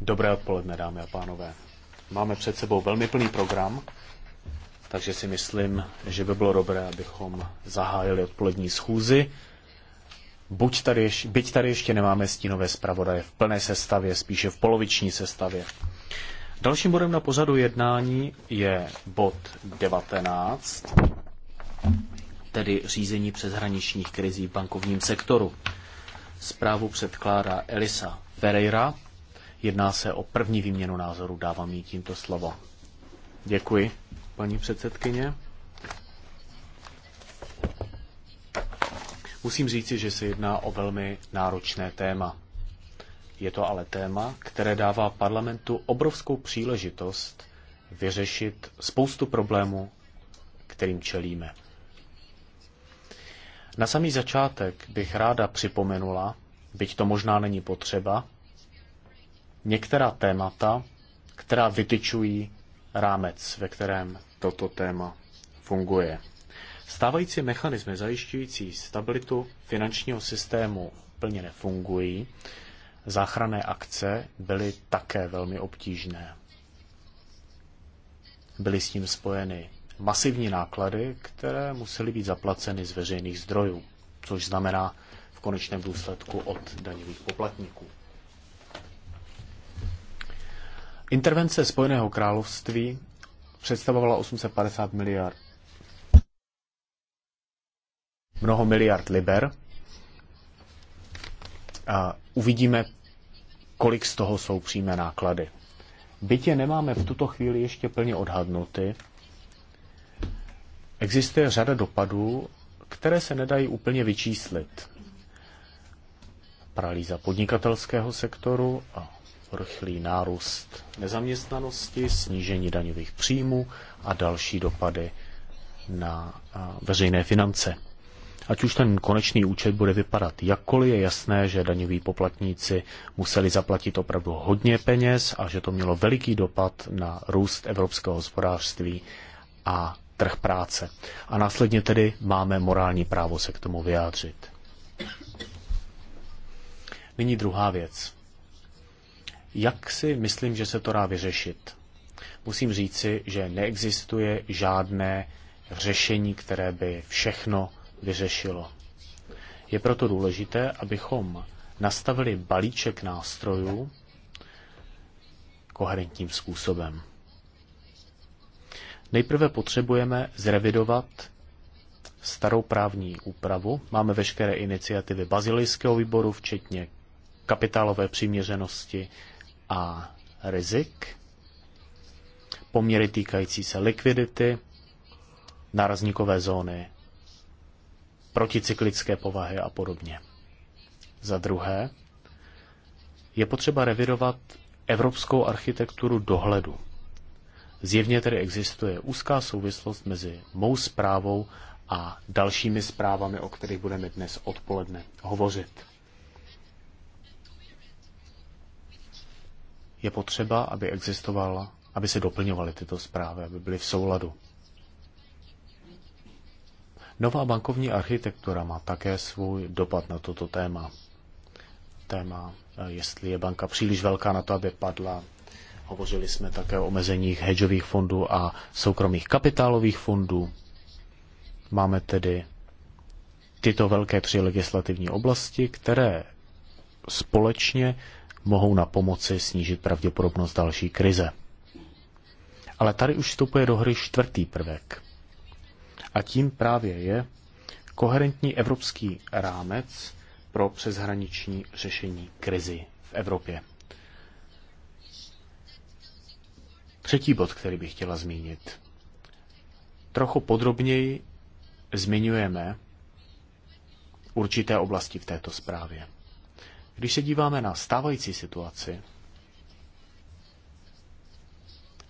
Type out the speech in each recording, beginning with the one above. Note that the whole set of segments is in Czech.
Dobré odpoledne, dámy a pánové. Máme před sebou velmi plný program, takže si myslím, že by bylo dobré, abychom zahájili odpolední schůzi. Buď tady, byť tady ještě nemáme stínové zpravodaje v plné sestavě, spíše v poloviční sestavě. Dalším bodem na pozadu jednání je bod 19, tedy řízení přeshraničních krizí v bankovním sektoru. Zprávu předkládá Elisa Pereira. Jedná se o první výměnu názoru, dávám jí tímto slovo. Děkuji, paní předsedkyně. Musím říci, že se jedná o velmi náročné téma. Je to ale téma, které dává parlamentu obrovskou příležitost vyřešit spoustu problémů, kterým čelíme. Na samý začátek bych ráda připomenula, byť to možná není potřeba, některá témata, která vytyčují rámec, ve kterém toto téma funguje. Stávající mechanismy zajišťující stabilitu finančního systému plně nefungují. Záchranné akce byly také velmi obtížné. Byly s tím spojeny masivní náklady, které musely být zaplaceny z veřejných zdrojů, což znamená v konečném důsledku od daňových poplatníků. Intervence Spojeného království představovala 850 miliard mnoho miliard liber. A uvidíme, kolik z toho jsou přímé náklady. Bytě nemáme v tuto chvíli ještě plně odhadnuty, existuje řada dopadů, které se nedají úplně vyčíslit. Paralýza podnikatelského sektoru a rychlý nárůst nezaměstnanosti, snížení daňových příjmů a další dopady na veřejné finance. Ať už ten konečný účet bude vypadat jakkoliv, je jasné, že daňoví poplatníci museli zaplatit opravdu hodně peněz a že to mělo veliký dopad na růst evropského hospodářství a trh práce. A následně tedy máme morální právo se k tomu vyjádřit. Nyní druhá věc. Jak si myslím, že se to dá vyřešit? Musím říci, že neexistuje žádné řešení, které by všechno vyřešilo. Je proto důležité, abychom nastavili balíček nástrojů koherentním způsobem. Nejprve potřebujeme zrevidovat starou právní úpravu. Máme veškeré iniciativy bazilijského výboru, včetně kapitálové přiměřenosti a rizik, poměry týkající se likvidity, nárazníkové zóny, proticyklické povahy a podobně. Za druhé, je potřeba revidovat evropskou architekturu dohledu. Zjevně tedy existuje úzká souvislost mezi mou zprávou a dalšími zprávami, o kterých budeme dnes odpoledne hovořit. Je potřeba, aby existovala, aby se doplňovaly tyto zprávy, aby byly v souladu. Nová bankovní architektura má také svůj dopad na toto téma. Téma, eh, jestli je banka příliš velká na to, aby padla, Hovořili jsme také o omezeních hedžových fondů a soukromých kapitálových fondů. Máme tedy tyto velké tři legislativní oblasti, které společně mohou na pomoci snížit pravděpodobnost další krize. Ale tady už vstupuje do hry čtvrtý prvek. A tím právě je koherentní evropský rámec pro přeshraniční řešení krizi v Evropě. Třetí bod, který bych chtěla zmínit. Trochu podrobněji zmiňujeme určité oblasti v této zprávě. Když se díváme na stávající situaci,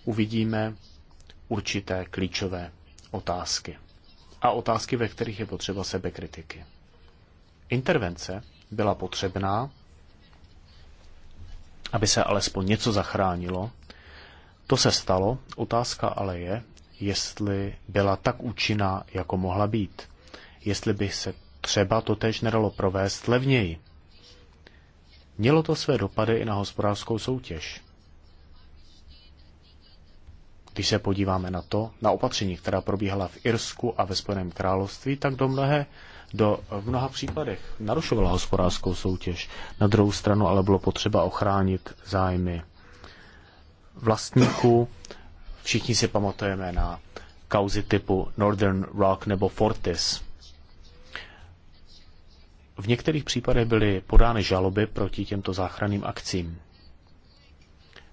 uvidíme určité klíčové otázky a otázky, ve kterých je potřeba sebekritiky. Intervence byla potřebná, aby se alespoň něco zachránilo to se stalo, otázka ale je, jestli byla tak účinná, jako mohla být. Jestli by se třeba to tež nedalo provést levněji. Mělo to své dopady i na hospodářskou soutěž. Když se podíváme na to, na opatření, která probíhala v Irsku a ve Spojeném království, tak do mnohé, do, v mnoha případech narušovala hospodářskou soutěž. Na druhou stranu ale bylo potřeba ochránit zájmy vlastníků. Všichni si pamatujeme na kauzy typu Northern Rock nebo Fortis. V některých případech byly podány žaloby proti těmto záchranným akcím.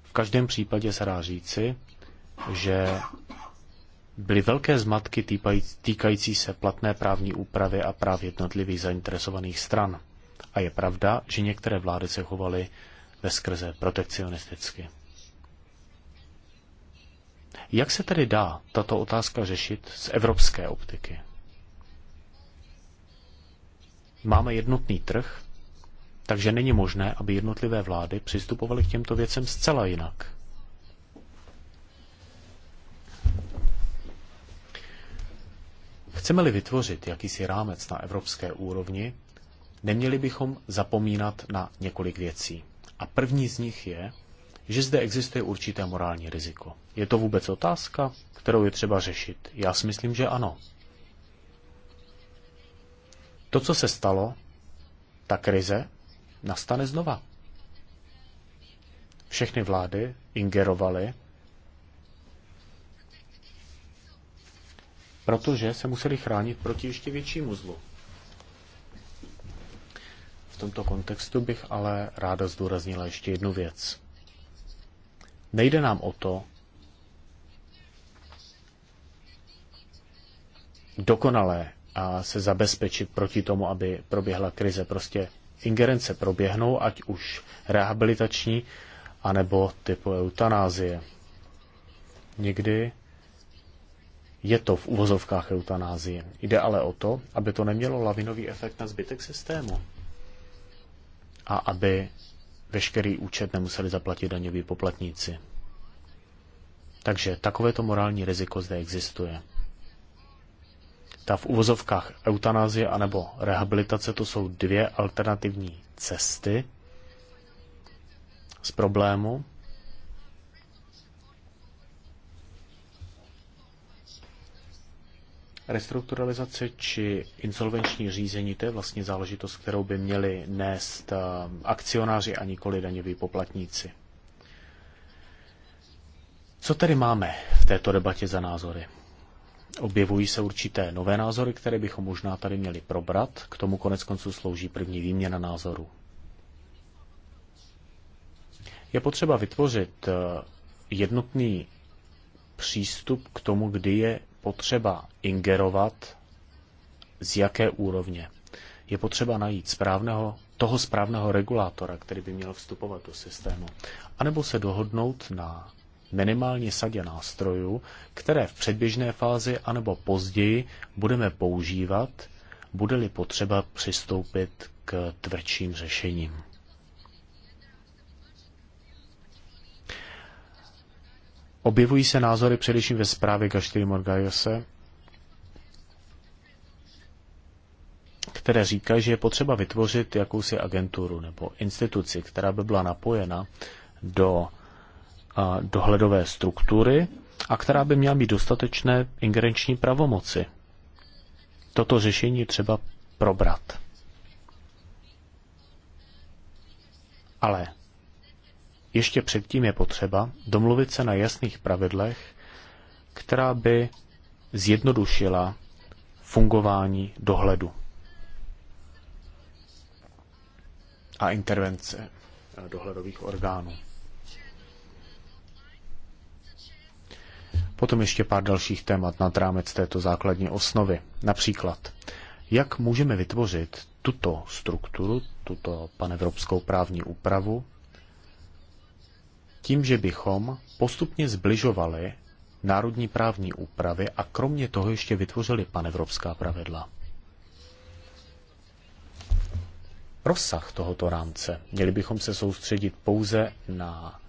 V každém případě se dá říci, že byly velké zmatky týkající se platné právní úpravy a práv jednotlivých zainteresovaných stran. A je pravda, že některé vlády se chovaly ve skrze protekcionisticky. Jak se tedy dá tato otázka řešit z evropské optiky? Máme jednotný trh, takže není možné, aby jednotlivé vlády přistupovaly k těmto věcem zcela jinak. Chceme-li vytvořit jakýsi rámec na evropské úrovni, neměli bychom zapomínat na několik věcí. A první z nich je, že zde existuje určité morální riziko. Je to vůbec otázka, kterou je třeba řešit? Já si myslím, že ano. To, co se stalo, ta krize, nastane znova. Všechny vlády ingerovaly, protože se museli chránit proti ještě většímu zlu. V tomto kontextu bych ale ráda zdůraznila ještě jednu věc. Nejde nám o to dokonalé a se zabezpečit proti tomu, aby proběhla krize. Prostě ingerence proběhnou, ať už rehabilitační, anebo typu eutanázie. Někdy je to v uvozovkách eutanázie. Jde ale o to, aby to nemělo lavinový efekt na zbytek systému a aby veškerý účet nemuseli zaplatit daňoví poplatníci. Takže takovéto morální riziko zde existuje. Ta v uvozovkách eutanázie anebo rehabilitace to jsou dvě alternativní cesty z problému. Restrukturalizace či insolvenční řízení, to je vlastně záležitost, kterou by měli nést eh, akcionáři a nikoli daňoví poplatníci. Co tedy máme v této debatě za názory? Objevují se určité nové názory, které bychom možná tady měli probrat. K tomu konec konců slouží první výměna názorů. Je potřeba vytvořit eh, jednotný přístup k tomu, kdy je potřeba ingerovat, z jaké úrovně. Je potřeba najít správného, toho správného regulátora, který by měl vstupovat do systému, anebo se dohodnout na minimální sadě nástrojů, které v předběžné fázi anebo později budeme používat, bude-li potřeba přistoupit k tvrdším řešením. Objevují se názory především ve zprávě Gaštiri Morgajose, které říkají, že je potřeba vytvořit jakousi agenturu nebo instituci, která by byla napojena do dohledové struktury a která by měla být dostatečné ingerenční pravomoci. Toto řešení třeba probrat. Ale ještě předtím je potřeba domluvit se na jasných pravidlech, která by zjednodušila fungování dohledu a intervence eh, dohledových orgánů. Potom ještě pár dalších témat nad rámec této základní osnovy. Například, jak můžeme vytvořit tuto strukturu, tuto panevropskou právní úpravu, tím, že bychom postupně zbližovali národní právní úpravy a kromě toho ještě vytvořili panevropská pravidla. Rozsah tohoto rámce. Měli bychom se soustředit pouze na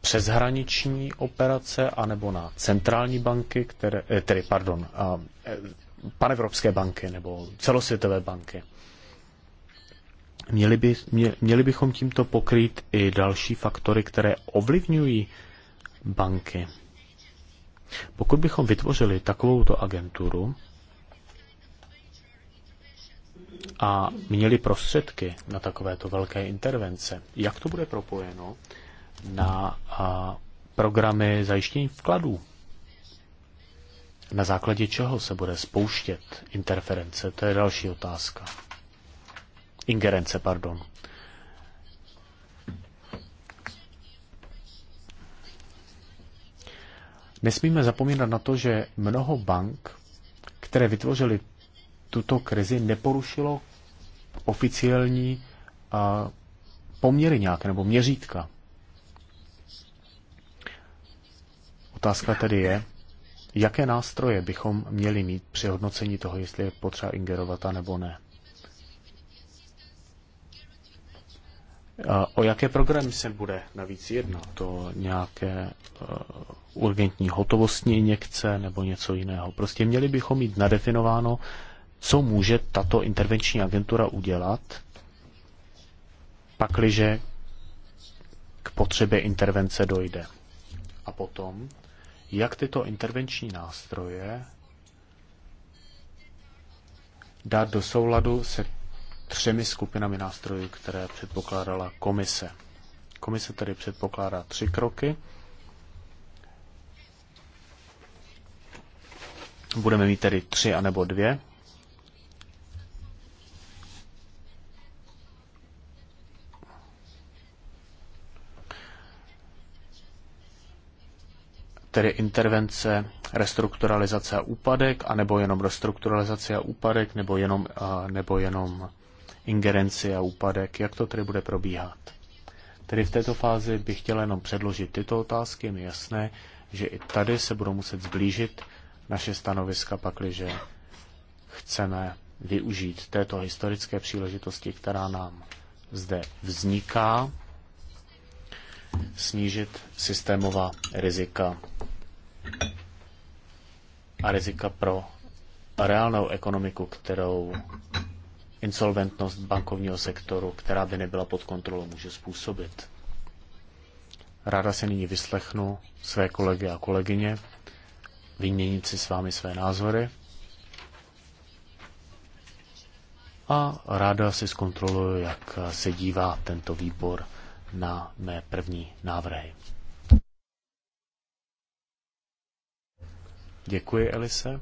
přeshraniční operace anebo na centrální banky, které, eh, tedy pardon, eh, eh, panevropské banky nebo celosvětové banky. Měli, by, mě, měli bychom tímto pokrýt i další faktory, které ovlivňují banky. Pokud bychom vytvořili takovouto agenturu a měli prostředky na takovéto velké intervence, jak to bude propojeno na programy zajištění vkladů? Na základě čeho se bude spouštět interference? To je další otázka ingerence, pardon. Nesmíme zapomínat na to, že mnoho bank, které vytvořily tuto krizi, neporušilo oficiální poměry nějaké nebo měřítka. Otázka tedy je, jaké nástroje bychom měli mít při hodnocení toho, jestli je potřeba ingerovat a nebo ne. O jaké programy se bude navíc jednat? To nějaké eh, urgentní hotovostní injekce nebo něco jiného? Prostě měli bychom mít nadefinováno, co může tato intervenční agentura udělat, pakliže k potřebě intervence dojde. A potom, jak tyto intervenční nástroje dát do souladu se třemi skupinami nástrojů, které předpokládala komise. Komise tedy předpokládá tři kroky. Budeme mít tedy tři anebo dvě. Tedy intervence, restrukturalizace a úpadek, anebo jenom restrukturalizace a úpadek, nebo jenom, nebo jenom ingerenci a úpadek, jak to tedy bude probíhat. Tedy v této fázi bych chtěl jenom předložit tyto otázky, je mi jasné, že i tady se budou muset zblížit naše stanoviska, pakliže chceme využít této historické příležitosti, která nám zde vzniká, snížit systémová rizika a rizika pro reálnou ekonomiku, kterou insolventnost bankovního sektoru, která by nebyla pod kontrolou, může způsobit. Ráda se nyní vyslechnu své kolegy a kolegyně, vyměnit si s vámi své názory a ráda si zkontroluji, jak se dívá tento výbor na mé první návrhy. Děkuji, Elise.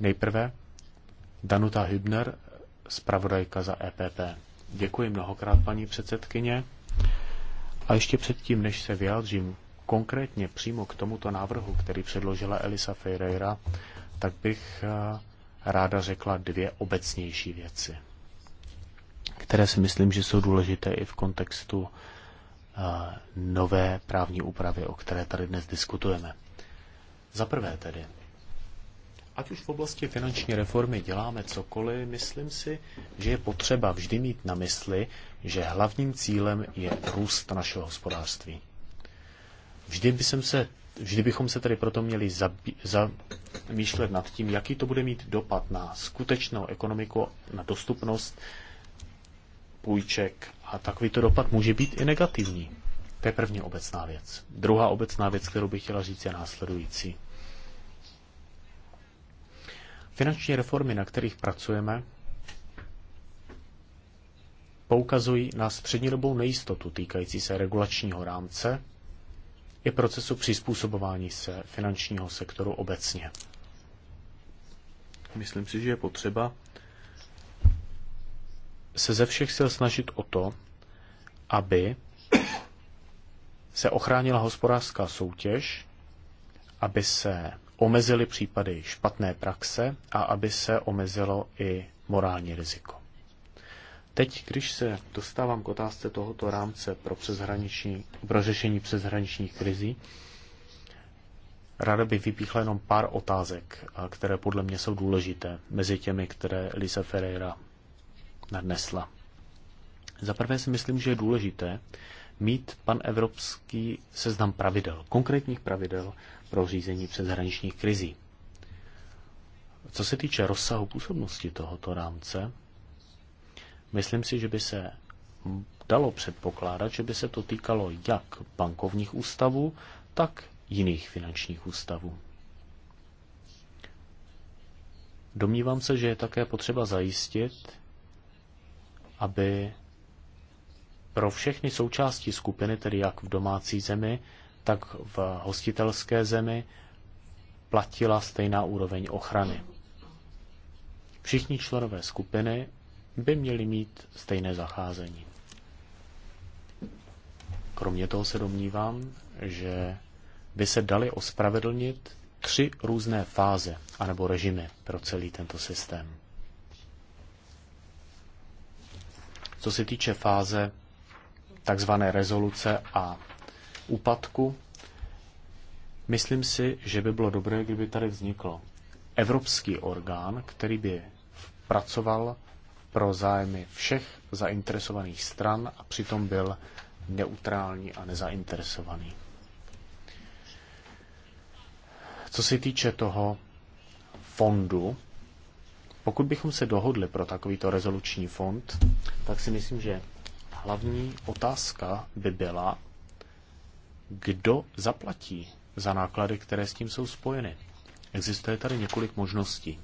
Nejprve Danuta Hübner, zpravodajka za EPP. Děkuji mnohokrát, paní předsedkyně. A ještě předtím, než se vyjádřím konkrétně přímo k tomuto návrhu, který předložila Elisa Ferreira, tak bych eh, ráda řekla dvě obecnější věci, které si myslím, že jsou důležité i v kontextu eh, nové právní úpravy, o které tady dnes diskutujeme. Za prvé tedy, Ať už v oblasti finanční reformy děláme cokoliv, myslím si, že je potřeba vždy mít na mysli, že hlavním cílem je růst našeho hospodářství. Vždy, by se, vždy bychom se tedy proto měli zamýšlet nad tím, jaký to bude mít dopad na skutečnou ekonomiku, na dostupnost půjček a takovýto dopad může být i negativní. To je první obecná věc. Druhá obecná věc, kterou bych chtěla říct, je následující. Finanční reformy, na kterých pracujeme, poukazují na střednědobou nejistotu týkající se regulačního rámce i procesu přizpůsobování se finančního sektoru obecně. Myslím si, že je potřeba se ze všech sil snažit o to, aby se ochránila hospodářská soutěž, aby se omezily případy špatné praxe a aby se omezilo i morální riziko. Teď, když se dostávám k otázce tohoto rámce pro, přeshraniční, pro řešení přeshraničních krizí, ráda bych vypíchla jenom pár otázek, které podle mě jsou důležité, mezi těmi, které Lisa Ferreira nadnesla. Za prvé si myslím, že je důležité mít pan evropský seznam pravidel, konkrétních pravidel pro řízení přeshraničních krizí. Co se týče rozsahu působnosti tohoto rámce, myslím si, že by se dalo předpokládat, že by se to týkalo jak bankovních ústavů, tak jiných finančních ústavů. Domnívám se, že je také potřeba zajistit, aby pro všechny součásti skupiny, tedy jak v domácí zemi, tak v hostitelské zemi platila stejná úroveň ochrany. Všichni členové skupiny by měli mít stejné zacházení. Kromě toho se domnívám, že by se daly ospravedlnit tři různé fáze anebo režimy pro celý tento systém. Co se týče fáze takzvané rezoluce a úpadku. Myslím si, že by bylo dobré, kdyby tady vznikl evropský orgán, který by pracoval pro zájmy všech zainteresovaných stran a přitom byl neutrální a nezainteresovaný. Co se týče toho fondu, pokud bychom se dohodli pro takovýto rezoluční fond, tak si myslím, že hlavní otázka by byla, kdo zaplatí za náklady, které s tím jsou spojeny. Existuje tady několik možností.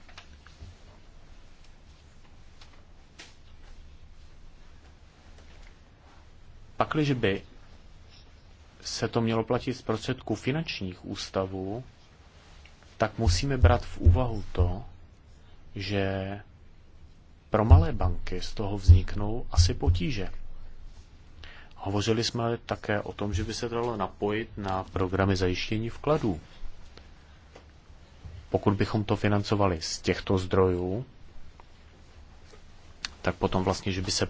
Pakliže by se to mělo platit z prostředků finančních ústavů, tak musíme brát v úvahu to, že pro malé banky z toho vzniknou asi potíže. Hovořili jsme také o tom, že by se dalo napojit na programy zajištění vkladů. Pokud bychom to financovali z těchto zdrojů, tak potom vlastně, že by se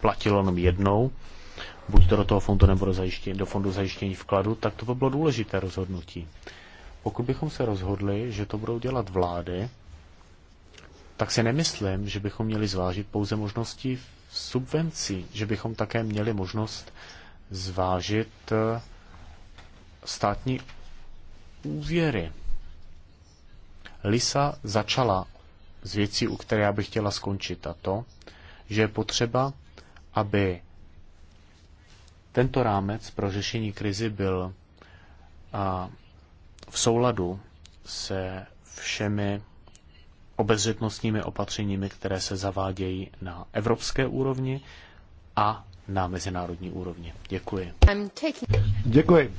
platilo jenom jednou, buď to do toho fondu nebo do, zajištění, do fondu zajištění vkladu, tak to by bylo důležité rozhodnutí. Pokud bychom se rozhodli, že to budou dělat vlády, tak si nemyslím, že bychom měli zvážit pouze možnosti subvencí, že bychom také měli možnost zvážit eh, státní úvěry. Lisa začala z věcí, u které já bych chtěla skončit, a to, že je potřeba, aby tento rámec pro řešení krizi byl v souladu se všemi obezřetnostními opatřeními, které se zavádějí na evropské úrovni a na mezinárodní úrovni. Děkuji. Děkuji.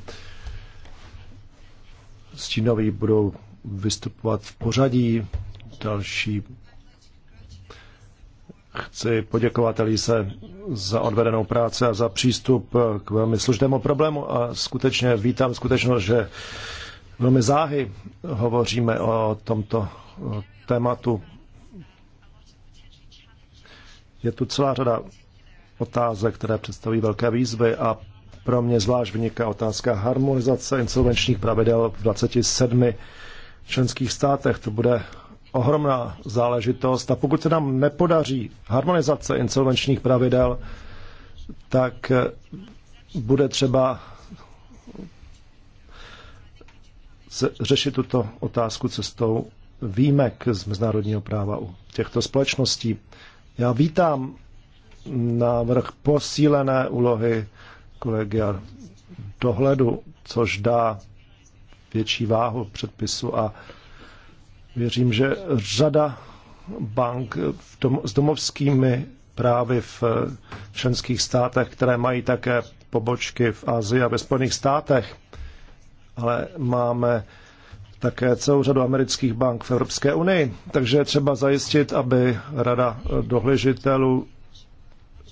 Stínoví budou vystupovat v pořadí. Další Chci poděkovat Elise za odvedenou práci a za přístup k velmi složitému problému a skutečně vítám skutečnost, že velmi záhy hovoříme o tomto tématu. Je tu celá řada otázek, které představují velké výzvy a pro mě zvlášť vyniká otázka harmonizace insolvenčních pravidel v 27 členských státech. To bude ohromná záležitost a pokud se nám nepodaří harmonizace insolvenčních pravidel, tak eh, bude třeba řešit tuto otázku cestou výjimek z mezinárodního práva u těchto společností. Já vítám návrh posílené úlohy kolegia dohledu, což dá větší váhu předpisu a věřím, že řada bank v dom- s domovskými právy v eh, členských státech, které mají také pobočky v Asii a ve Spojených státech, ale máme také celou řadu amerických bank v Evropské unii. Takže je třeba zajistit, aby Rada dohležitelů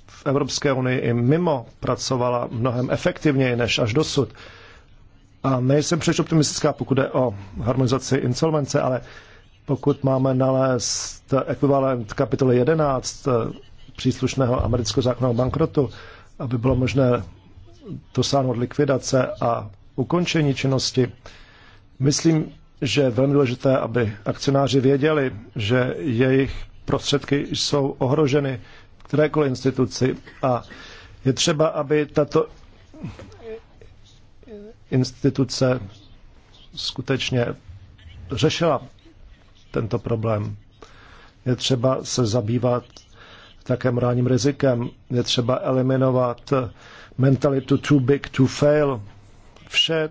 v Evropské unii i mimo pracovala mnohem efektivněji než až dosud. A nejsem přeč optimistická, pokud jde o harmonizaci insolvence, ale pokud máme nalézt ekvivalent kapitoly 11 eh, příslušného amerického zákona o bankrotu, aby bylo možné dosáhnout likvidace a ukončení činnosti, myslím, že je velmi důležité, aby akcionáři věděli, že jejich prostředky jsou ohroženy v kterékoliv instituci a je třeba, aby tato instituce skutečně řešila tento problém. Je třeba se zabývat také morálním rizikem. Je třeba eliminovat mentalitu too big to fail. Vše,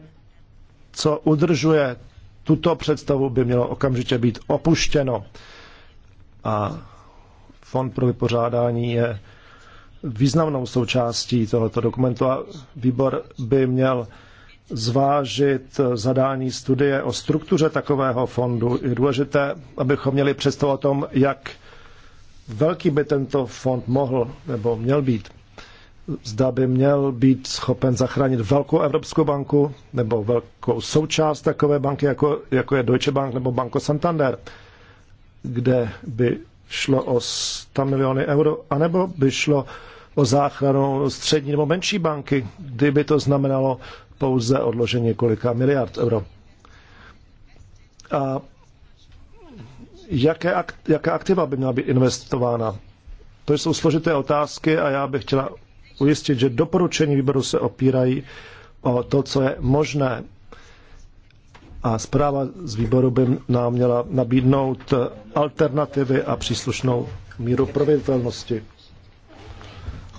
co udržuje tuto představu by mělo okamžitě být opuštěno. A Fond pro vypořádání je významnou součástí tohoto dokumentu a výbor by měl zvážit zadání studie o struktuře takového fondu. Je důležité, abychom měli představu o tom, jak velký by tento fond mohl nebo měl být zda by měl být schopen zachránit velkou Evropskou banku nebo velkou součást takové banky, jako, jako je Deutsche Bank nebo Banco Santander, kde by šlo o 100 miliony euro, anebo by šlo o záchranu střední nebo menší banky, kdyby to znamenalo pouze odložení několika miliard euro. A jaké, jaká aktiva by měla být investována? To jsou složité otázky a já bych chtěla ujistit, že doporučení výboru se opírají o to, co je možné. A zpráva z výboru by nám měla nabídnout alternativy a příslušnou míru proveditelnosti.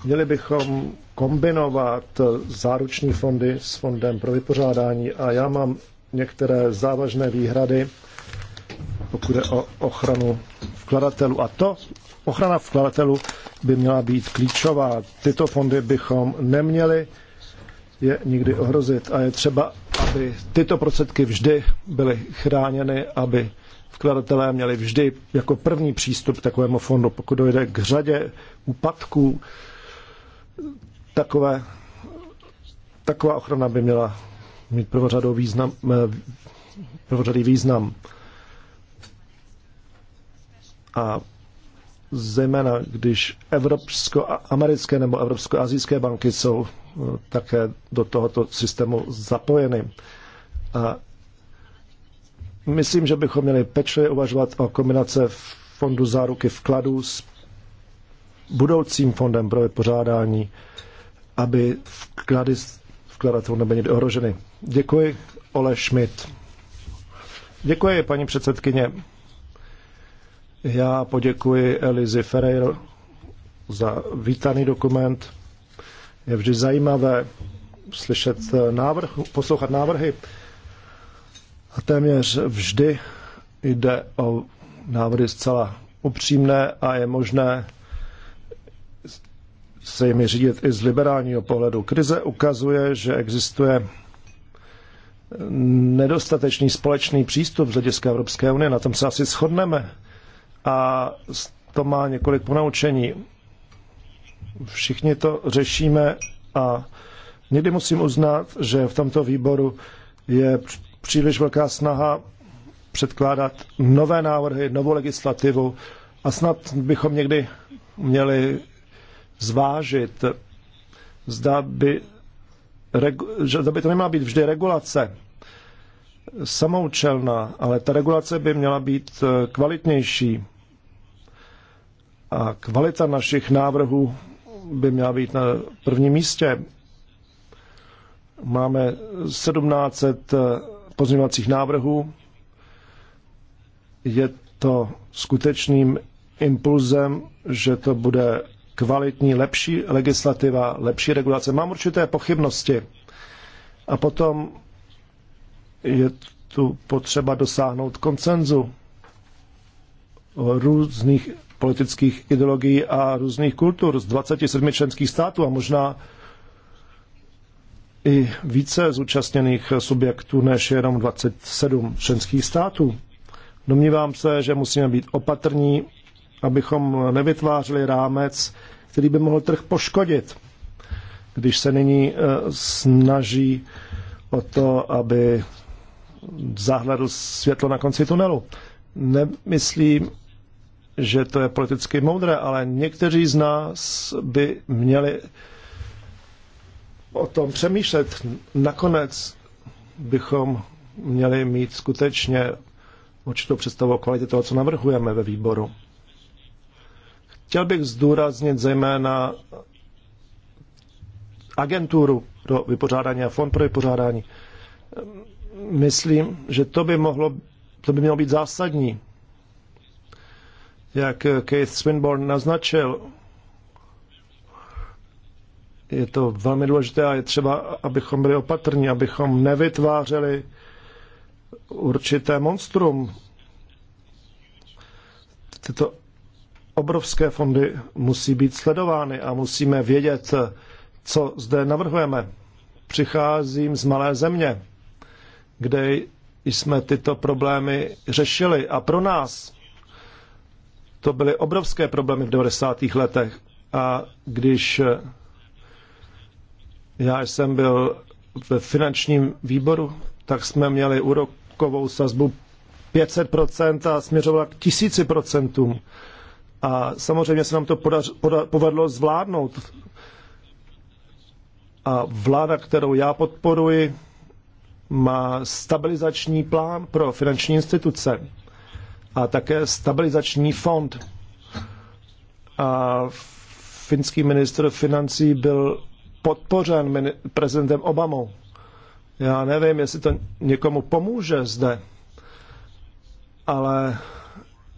Měli bychom kombinovat záruční fondy s fondem pro vypořádání a já mám některé závažné výhrady, pokud je o ochranu vkladatelů. A to Ochrana vkladatelů by měla být klíčová. Tyto fondy bychom neměli je nikdy ohrozit a je třeba, aby tyto prostředky vždy byly chráněny, aby vkladatelé měli vždy jako první přístup k takovému fondu. Pokud dojde k řadě úpadků, takové, taková ochrana by měla mít prvořadou význam, eh, prvořadý význam. A zejména když evropsko-americké nebo evropsko-azijské banky jsou eh, také do tohoto systému zapojeny. A myslím, že bychom měli pečlivě uvažovat o kombinace fondu záruky vkladů s budoucím fondem pro vypořádání, aby vklady vkladatelů nebyly ohroženy. Děkuji, Ole Schmidt. Děkuji, paní předsedkyně. Já poděkuji Elizi Ferreiro za vítaný dokument. Je vždy zajímavé slyšet návrh, poslouchat návrhy. A téměř vždy jde o návrhy zcela upřímné a je možné se jimi řídit i z liberálního pohledu. Krize ukazuje, že existuje nedostatečný společný přístup z hlediska Evropské unie. Na tom se asi shodneme a to má několik ponaučení. Všichni to řešíme a někdy musím uznat, že v tomto výboru je příliš velká snaha předkládat nové návrhy, novou legislativu a snad bychom někdy měli zvážit, zda by, že, zda by to nemá být vždy regulace samoučelná, ale ta regulace by měla být eh, kvalitnější a kvalita našich návrhů by měla být na prvním místě. Máme 1700 pozměňovacích návrhů. Je to skutečným impulzem, že to bude kvalitní, lepší legislativa, lepší regulace. Mám určité pochybnosti. A potom je tu potřeba dosáhnout koncenzu různých politických ideologií a různých kultur z 27 členských států a možná i více zúčastněných subjektů než jenom 27 členských států. Domnívám se, že musíme být opatrní, abychom nevytvářeli rámec, který by mohl trh poškodit, když se nyní eh, snaží o to, aby zahledl světlo na konci tunelu. Nemyslím, že to je politicky moudré, ale někteří z nás by měli o tom přemýšlet. Nakonec bychom měli mít skutečně určitou představu o kvalitě toho, co navrhujeme ve výboru. Chtěl bych zdůraznit zejména agenturu pro vypořádání a fond pro vypořádání. Myslím, že to by, mohlo, to by mělo být zásadní jak Keith Swinburne naznačil, je to velmi důležité a je třeba, abychom byli opatrní, abychom nevytvářeli určité monstrum. Tyto obrovské fondy musí být sledovány a musíme vědět, co zde navrhujeme. Přicházím z malé země, kde jsme tyto problémy řešili a pro nás to byly obrovské problémy v 90. letech. A když eh, já jsem byl ve finančním výboru, tak jsme měli úrokovou sazbu 500% a směřovala k 1000%. A samozřejmě se nám to podař, poda, povedlo zvládnout. A vláda, kterou já podporuji, má stabilizační plán pro finanční instituce a také stabilizační fond. A finský ministr financí byl podpořen prezidentem Obamou. Já nevím, jestli to někomu pomůže zde, ale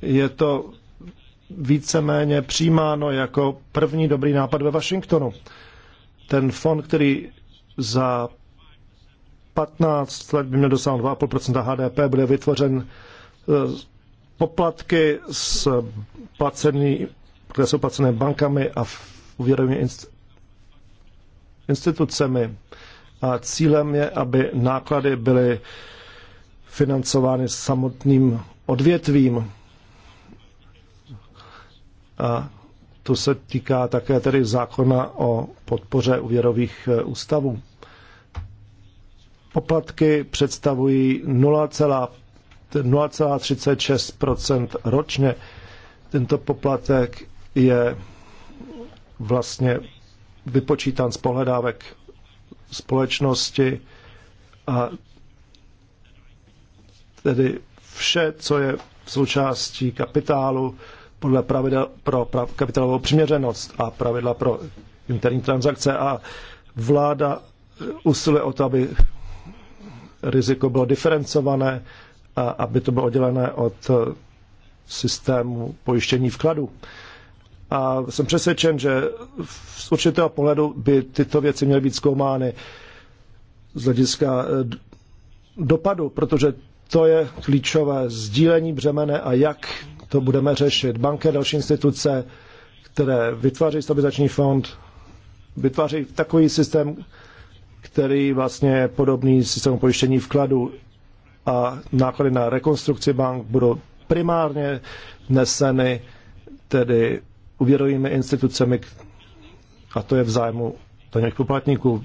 je to víceméně přijímáno jako první dobrý nápad ve Washingtonu. Ten fond, který za 15 let by měl dosáhnout 2,5 HDP, bude vytvořen eh, poplatky s placený, které jsou placené bankami a úvěrovými institucemi. A cílem je, aby náklady byly financovány samotným odvětvím. A to se týká také tedy zákona o podpoře úvěrových eh, ústavů. Poplatky představují 0,36 ročně. Tento poplatek je vlastně vypočítán z pohledávek společnosti a tedy vše, co je součástí kapitálu podle pravidel pro prav, kapitálovou přiměřenost a pravidla pro interní transakce a vláda usiluje o to, aby riziko bylo diferencované a aby to bylo oddělené od eh, systému pojištění vkladu. A jsem přesvědčen, že z určitého pohledu by tyto věci měly být zkoumány z hlediska eh, dopadu, protože to je klíčové sdílení břemene a jak to budeme řešit. Banky a další instituce, které vytváří stabilizační fond, vytváří takový systém, který vlastně je podobný systému pojištění vkladu a náklady na rekonstrukci bank budou primárně neseny tedy uvěrovými institucemi, a to je v zájmu daňových poplatníků.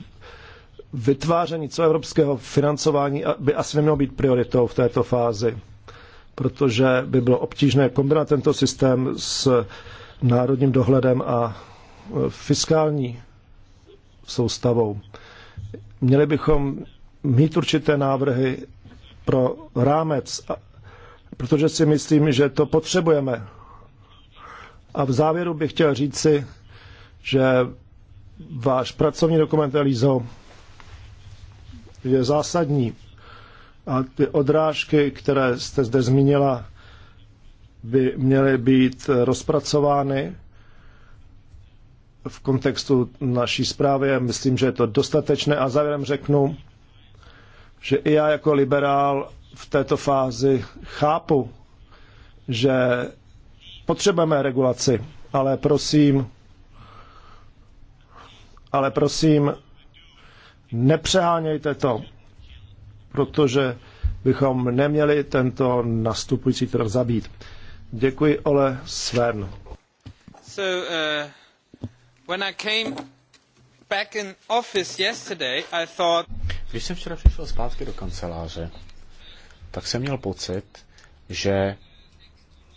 Vytváření celoevropského financování by asi nemělo být prioritou v této fázi, protože by bylo obtížné kombinovat tento systém s národním dohledem a e, fiskální soustavou. Měli bychom mít určité návrhy pro rámec, protože si myslím, že to potřebujeme. A v závěru bych chtěl říci, že váš pracovní dokument Elizo je zásadní a ty odrážky, které jste zde zmínila, by měly být rozpracovány v kontextu naší zprávy. Myslím, že je to dostatečné. A závěrem řeknu, že i já jako liberál v této fázi chápu, že potřebujeme regulaci, ale prosím, ale prosím, nepřehánějte to, protože bychom neměli tento nastupující trh zabít. Děkuji, Ole Sven. So, uh, when I came back in office yesterday, I thought... Když jsem včera přišel zpátky do kanceláře, tak jsem měl pocit, že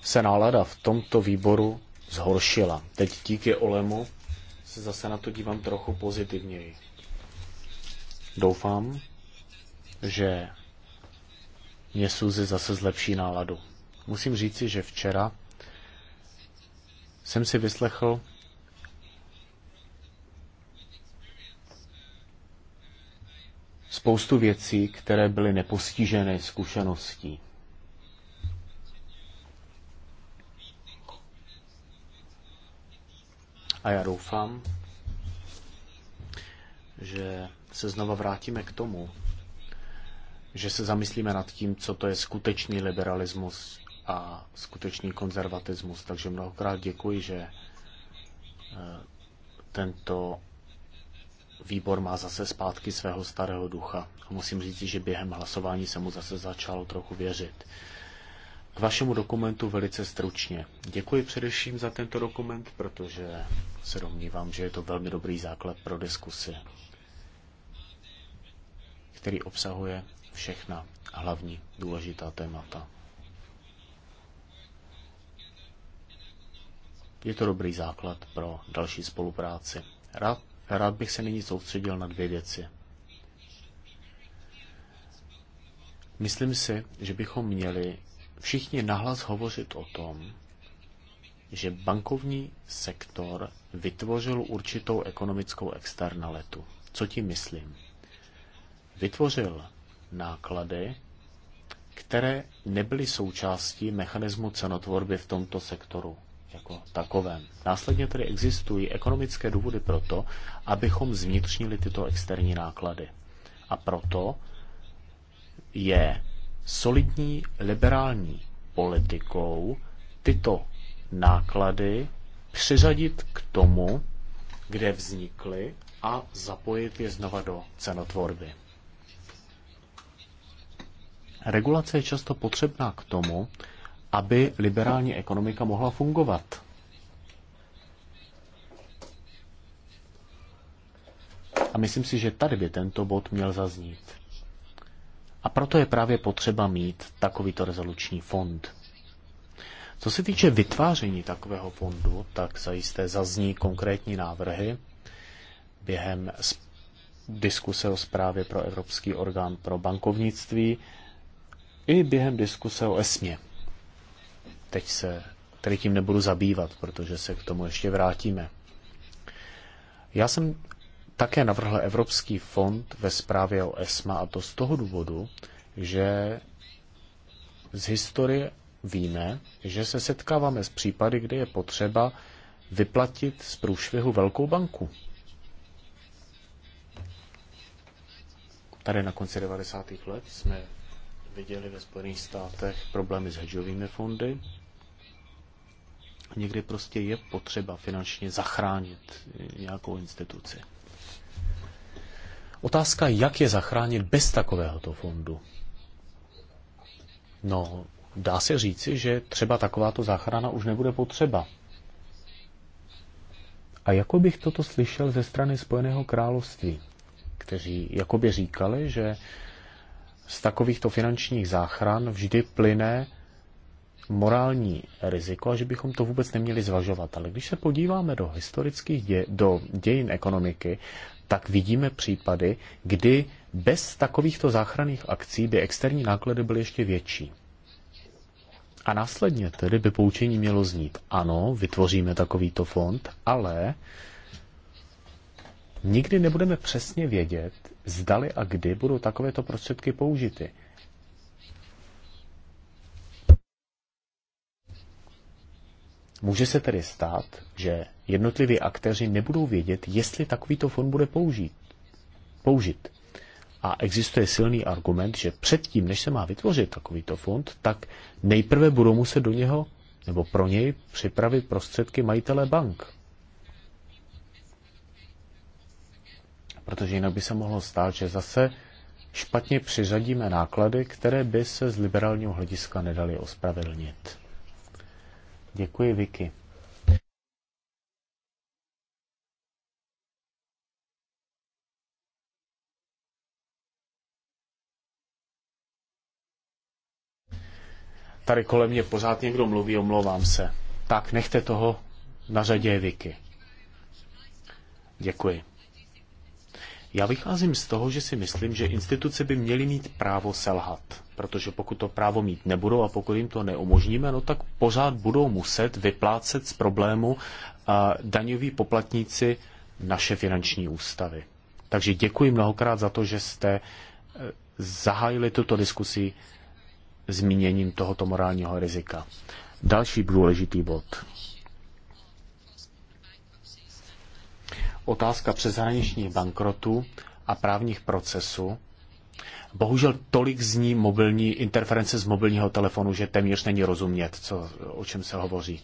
se nálada v tomto výboru zhoršila. Teď díky Olemu se zase na to dívám trochu pozitivněji. Doufám, že mě Suzy zase zlepší náladu. Musím říci, že včera jsem si vyslechl spoustu věcí, které byly nepostižené zkušeností. A já doufám, že se znova vrátíme k tomu, že se zamyslíme nad tím, co to je skutečný liberalismus a skutečný konzervatismus. Takže mnohokrát děkuji, že eh, tento výbor má zase zpátky svého starého ducha. A musím říct, že během hlasování se mu zase začal trochu věřit. K vašemu dokumentu velice stručně. Děkuji především za tento dokument, protože se domnívám, že je to velmi dobrý základ pro diskusi, který obsahuje všechna hlavní důležitá témata. Je to dobrý základ pro další spolupráci. Rád Rád bych se nyní soustředil na dvě věci. Myslím si, že bychom měli všichni nahlas hovořit o tom, že bankovní sektor vytvořil určitou ekonomickou externalitu. Co tím myslím? Vytvořil náklady, které nebyly součástí mechanismu cenotvorby v tomto sektoru jako takovém. Následně tedy existují ekonomické důvody pro to, abychom zvnitřnili tyto externí náklady. A proto je solidní liberální politikou tyto náklady přiřadit k tomu, kde vznikly a zapojit je znova do cenotvorby. Regulace je často potřebná k tomu, aby liberální ekonomika mohla fungovat. A myslím si, že tady by tento bod měl zaznít. A proto je právě potřeba mít takovýto rezoluční fond. Co se týče vytváření takového fondu, tak zajisté zazní konkrétní návrhy během diskuse o zprávě pro Evropský orgán pro bankovnictví i během diskuse o ESMě teď se tedy tím nebudu zabývat, protože se k tomu ještě vrátíme. Já jsem také navrhl Evropský fond ve zprávě o ESMA a to z toho důvodu, že z historie víme, že se setkáváme s případy, kdy je potřeba vyplatit z průšvihu velkou banku. Tady na konci 90. let jsme viděli ve Spojených státech problémy s hedžovými fondy, Někdy prostě je potřeba finančně zachránit nějakou instituci. Otázka, jak je zachránit bez takovéhoto fondu. No, dá se říci, že třeba takováto záchrana už nebude potřeba. A jako bych toto slyšel ze strany Spojeného království, kteří jakoby říkali, že z takovýchto finančních záchran vždy plyne morální riziko a že bychom to vůbec neměli zvažovat. Ale když se podíváme do historických dě, do dějin ekonomiky, tak vidíme případy, kdy bez takovýchto záchranných akcí by externí náklady byly ještě větší. A následně tedy by poučení mělo znít, ano, vytvoříme takovýto fond, ale nikdy nebudeme přesně vědět, zdali a kdy budou takovéto prostředky použity. Může se tedy stát, že jednotliví aktéři nebudou vědět, jestli takovýto fond bude použít. použit. A existuje silný argument, že předtím, než se má vytvořit takovýto fond, tak nejprve budou muset do něho nebo pro něj připravit prostředky majitele bank. Protože jinak by se mohlo stát, že zase špatně přiřadíme náklady, které by se z liberálního hlediska nedaly ospravedlnit. Děkuji, Vicky. Tady kolem mě pořád někdo mluví, omlouvám se. Tak, nechte toho, na řadě Vicky. Děkuji. Já vycházím z toho, že si myslím, že instituce by měly mít právo selhat, protože pokud to právo mít nebudou a pokud jim to neumožníme, no tak pořád budou muset vyplácet z problému daňoví poplatníci naše finanční ústavy. Takže děkuji mnohokrát za to, že jste e, zahájili tuto diskusi zmíněním tohoto morálního rizika. Další důležitý bod. otázka přeshraničních bankrotů a právních procesů. Bohužel tolik zní mobilní interference z mobilního telefonu, že téměř není rozumět, co, o čem se hovoří.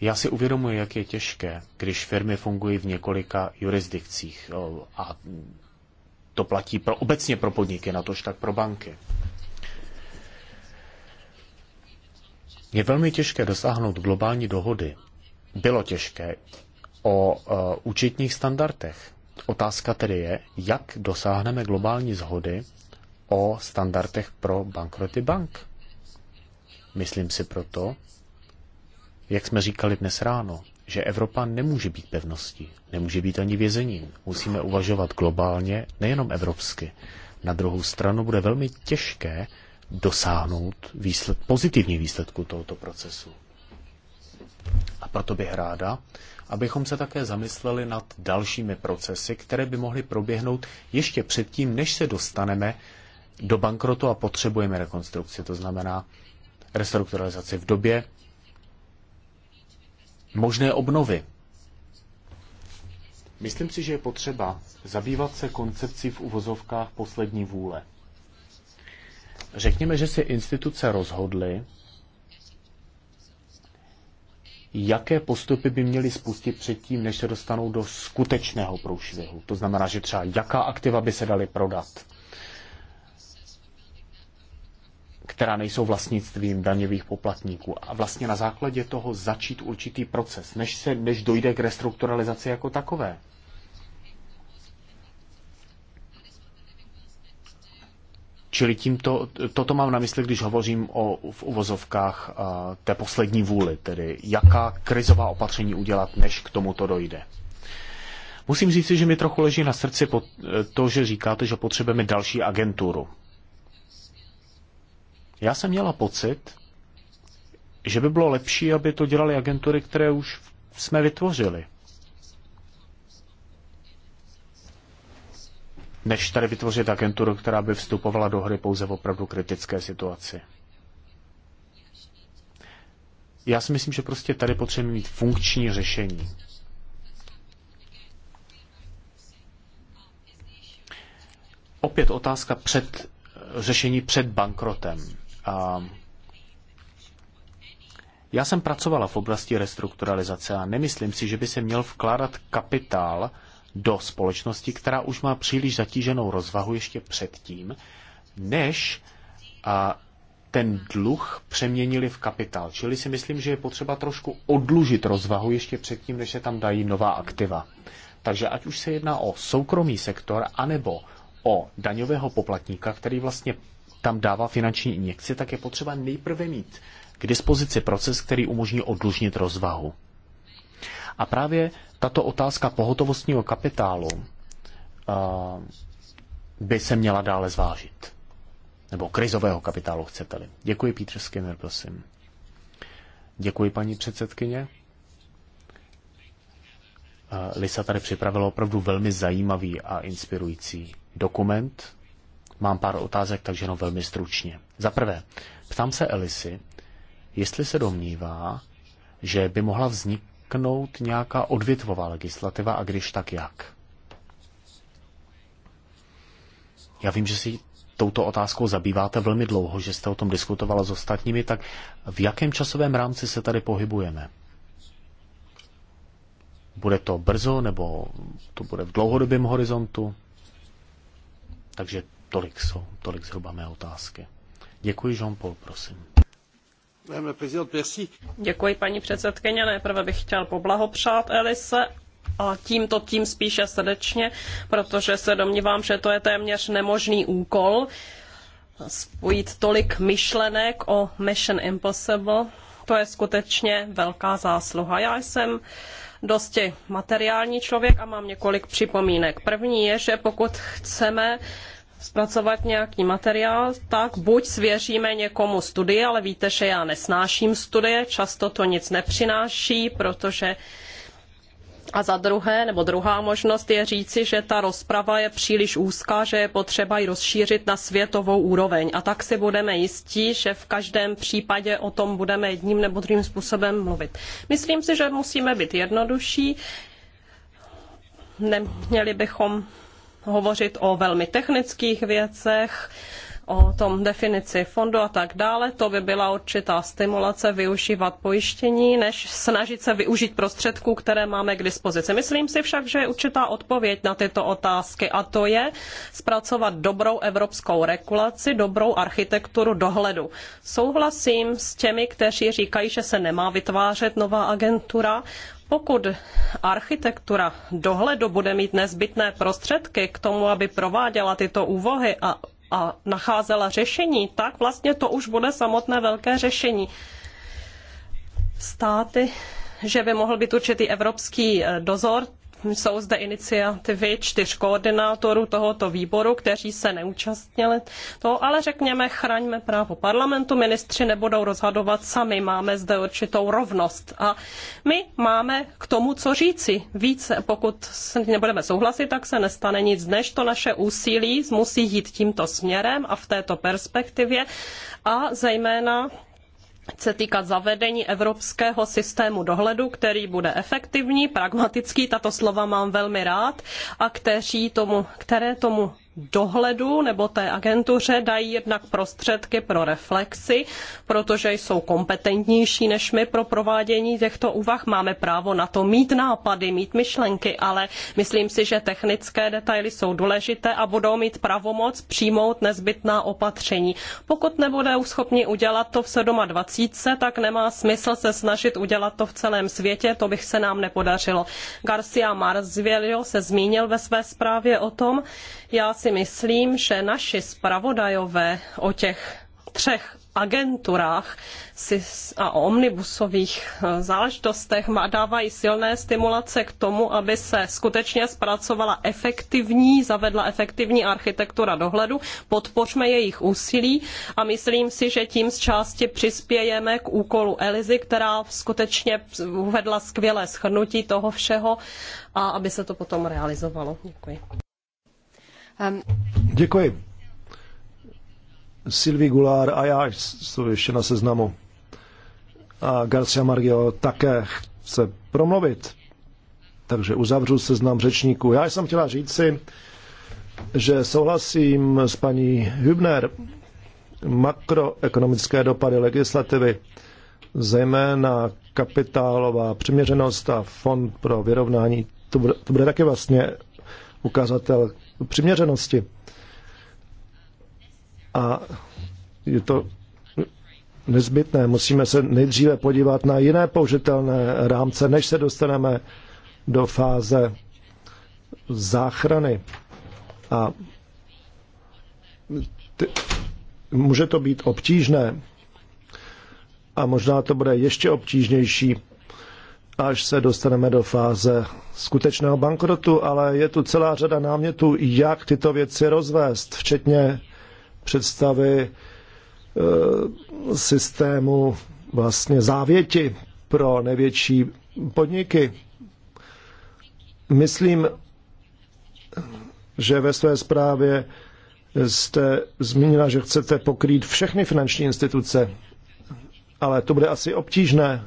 Já si uvědomuji, jak je těžké, když firmy fungují v několika jurisdikcích a to platí pro, obecně pro podniky, na tož tak pro banky. Je velmi těžké dosáhnout globální dohody bylo těžké o e, účetních standardech. Otázka tedy je, jak dosáhneme globální zhody o standardech pro bankroty bank. Myslím si proto, jak jsme říkali dnes ráno, že Evropa nemůže být pevností, nemůže být ani vězením. Musíme uvažovat globálně, nejenom evropsky. Na druhou stranu bude velmi těžké dosáhnout výsled, pozitivní výsledku tohoto procesu. A proto bych ráda, abychom se také zamysleli nad dalšími procesy, které by mohly proběhnout ještě předtím, než se dostaneme do bankrotu a potřebujeme rekonstrukci, to znamená restrukturalizaci v době možné obnovy. Myslím si, že je potřeba zabývat se koncepcí v uvozovkách poslední vůle. Řekněme, že si instituce rozhodly, jaké postupy by měli spustit předtím, než se dostanou do skutečného průšvihu. To znamená, že třeba jaká aktiva by se daly prodat, která nejsou vlastnictvím daňových poplatníků. A vlastně na základě toho začít určitý proces, než, se, než dojde k restrukturalizaci jako takové. Čili tímto, toto mám na mysli, když hovořím o v uvozovkách eh, té poslední vůli, tedy jaká krizová opatření udělat, než k tomuto dojde. Musím říct, že mi trochu leží na srdci eh, to, že říkáte, že potřebujeme další agenturu. Já jsem měla pocit, že by bylo lepší, aby to dělali agentury, které už jsme vytvořili. než tady vytvořit agenturu, která by vstupovala do hry pouze v opravdu kritické situaci. Já si myslím, že prostě tady potřebujeme mít funkční řešení. Opět otázka před řešení před bankrotem. A já jsem pracovala v oblasti restrukturalizace a nemyslím si, že by se měl vkládat kapitál do společnosti, která už má příliš zatíženou rozvahu ještě předtím, než a, ten dluh přeměnili v kapitál. Čili si myslím, že je potřeba trošku odlužit rozvahu ještě předtím, než se tam dají nová aktiva. Takže ať už se jedná o soukromý sektor, anebo o daňového poplatníka, který vlastně tam dává finanční injekci, tak je potřeba nejprve mít k dispozici proces, který umožní odlužnit rozvahu. A právě tato otázka pohotovostního kapitálu eh, by se měla dále zvážit. Nebo krizového kapitálu, chcete-li. Děkuji, Pítr Skinner, prosím. Děkuji, paní předsedkyně. Eh, Lisa tady připravila opravdu velmi zajímavý a inspirující dokument. Mám pár otázek, takže jenom velmi stručně. Za prvé, ptám se Elisy, jestli se domnívá, že by mohla vznik, vzniknout nějaká odvětvová legislativa a když tak jak? Já vím, že si touto otázkou zabýváte velmi dlouho, že jste o tom diskutovala s ostatními, tak v jakém časovém rámci se tady pohybujeme? Bude to brzo nebo to bude v dlouhodobém horizontu? Takže tolik jsou, tolik zhruba mé otázky. Děkuji, Jean-Paul, prosím. Děkuji, paní předsedající Nejprve bych chtěl poblahopřát Elise a tímto tím spíše srdečně, protože se domnívám, že to je téměř nemožný úkol spojit tolik myšlenek o Mission Impossible. To je skutečně velká zásluha. Já jsem dosti materiální člověk a mám několik připomínek. První je, že pokud chceme zpracovat nějaký materiál, tak buď svěříme někomu studii, ale víte, že já nesnáším studie, často to nic nepřináší, protože a za druhé, nebo druhá možnost je říci, že ta rozprava je příliš úzká, že je potřeba ji rozšířit na světovou úroveň. A tak si budeme jistí, že v každém případě o tom budeme jedním nebo druhým způsobem mluvit. Myslím si, že musíme být jednodušší. Neměli bychom hovořit o velmi technických věcech, o tom definici fondu a tak dále. To by byla určitá stimulace využívat pojištění, než snažit se využít prostředků, které máme k dispozici. Myslím si však, že je určitá odpověď na tyto otázky a to je zpracovat dobrou evropskou regulaci, dobrou architekturu dohledu. Souhlasím s těmi, kteří říkají, že se nemá vytvářet nová agentura, pokud architektura dohledu bude mít nezbytné prostředky k tomu, aby prováděla tyto úvahy a, a nacházela řešení, tak vlastně to už bude samotné velké řešení. Státy že by mohl být určitý evropský eh, dozor jsou zde iniciativy čtyř koordinátorů tohoto výboru, kteří se neúčastnili to, ale řekněme, chraňme právo parlamentu, ministři nebudou rozhodovat sami, máme zde určitou rovnost a my máme k tomu co říci. Více, pokud nebudeme souhlasit, tak se nestane nic, než to naše úsilí musí jít tímto směrem a v této perspektivě a zejména se týkat zavedení evropského systému dohledu, který bude efektivní, pragmatický, tato slova mám velmi rád, a kteří tomu, které tomu dohledu nebo té agentuře dají jednak prostředky pro reflexy, protože jsou kompetentnější než my pro provádění těchto úvah. Máme právo na to mít nápady, mít myšlenky, ale myslím si, že technické detaily jsou důležité a budou mít pravomoc přijmout nezbytná opatření. Pokud nebudou schopni udělat to v 27, tak nemá smysl se snažit udělat to v celém světě, to bych se nám nepodařilo. Garcia Marzvělio se zmínil ve své zprávě o tom, já si myslím, že naši zpravodajové o těch třech agenturách a o omnibusových eh, záležitostech dávají silné stimulace k tomu, aby se skutečně zpracovala efektivní, zavedla efektivní architektura dohledu. Podpořme jejich úsilí a myslím si, že tím z části přispějeme k úkolu Elizy, která skutečně uvedla skvělé shrnutí toho všeho a aby se to potom realizovalo. Děkuji. Um, Děkuji. Sylvie Goulard a já jsou ještě na seznamu. A Garcia Margio také chce promluvit. Takže uzavřu seznam řečníků. Já jsem chtěla říct si, že souhlasím s paní Hübner. Makroekonomické dopady legislativy, zejména kapitálová přiměřenost a fond pro vyrovnání, to bude, to bude taky vlastně ukazatel přiměřenosti. A je to nezbytné. Musíme se nejdříve podívat na jiné použitelné rámce, než se dostaneme do fáze záchrany. A ty, může to být obtížné a možná to bude ještě obtížnější až se dostaneme do fáze skutečného bankrotu, ale je tu celá řada námětů, jak tyto věci rozvést, včetně představy e, systému vlastně závěti pro největší podniky. Myslím, že ve své zprávě jste zmínila, že chcete pokrýt všechny finanční instituce, ale to bude asi obtížné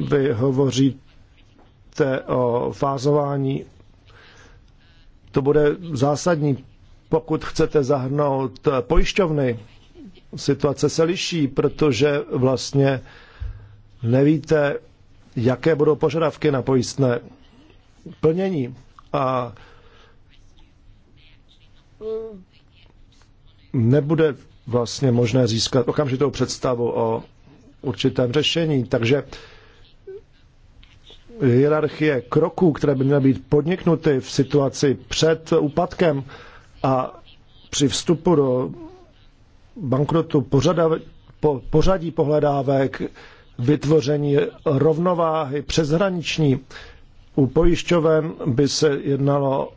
vy hovoříte o fázování. To bude zásadní, pokud chcete zahrnout pojišťovny. Situace se liší, protože vlastně nevíte, jaké budou požadavky na pojistné plnění. A nebude vlastně možné získat okamžitou představu o určitém řešení. Takže hierarchie kroků, které by měly být podniknuty v situaci před úpadkem a při vstupu do bankrotu pořada, po, pořadí pohledávek, vytvoření rovnováhy přeshraniční. U pojišťoven by se jednalo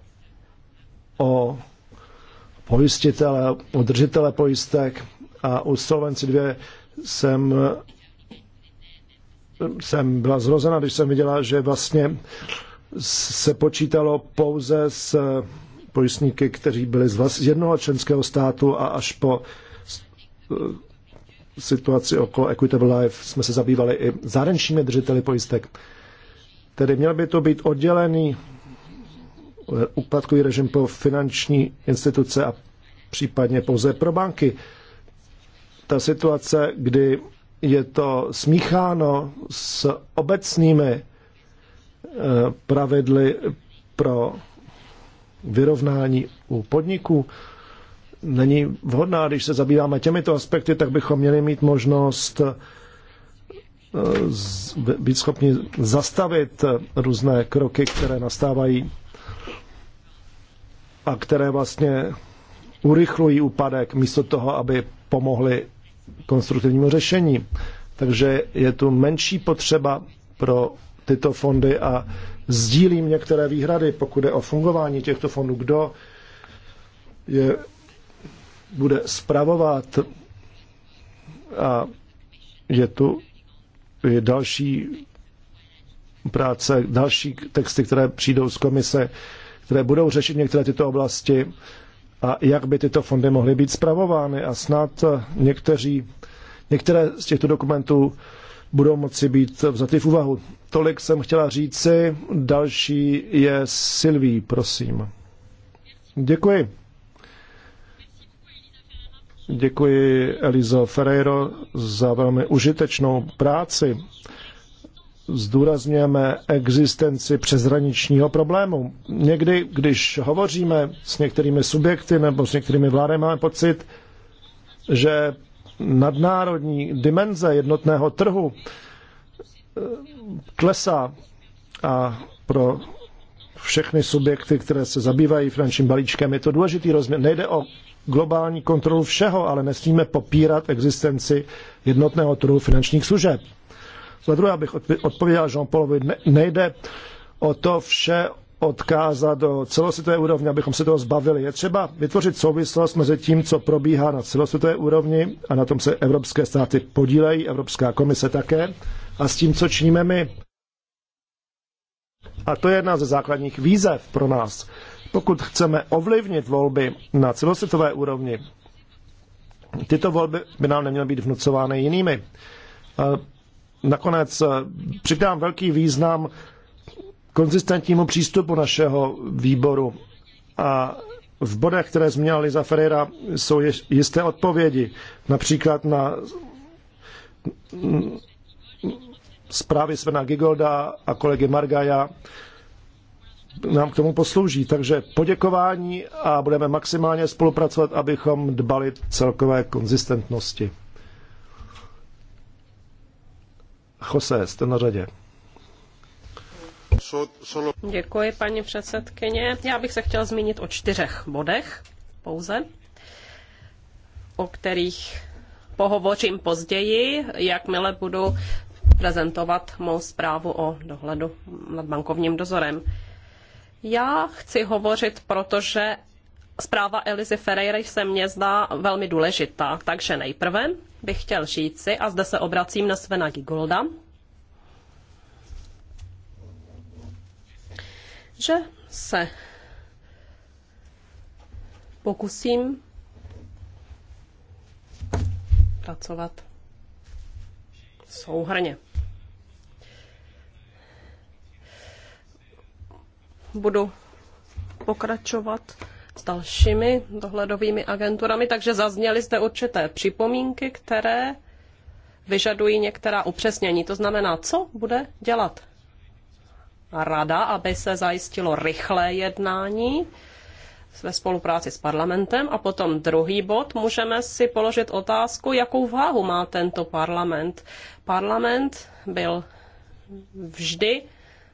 o pojistitele, o držitele pojistek a u Solvency 2 jsem jsem byla zrozena, když jsem viděla, že vlastně se počítalo pouze s pojistníky, kteří byli z, vlast, z jednoho členského státu a až po e, situaci okolo Equitable Life jsme se zabývali i zahraničními držiteli pojistek. Tedy měl by to být oddělený e, úpadkový režim pro finanční instituce a případně pouze pro banky. Ta situace, kdy je to smícháno s obecnými eh, pravidly pro vyrovnání u podniků. Není vhodná, když se zabýváme těmito aspekty, tak bychom měli mít možnost eh, být schopni zastavit eh, různé kroky, které nastávají a které vlastně urychlují úpadek, místo toho, aby pomohly konstruktivnímu řešení. Takže je tu menší potřeba pro tyto fondy a sdílím některé výhrady, pokud je o fungování těchto fondů, kdo je bude spravovat a je tu je další práce, další texty, které přijdou z komise, které budou řešit některé tyto oblasti a jak by tyto fondy mohly být zpravovány. A snad eh, někteří, některé z těchto dokumentů budou moci být vzaty v úvahu. Tolik jsem chtěla říci. Další je Silví, prosím. Děkuji. Děkuji Elizo Ferreiro za velmi užitečnou práci zdůrazňujeme existenci přezraničního problému. Někdy, když hovoříme s některými subjekty nebo s některými vládami, máme pocit, že nadnárodní dimenze jednotného trhu eh, klesá a pro všechny subjekty, které se zabývají finančním balíčkem, je to důležitý rozměr. Nejde o globální kontrolu všeho, ale nesmíme popírat existenci jednotného trhu finančních služeb. Za druhé, abych odpověděl Jean-Paulovi, nejde o to vše odkázat do celosvětové úrovně, abychom se toho zbavili. Je třeba vytvořit souvislost mezi tím, co probíhá na celosvětové úrovni, a na tom se evropské státy podílejí, Evropská komise také, a s tím, co činíme my. A to je jedna ze základních výzev pro nás. Pokud chceme ovlivnit volby na celosvětové úrovni, tyto volby by nám neměly být vnucovány jinými nakonec eh, přidám velký význam konzistentnímu přístupu našeho výboru a v bodech, které zmínila Liza Ferreira, jsou jisté odpovědi, například na zprávy Svena Gigolda a kolegy Margaja nám k tomu poslouží. Takže poděkování a budeme maximálně spolupracovat, abychom dbali celkové konzistentnosti. Jose, jste na řadě. Děkuji, paní předsedkyně. Já bych se chtěla zmínit o čtyřech bodech pouze, o kterých pohovořím později, jakmile budu prezentovat mou zprávu o dohledu nad bankovním dozorem. Já chci hovořit, protože Zpráva Elizy Ferreira se mně zdá velmi důležitá, takže nejprve bych chtěl říci, a zde se obracím na Svena Gigolda, že se pokusím pracovat souhrně. Budu pokračovat s dalšími dohledovými agenturami, takže zazněly zde určité připomínky, které vyžadují některá upřesnění. To znamená, co bude dělat rada, aby se zajistilo rychlé jednání ve spolupráci s parlamentem. A potom druhý bod, můžeme si položit otázku, jakou váhu má tento parlament. Parlament byl vždy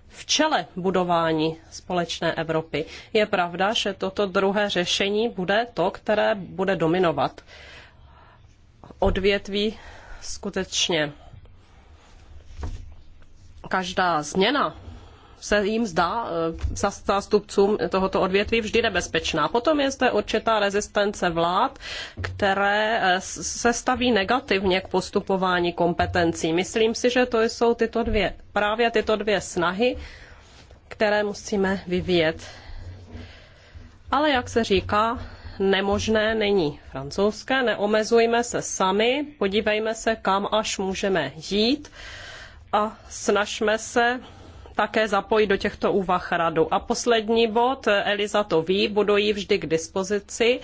v čele budování společné Evropy. Je pravda, že toto druhé řešení bude to, které bude dominovat. Odvětví skutečně každá změna se jim zdá eh, zástupcům tohoto odvětví vždy nebezpečná. Potom je zde určitá rezistence vlád, které eh, se staví negativně k postupování kompetencí. Myslím si, že to jsou tyto dvě, právě tyto dvě snahy, které musíme vyvíjet. Ale jak se říká, nemožné není francouzské, neomezujme se sami, podívejme se, kam až můžeme jít a snažme se také zapojit do těchto úvah radu. A poslední bod, Eliza to ví, budu jí vždy k dispozici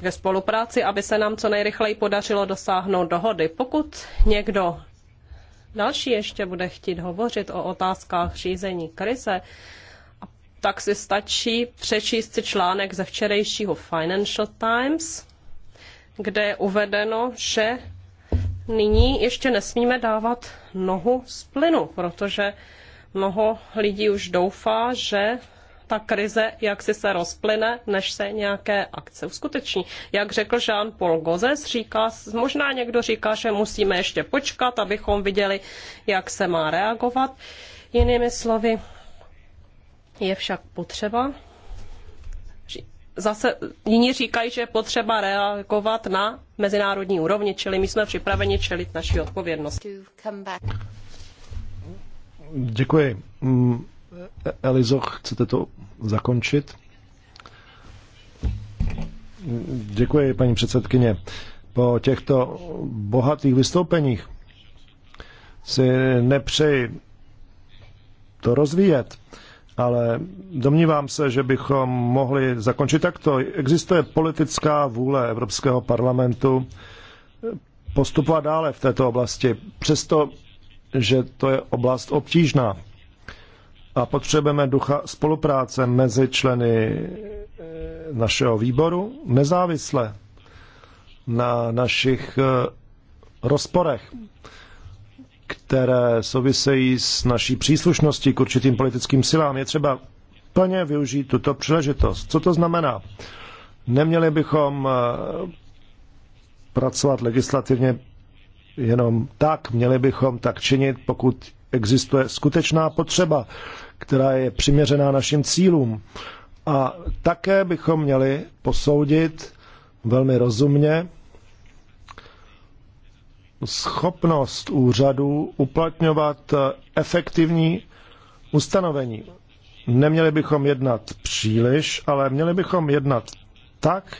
ve spolupráci, aby se nám co nejrychleji podařilo dosáhnout dohody. Pokud někdo další ještě bude chtít hovořit o otázkách řízení krize, tak si stačí přečíst si článek ze včerejšího Financial Times, kde je uvedeno, že nyní ještě nesmíme dávat nohu z plynu, protože mnoho lidí už doufá, že ta krize jaksi se rozplyne, než se nějaké akce uskuteční. Jak řekl Jean-Paul Gozes, říká, možná někdo říká, že musíme ještě počkat, abychom viděli, jak se má reagovat. Jinými slovy, je však potřeba zase jiní říkají, že je potřeba reagovat na mezinárodní úrovni, čili my jsme připraveni čelit naší odpovědnosti. Děkuji. Mm, Elizo, chcete to zakončit? Děkuji, paní předsedkyně. Po těchto bohatých vystoupeních si nepřeji to rozvíjet ale domnívám se, že bychom mohli zakončit takto. Existuje politická vůle Evropského parlamentu postupovat dále v této oblasti, přesto, že to je oblast obtížná. A potřebujeme ducha spolupráce mezi členy eh, našeho výboru nezávisle na našich eh, rozporech které souvisejí s naší příslušností k určitým politickým silám. Je třeba plně využít tuto příležitost. Co to znamená? Neměli bychom eh, pracovat legislativně jenom tak, měli bychom tak činit, pokud existuje skutečná potřeba, která je přiměřená našim cílům. A také bychom měli posoudit velmi rozumně, schopnost úřadů uplatňovat efektivní ustanovení. Neměli bychom jednat příliš, ale měli bychom jednat tak,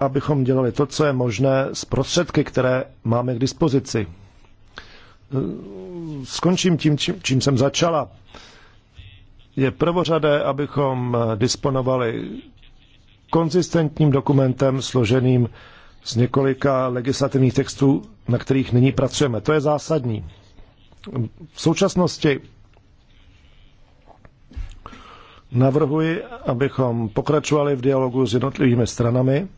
abychom dělali to, co je možné z prostředky, které máme k dispozici. Skončím tím, čím, čím jsem začala. Je prvořadé, abychom disponovali konzistentním dokumentem složeným z několika legislativních textů, na kterých nyní pracujeme. To je zásadní. V současnosti navrhuji, abychom pokračovali v dialogu s jednotlivými stranami,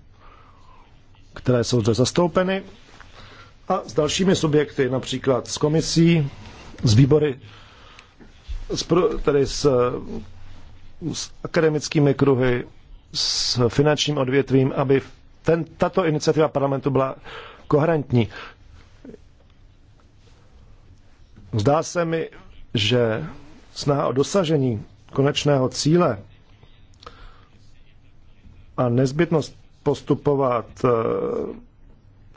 které jsou zde zastoupeny, a s dalšími subjekty, například s komisí, s výbory, tedy s, s akademickými kruhy, s finančním odvětvím, aby ten, tato iniciativa parlamentu byla koherentní. Zdá se mi, že snaha o dosažení konečného cíle a nezbytnost postupovat eh,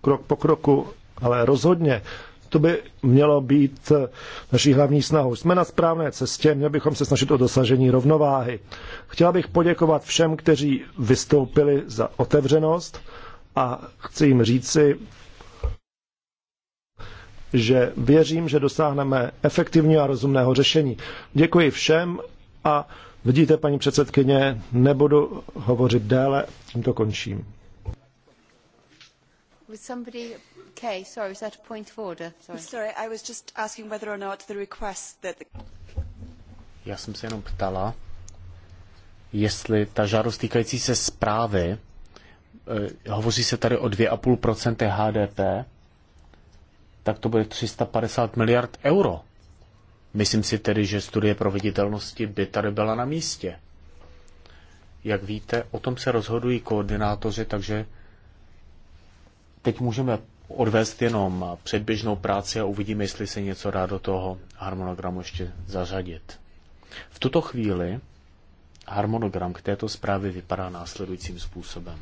krok po kroku, ale rozhodně to by mělo být naší hlavní snahou. Jsme na správné cestě, měli bychom se snažit o dosažení rovnováhy. Chtěla bych poděkovat všem, kteří vystoupili za otevřenost a chci jim říci, že věřím, že dosáhneme efektivního a rozumného řešení. Děkuji všem a vidíte, paní předsedkyně, nebudu hovořit déle, tímto končím. Okay, sorry, is that a point of order? Sorry. sorry, I was just asking whether or not the request that the... Já jsem se jenom ptala, jestli ta žádost týkající se zprávy, eh, hovoří se tady o 2,5% HDP, tak to bude 350 miliard euro. Myslím si tedy, že studie proveditelnosti by tady byla na místě. Jak víte, o tom se rozhodují koordinátoři, takže teď můžeme odvést jenom předběžnou práci a uvidíme, jestli se něco dá do toho harmonogramu ještě zařadit. V tuto chvíli harmonogram k této zprávě vypadá následujícím způsobem.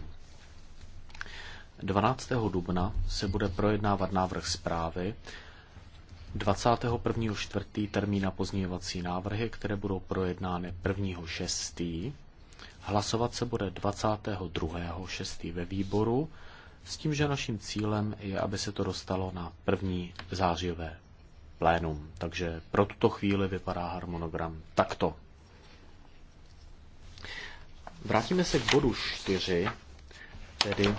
12. dubna se bude projednávat návrh zprávy, 21. 4. termín na pozměňovací návrhy, které budou projednány 1. 6. Hlasovat se bude 22. 6. ve výboru s tím, že naším cílem je, aby se to dostalo na první zářijové plénum. Takže pro tuto chvíli vypadá harmonogram takto. Vrátíme se k bodu 4, tedy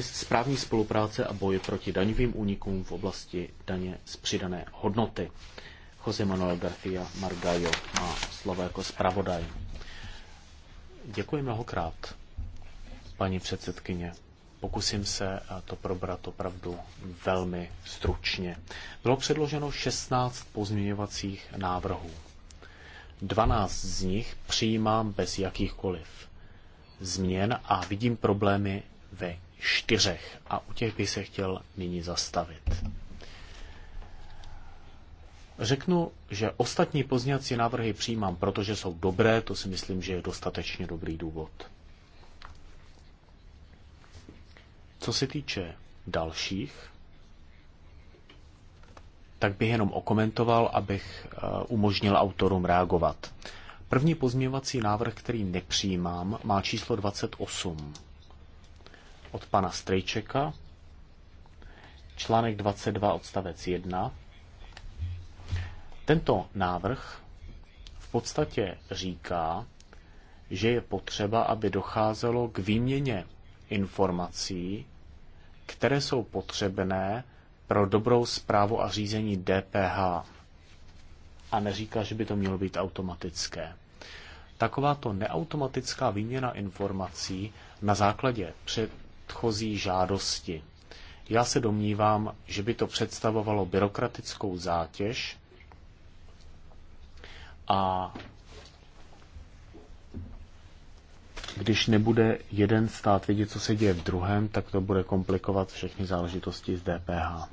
správní spolupráce a boje proti daňovým únikům v oblasti daně z přidané hodnoty. Jose Manuel García Margallo má slovo jako zpravodaj. Děkuji mnohokrát, paní předsedkyně. Pokusím se eh, to probrat opravdu velmi stručně. Bylo předloženo 16 pozměňovacích návrhů. 12 z nich přijímám bez jakýchkoliv změn a vidím problémy ve čtyřech a u těch bych se chtěl nyní zastavit. Řeknu, že ostatní pozněcí návrhy přijímám, protože jsou dobré, to si myslím, že je dostatečně dobrý důvod. Co se týče dalších, tak bych jenom okomentoval, abych eh, umožnil autorům reagovat. První pozměvací návrh, který nepřijímám, má číslo 28 od pana Strejčeka, článek 22 odstavec 1. Tento návrh v podstatě říká, že je potřeba, aby docházelo k výměně informací které jsou potřebné pro dobrou zprávu a řízení DPH. A neříká, že by to mělo být automatické. Takováto neautomatická výměna informací na základě předchozí žádosti. Já se domnívám, že by to představovalo byrokratickou zátěž a Když nebude jeden stát vědět, co se děje v druhém, tak to bude komplikovat všechny záležitosti z DPH.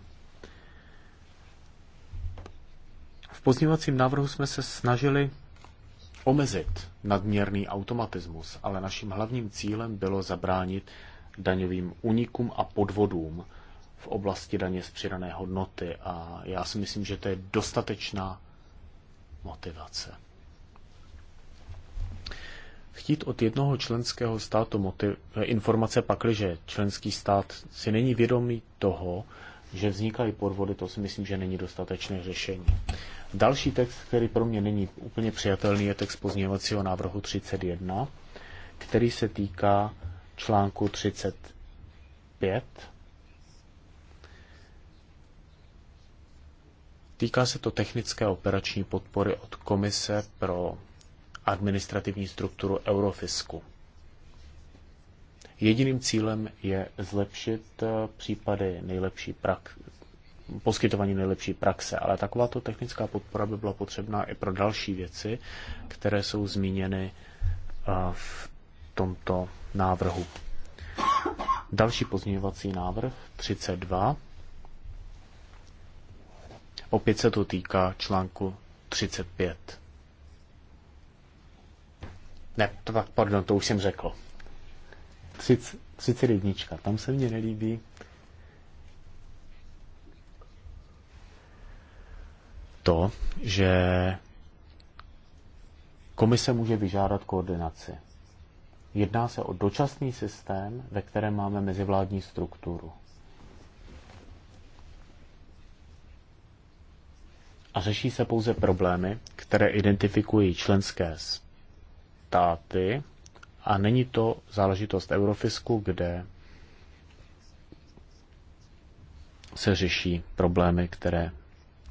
V pozněvacím návrhu jsme se snažili omezit nadměrný automatismus, ale naším hlavním cílem bylo zabránit daňovým unikům a podvodům v oblasti daně z přidané hodnoty a já si myslím, že to je dostatečná motivace chtít od jednoho členského státu motiv, informace že členský stát si není vědomý toho, že vznikají podvody, to si myslím, že není dostatečné řešení. Další text, který pro mě není úplně přijatelný, je text pozněvacího návrhu 31, který se týká článku 35. Týká se to technické operační podpory od Komise pro administrativní strukturu Eurofisku. Jediným cílem je zlepšit eh, případy nejlepší prak poskytování nejlepší praxe, ale takováto technická podpora by byla potřebná i pro další věci, které jsou zmíněny eh, v tomto návrhu. Další pozměňovací návrh 32. Opět se to týká článku 35. Ne, to, pardon, to už jsem řekl. 31, tam se mně nelíbí. To, že komise může vyžádat koordinaci. Jedná se o dočasný systém, ve kterém máme mezivládní strukturu. A řeší se pouze problémy, které identifikují členské státy a není to záležitost Eurofisku, kde se řeší problémy, které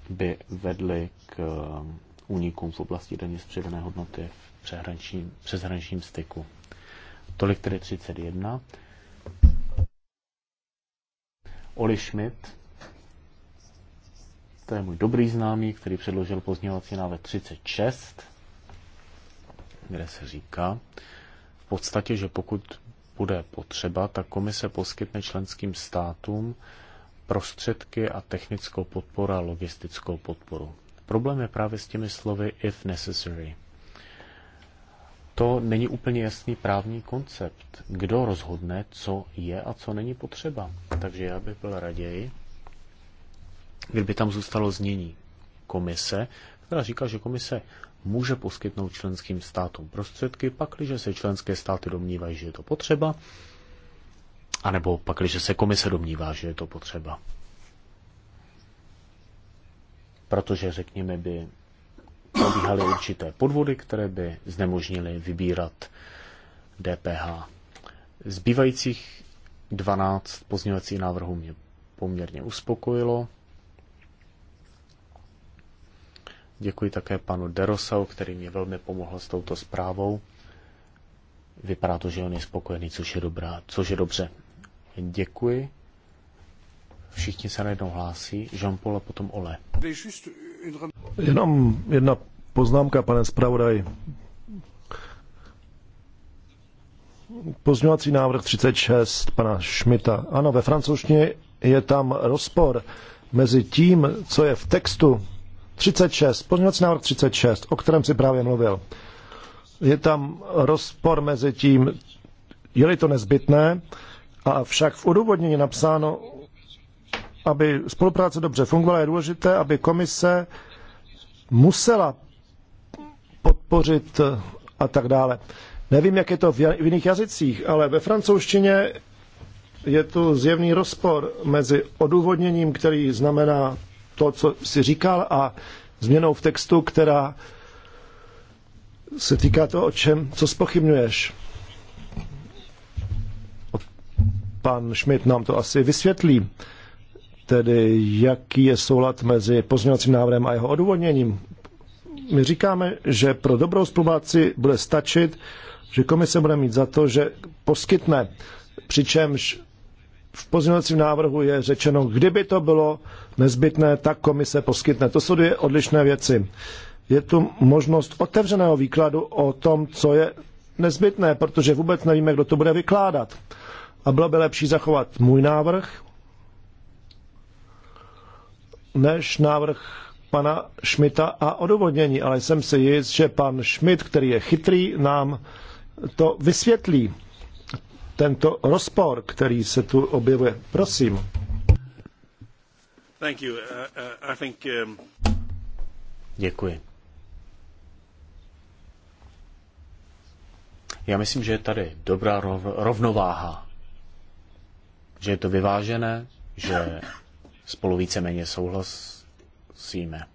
by vedly k um, únikům v oblasti daně z přidané hodnoty v přeshraničním, přeshraničním styku. Tolik tedy 31. Oli Schmidt, to je můj dobrý známý, který předložil pozměňovací návrh 36 kde se říká v podstatě, že pokud bude potřeba, tak komise poskytne členským státům prostředky a technickou podporu a logistickou podporu. Problém je právě s těmi slovy if necessary. To není úplně jasný právní koncept. Kdo rozhodne, co je a co není potřeba. Takže já bych byl raději, kdyby tam zůstalo znění komise, která říká, že komise může poskytnout členským státům prostředky, pakliže se členské státy domnívají, že je to potřeba, anebo pakliže se komise domnívá, že je to potřeba. Protože, řekněme, by probíhaly určité podvody, které by znemožnily vybírat DPH. Zbývajících 12 pozměňovacích návrhů mě poměrně uspokojilo. Děkuji také panu Derosau, který mě velmi pomohl s touto zprávou. Vypadá to, že on je spokojený, což je, dobrá, což je dobře. Děkuji. Všichni se najednou hlásí. Jean-Paul a potom Ole. Jenom jedna poznámka, pane zpravodaj. Pozňovací návrh 36 pana Šmita. Ano, ve francouzštině je tam rozpor mezi tím, co je v textu 36, pozměňovací návrh 36, o kterém si právě mluvil. Je tam rozpor mezi tím, je-li to nezbytné, a však v odůvodnění napsáno, aby spolupráce dobře fungovala, je důležité, aby komise musela podpořit eh, a tak dále. Nevím, jak je to v jiných jazycích, ale ve francouzštině je tu zjevný rozpor mezi odůvodněním, který znamená to, co si říkal a změnou v textu, která se týká toho, o čem, co spochybňuješ. Pan Schmidt nám to asi vysvětlí, tedy jaký je soulad mezi pozměňovacím návrhem a jeho odůvodněním. My říkáme, že pro dobrou spolupráci bude stačit, že komise bude mít za to, že poskytne, přičemž v pozměňovacím návrhu je řečeno, kdyby to bylo nezbytné, tak komise poskytne. To jsou dvě odlišné věci. Je tu možnost otevřeného výkladu o tom, co je nezbytné, protože vůbec nevíme, kdo to bude vykládat. A bylo by lepší zachovat můj návrh, než návrh pana Šmita a odůvodnění, ale jsem si jist, že pan Šmit, který je chytrý, nám to vysvětlí. Tento rozpor, který se tu objevuje. Prosím. Uh, uh, um, Já myslím, že je tady dobrá rovnováha. Že je to vyvážené, že spolu víceméně souhlasíme.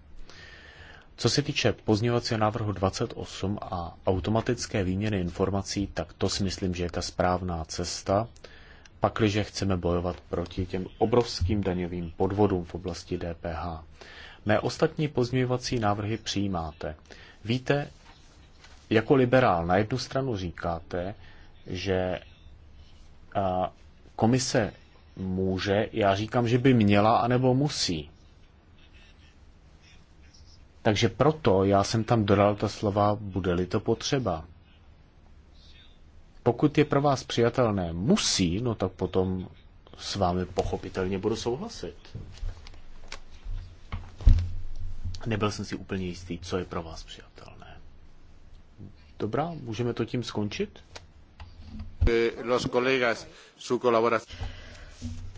Co se týče pozměňovacího návrhu 28 a automatické výměny informací, tak to si myslím, že je ta správná cesta pakliže chceme bojovat proti těm obrovským daňovým podvodům v oblasti DPH. Mé ostatní pozměňovací návrhy přijímáte. Víte, jako liberál na jednu stranu říkáte, že komise může, já říkám, že by měla anebo musí. Takže proto já jsem tam dodal ta slova, bude-li to potřeba. Pokud je pro vás přijatelné musí, no tak potom s vámi pochopitelně budu souhlasit. Nebyl jsem si úplně jistý, co je pro vás přijatelné. Dobrá, můžeme to tím skončit? Eh, los colegas, su colaboración.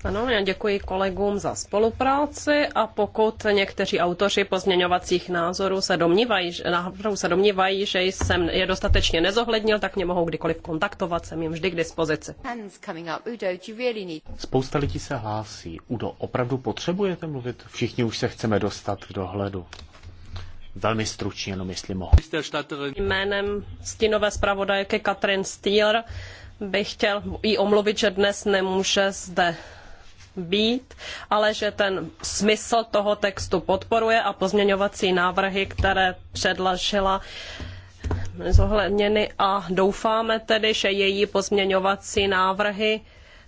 Ano, já děkuji kolegům za spolupráci a pokud někteří autoři pozměňovacích názorů se domnívají, že, se domnívají, že jsem je dostatečně nezohlednil, tak mě mohou kdykoliv kontaktovat, jsem jim vždy k dispozici. Spousta lidí se hlásí. Udo, opravdu potřebujete mluvit? Všichni už se chceme dostat k dohledu. Velmi stručně, no jestli mohu. Jménem stínové zpravodajky Katrin Steer bych chtěl jí omluvit, že dnes nemůže zde být, ale že ten smysl toho textu podporuje a pozměňovací návrhy, které předlažila zohledněny a doufáme tedy, že její pozměňovací návrhy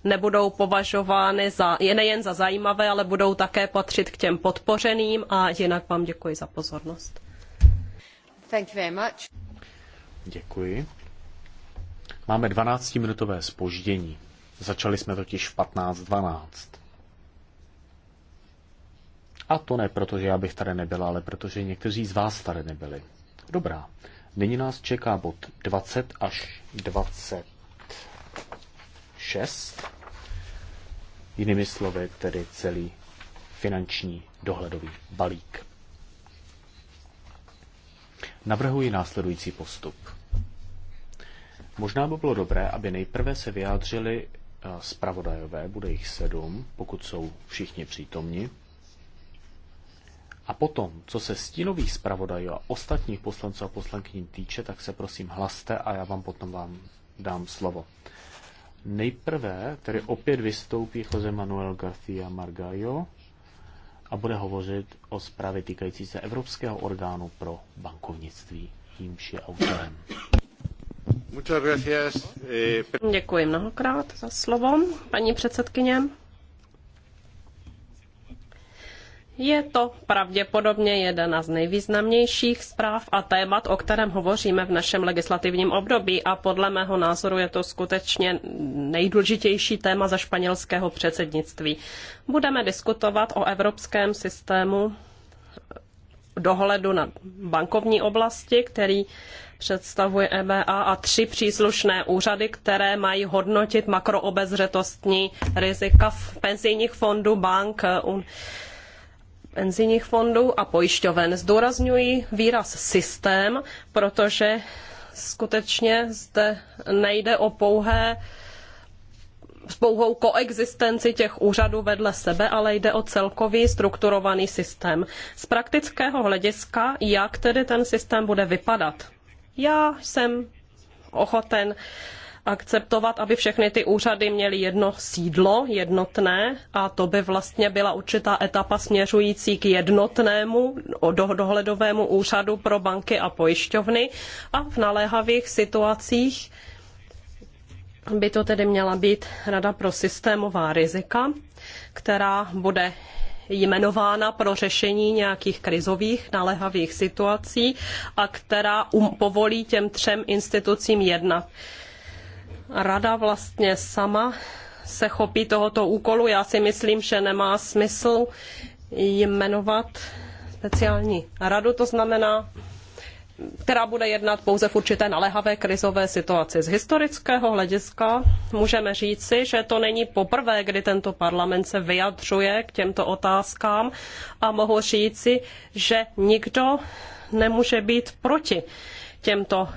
nebudou považovány za, nejen za zajímavé, ale budou také patřit k těm podpořeným a jinak vám děkuji za pozornost. Thank you very much. Děkuji. Máme 12-minutové spoždění. Začali jsme totiž v 15.12. A to ne proto, že já bych tady nebyla, ale protože někteří z vás tady nebyli. Dobrá. Nyní nás čeká bod 20 až 26. Jinými slovy, tedy celý finanční dohledový balík. Navrhuji následující postup. Možná by bylo dobré, aby nejprve se vyjádřili eh, zpravodajové, bude jich sedm, pokud jsou všichni přítomni. A potom, co se stínových zpravodajů a ostatních poslanců a poslankyní týče, tak se prosím hlaste a já vám potom vám dám slovo. Nejprve tedy opět vystoupí Jose Manuel García Margallo a bude hovořit o zprávě týkající se Evropského orgánu pro bankovnictví, jímž je autorem. Eh, Děkuji mnohokrát za slovo, paní předsedkyně. Je to pravděpodobně jedna z nejvýznamnějších zpráv a témat, o kterém hovoříme v našem legislativním období a podle mého názoru je to skutečně nejdůležitější téma za španělského předsednictví. Budeme diskutovat o evropském systému dohledu na bankovní oblasti, který představuje EBA a tři příslušné úřady, které mají hodnotit makroobezřetostní rizika v penzijních fondů bank penzijních fondů a pojišťoven. Zdůrazňuji výraz systém, protože skutečně zde nejde o pouhé s pouhou koexistenci těch úřadů vedle sebe, ale jde o celkový strukturovaný systém. Z praktického hlediska, jak tedy ten systém bude vypadat? Já jsem ochoten uh, akceptovat, aby všechny ty úřady měly jedno sídlo, jednotné, a to by vlastně byla určitá etapa směřující k jednotnému dohledovému úřadu pro banky a pojišťovny a v naléhavých situacích by to tedy měla být Rada pro systémová rizika, která bude jmenována pro řešení nějakých krizových naléhavých situací a která um, povolí těm třem institucím jednat rada vlastně sama se chopí tohoto úkolu. Já si myslím, že nemá smysl jmenovat speciální radu, to znamená, která bude jednat pouze v určité naléhavé krizové situaci. Z historického hlediska můžeme říci, že to není poprvé, kdy tento parlament se vyjadřuje k těmto otázkám a mohu říci, že nikdo nemůže být proti těmto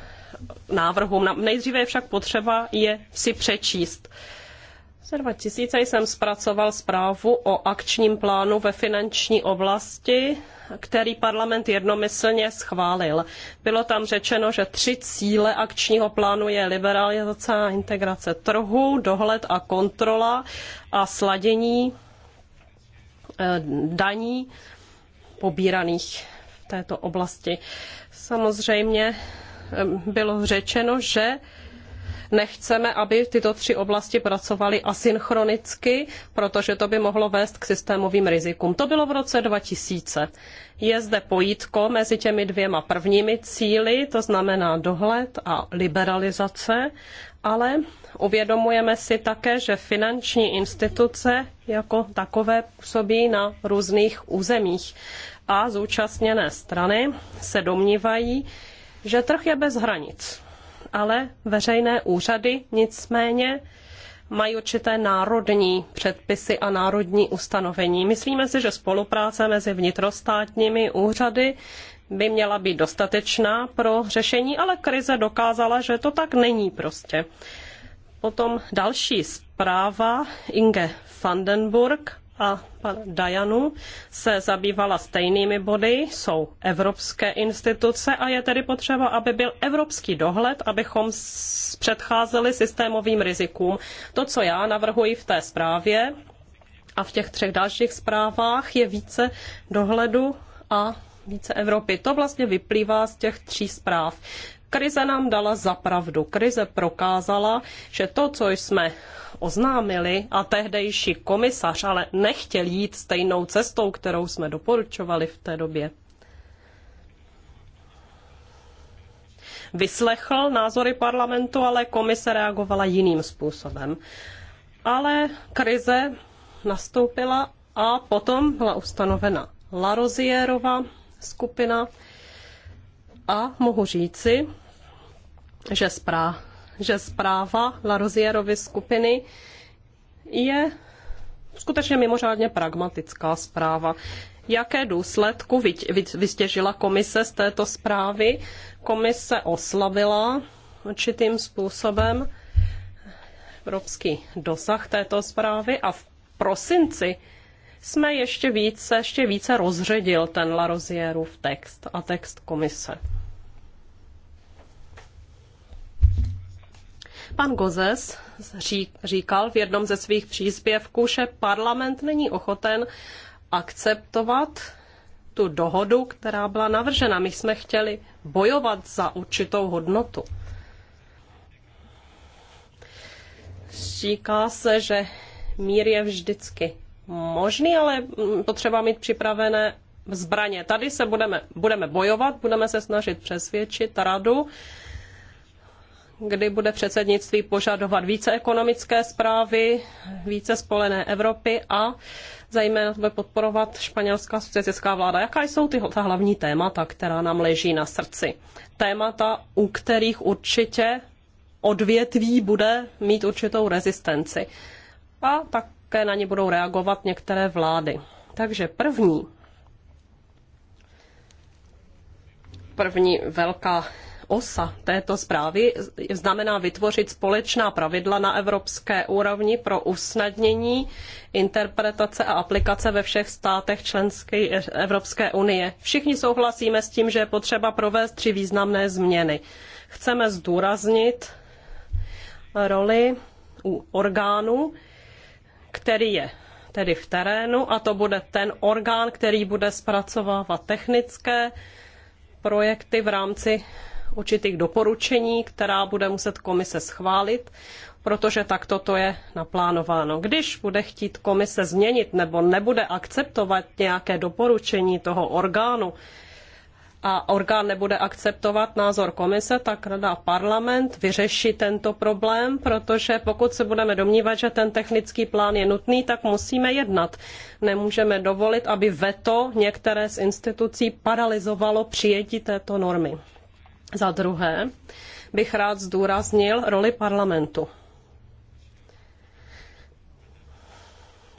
návrhům. Nejdříve je však potřeba je si přečíst. V roce 2000 jsem zpracoval zprávu o akčním plánu ve finanční oblasti, který parlament jednomyslně schválil. Bylo tam řečeno, že tři cíle akčního plánu je liberalizace a integrace trhu, dohled a kontrola a sladění eh, daní pobíraných v této oblasti. Samozřejmě bylo řečeno, že nechceme, aby tyto tři oblasti pracovaly asynchronicky, protože to by mohlo vést k systémovým rizikům. To bylo v roce 2000. Je zde pojítko mezi těmi dvěma prvními cíli, to znamená dohled a liberalizace, ale uvědomujeme si také, že finanční instituce jako takové působí na různých územích a zúčastněné strany se domnívají, že trh je bez hranic, ale veřejné úřady nicméně mají určité národní předpisy a národní ustanovení. Myslíme si, že spolupráce mezi vnitrostátními úřady by měla být dostatečná pro řešení, ale krize dokázala, že to tak není prostě. Potom další zpráva Inge Vandenburg a pan Dajanu se zabývala stejnými body, jsou evropské instituce a je tedy potřeba, aby byl evropský dohled, abychom předcházeli systémovým rizikům. To, co já navrhuji v té zprávě a v těch třech dalších zprávách, je více dohledu a více Evropy. To vlastně vyplývá z těch tří zpráv. Krize nám dala zapravdu. Krize prokázala, že to, co jsme oznámili a tehdejší komisař ale nechtěl jít stejnou cestou, kterou jsme doporučovali v té době. Vyslechl názory parlamentu, ale komise reagovala jiným způsobem. Ale krize nastoupila a potom byla ustanovena Larozierova skupina a mohu říci, že zpráva že zpráva Larozierovy skupiny je skutečně mimořádně pragmatická zpráva. Jaké důsledku vystěžila komise z této zprávy? Komise oslabila určitým způsobem evropský dosah této zprávy a v prosinci jsme ještě více, ještě více rozředil ten Larozierův text a text komise. Pan Gozes říkal v jednom ze svých příspěvků, že parlament není ochoten akceptovat tu dohodu, která byla navržena. My jsme chtěli bojovat za určitou hodnotu. Říká se, že mír je vždycky možný, ale potřeba mít připravené zbraně. Tady se budeme, budeme bojovat, budeme se snažit přesvědčit radu, kdy bude předsednictví požadovat více ekonomické zprávy, více spolené Evropy a zejména bude podporovat španělská socialistická vláda. Jaká jsou ty ta hlavní témata, která nám leží na srdci? Témata, u kterých určitě odvětví bude mít určitou rezistenci. A také na ně budou reagovat některé vlády. Takže první, první velká osa této zprávy znamená vytvořit společná pravidla na evropské úrovni pro usnadnění interpretace a aplikace ve všech státech členské Evropské unie. Všichni souhlasíme s tím, že je potřeba provést tři významné změny. Chceme zdůraznit roli u orgánu, který je tedy v terénu a to bude ten orgán, který bude zpracovávat technické projekty v rámci určitých doporučení, která bude muset komise schválit, protože takto to je naplánováno. Když bude chtít komise změnit nebo nebude akceptovat nějaké doporučení toho orgánu, a orgán nebude akceptovat názor komise, tak rada parlament vyřeší tento problém, protože pokud se budeme domnívat, že ten technický plán je nutný, tak musíme jednat. Nemůžeme dovolit, aby veto některé z institucí paralizovalo přijetí této normy. Za druhé bych rád zdůraznil roli parlamentu.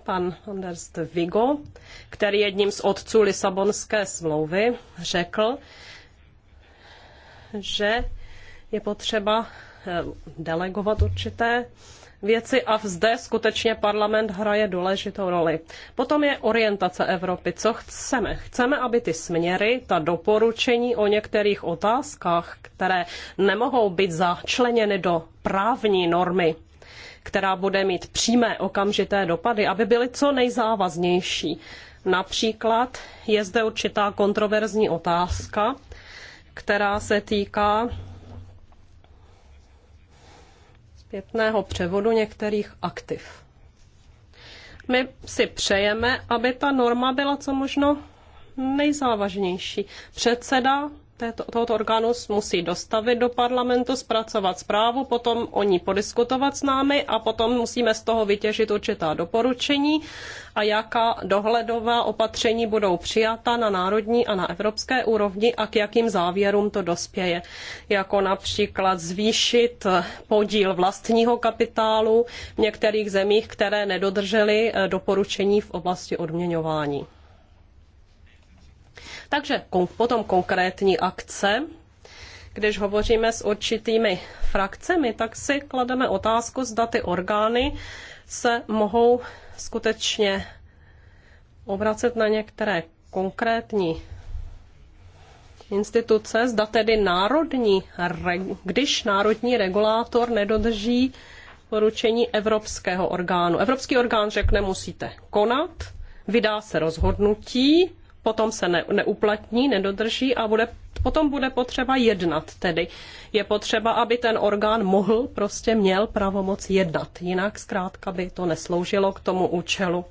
Pan Anders de Vigo, který je jedním z otců Lisabonské smlouvy, řekl, že je potřeba Eh, delegovat určité věci a zde skutečně parlament hraje důležitou roli. Potom je orientace Evropy. Co chceme? Chceme, aby ty směry, ta doporučení o některých otázkách, které nemohou být začleněny do právní normy, která bude mít přímé okamžité dopady, aby byly co nejzávaznější. Například je zde určitá kontroverzní otázka, která se týká zpětného převodu některých aktiv. My si přejeme, aby ta norma byla co možno nejzávažnější. Předseda této, tohoto orgánu musí dostavit do parlamentu, zpracovat zprávu, potom o ní podiskutovat s námi a potom musíme z toho vytěžit určitá doporučení a jaká dohledová opatření budou přijata na národní a na evropské úrovni a k jakým závěrům to dospěje. Jako například zvýšit podíl vlastního kapitálu v některých zemích, které nedodržely eh, doporučení v oblasti odměňování. Takže potom konkrétní akce. Když hovoříme s určitými frakcemi, tak si klademe otázku, zda ty orgány se mohou skutečně obracet na některé konkrétní instituce, zda tedy národní, když národní regulátor nedodrží poručení evropského orgánu. Evropský orgán řekne, musíte konat, vydá se rozhodnutí, potom se ne, neuplatní, nedodrží a bude, potom bude potřeba jednat tedy. Je potřeba, aby ten orgán mohl, prostě měl pravomoc jednat. Jinak zkrátka by to nesloužilo k tomu účelu.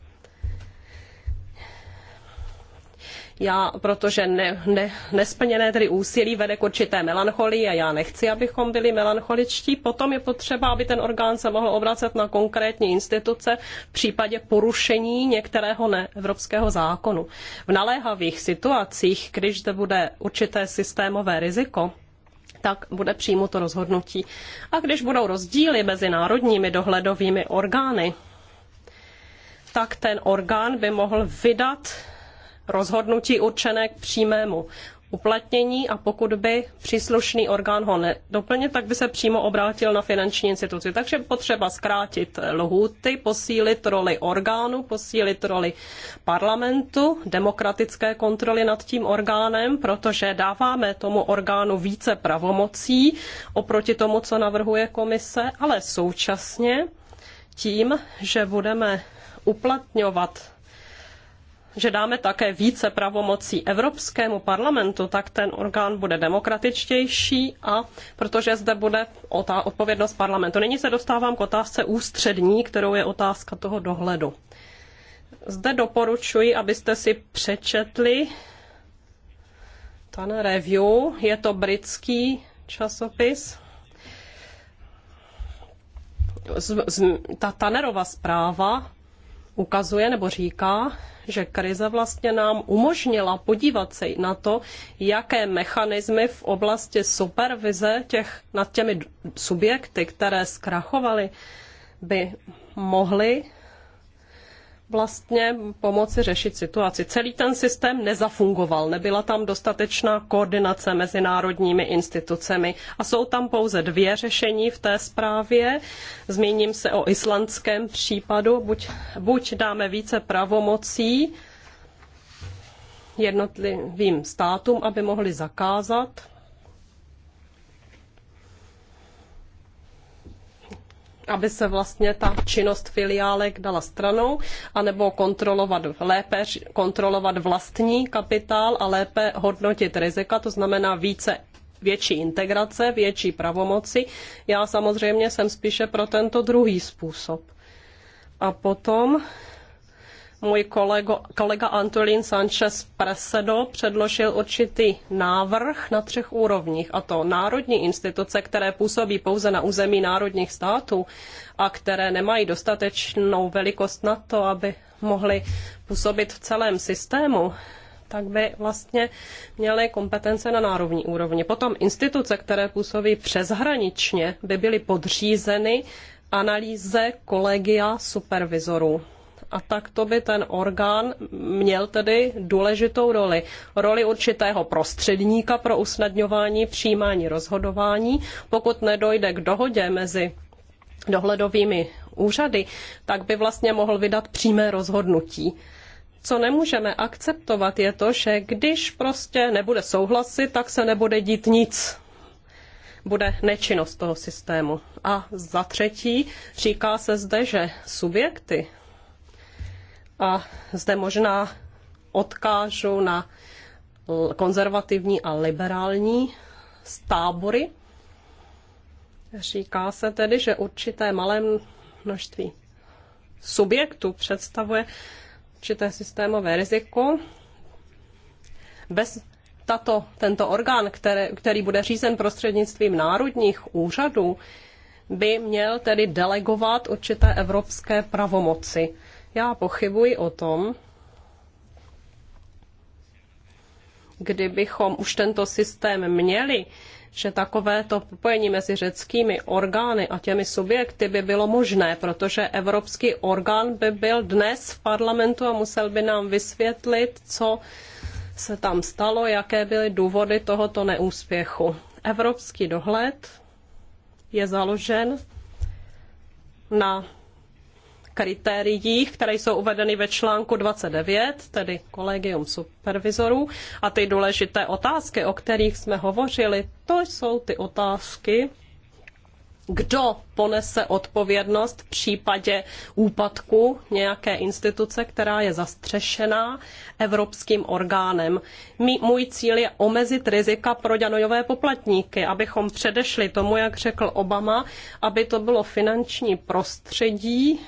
já, protože ne, ne, nesplněné tedy úsilí vede k určité melancholii a já nechci, abychom byli melancholičtí. Potom je potřeba, aby ten orgán se mohl obracet na konkrétní instituce v případě porušení některého neevropského zákonu. V naléhavých situacích, když zde bude určité systémové riziko, tak bude to rozhodnutí. A když budou rozdíly mezi národními dohledovými orgány, tak ten orgán by mohl vydat rozhodnutí určené k přímému uplatnění a pokud by příslušný orgán ho nedoplnil, tak by se přímo obrátil na finanční instituci. Takže potřeba zkrátit lhůty, posílit roli orgánu, posílit roli parlamentu, demokratické kontroly nad tím orgánem, protože dáváme tomu orgánu více pravomocí oproti tomu, co navrhuje komise, ale současně tím, že budeme uplatňovat že dáme také více pravomocí Evropskému parlamentu, tak ten orgán bude demokratičtější a protože zde bude odpovědnost parlamentu. Nyní se dostávám k otázce ústřední, kterou je otázka toho dohledu. Zde doporučuji, abyste si přečetli ten review. Je to britský časopis. Z, z, ta Tanerova zpráva ukazuje nebo říká, že krize vlastně nám umožnila podívat se na to, jaké mechanismy v oblasti supervize těch nad těmi subjekty, které zkrachovaly, by mohly vlastně pomoci řešit situaci. Celý ten systém nezafungoval, nebyla tam dostatečná koordinace mezi národními institucemi a jsou tam pouze dvě řešení v té zprávě. Zmíním se o islandském případu, buď, buď dáme více pravomocí jednotlivým státům, aby mohli zakázat aby se vlastně ta činnost filiálek dala stranou, anebo kontrolovat lépe kontrolovat vlastní kapitál a lépe hodnotit rizika, to znamená více větší integrace, větší pravomoci. Já samozřejmě jsem spíše pro tento druhý způsob. A potom můj kolego, kolega Antolín Sanchez Presedo předložil určitý návrh na třech úrovních, a to národní instituce, které působí pouze na území národních států a které nemají dostatečnou velikost na to, aby mohly působit v celém systému, tak by vlastně měly kompetence na národní úrovni. Potom instituce, které působí přeshraničně, by byly podřízeny analýze kolegia supervizorů a tak to by ten orgán měl tedy důležitou roli. Roli určitého prostředníka pro usnadňování přijímání rozhodování. Pokud nedojde k dohodě mezi dohledovými úřady, tak by vlastně mohl vydat přímé rozhodnutí. Co nemůžeme akceptovat je to, že když prostě nebude souhlasit, tak se nebude dít nic bude nečinnost toho systému. A za třetí říká se zde, že subjekty a zde možná odkážu na konzervativní a liberální tábory. Říká se tedy, že určité malé množství subjektů představuje určité systémové riziko. Bez tato, tento orgán, který, který bude řízen prostřednictvím národních úřadů, by měl tedy delegovat určité evropské pravomoci já pochybuji o tom, kdybychom už tento systém měli, že takovéto propojení mezi řeckými orgány a těmi subjekty by bylo možné, protože evropský orgán by byl dnes v parlamentu a musel by nám vysvětlit, co se tam stalo, jaké byly důvody tohoto neúspěchu. Evropský dohled je založen na kritériích, které jsou uvedeny ve článku 29, tedy kolegium supervizorů. A ty důležité otázky, o kterých jsme hovořili, to jsou ty otázky, kdo ponese odpovědnost v případě úpadku nějaké instituce, která je zastřešená evropským orgánem. můj cíl je omezit rizika pro daňové poplatníky, abychom předešli tomu, jak řekl Obama, aby to bylo finanční prostředí,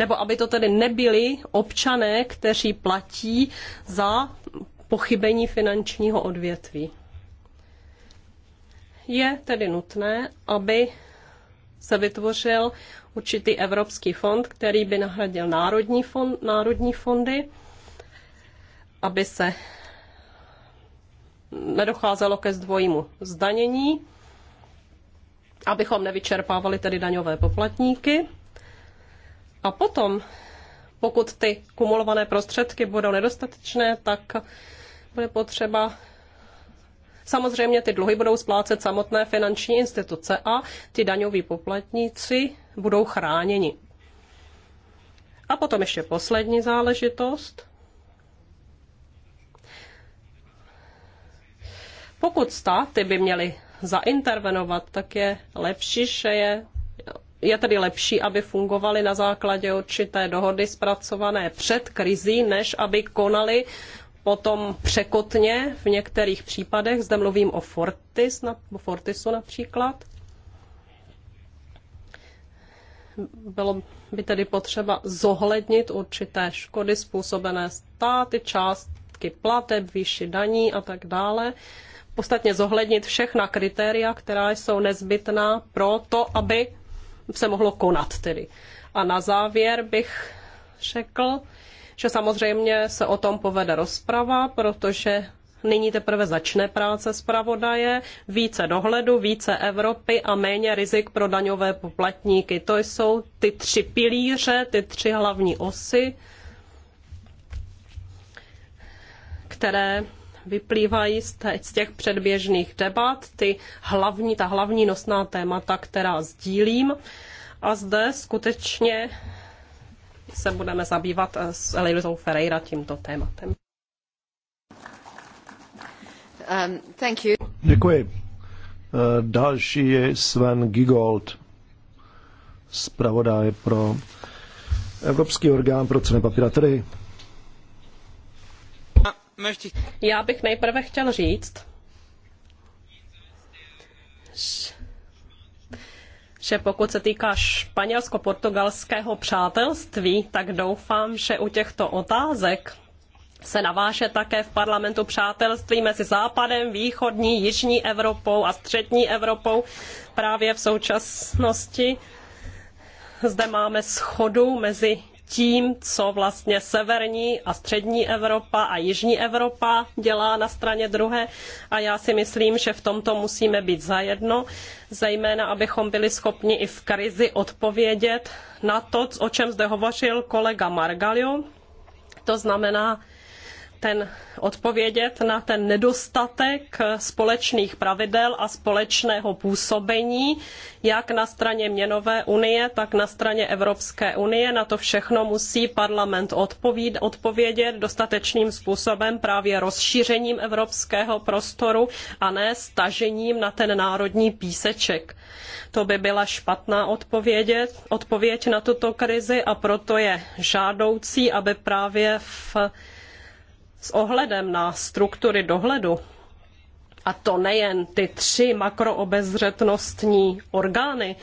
nebo aby to tedy nebyli občané, kteří platí za pochybení finančního odvětví. Je tedy nutné, aby se vytvořil určitý evropský fond, který by nahradil národní, fond, národní fondy, aby se nedocházelo ke zdvojímu zdanění, abychom nevyčerpávali tedy daňové poplatníky a potom, pokud ty kumulované prostředky budou nedostatečné, tak bude potřeba Samozřejmě ty dluhy budou splácet samotné finanční instituce a ty daňoví poplatníci budou chráněni. A potom ještě poslední záležitost. Pokud státy by měly zaintervenovat, tak je lepší, že je je tedy lepší, aby fungovaly na základě určité dohody zpracované před krizí, než aby konaly potom překotně v některých případech. Zde mluvím o Fortis, Fortisu například. Bylo by tedy potřeba zohlednit určité škody způsobené státy, částky plateb, výši daní a tak dále podstatně zohlednit všechna kritéria, která jsou nezbytná pro to, aby se mohlo konat tedy. A na závěr bych řekl, že samozřejmě se o tom povede rozprava, protože Nyní teprve začne práce zpravodaje, více dohledu, více Evropy a méně rizik pro daňové poplatníky. To jsou ty tři pilíře, ty tři hlavní osy, které vyplývají z, z těch předběžných debat, ty hlavní, ta hlavní nosná témata, která sdílím. A zde skutečně se budeme zabývat eh, s Elizou Ferreira tímto tématem. Um, thank you. Děkuji. Eh, další je Sven Gigold, zpravodaj pro Evropský orgán pro ceny papíry tady. trhy. Já bych nejprve chtěl říct, že pokud se týká španělsko-portugalského přátelství, tak doufám, že u těchto otázek se naváže také v parlamentu přátelství mezi Západem, Východní, Jižní Evropou a Střední Evropou. Právě v současnosti zde máme schodu mezi tím, co vlastně severní a střední Evropa a jižní Evropa dělá na straně druhé. A já si myslím, že v tomto musíme být zajedno, zejména abychom byli schopni i v krizi odpovědět na to, o čem zde hovořil kolega Margalio. To znamená, ten odpovědět na ten nedostatek společných pravidel a společného působení, jak na straně měnové unie, tak na straně Evropské unie. Na to všechno musí parlament odpovíd, odpovědět dostatečným způsobem právě rozšířením evropského prostoru a ne stažením na ten národní píseček. To by byla špatná odpovědět, odpověď na tuto krizi a proto je žádoucí, aby právě v s ohledem na struktury dohledu, a to nejen ty tři makroobezřetnostní orgány,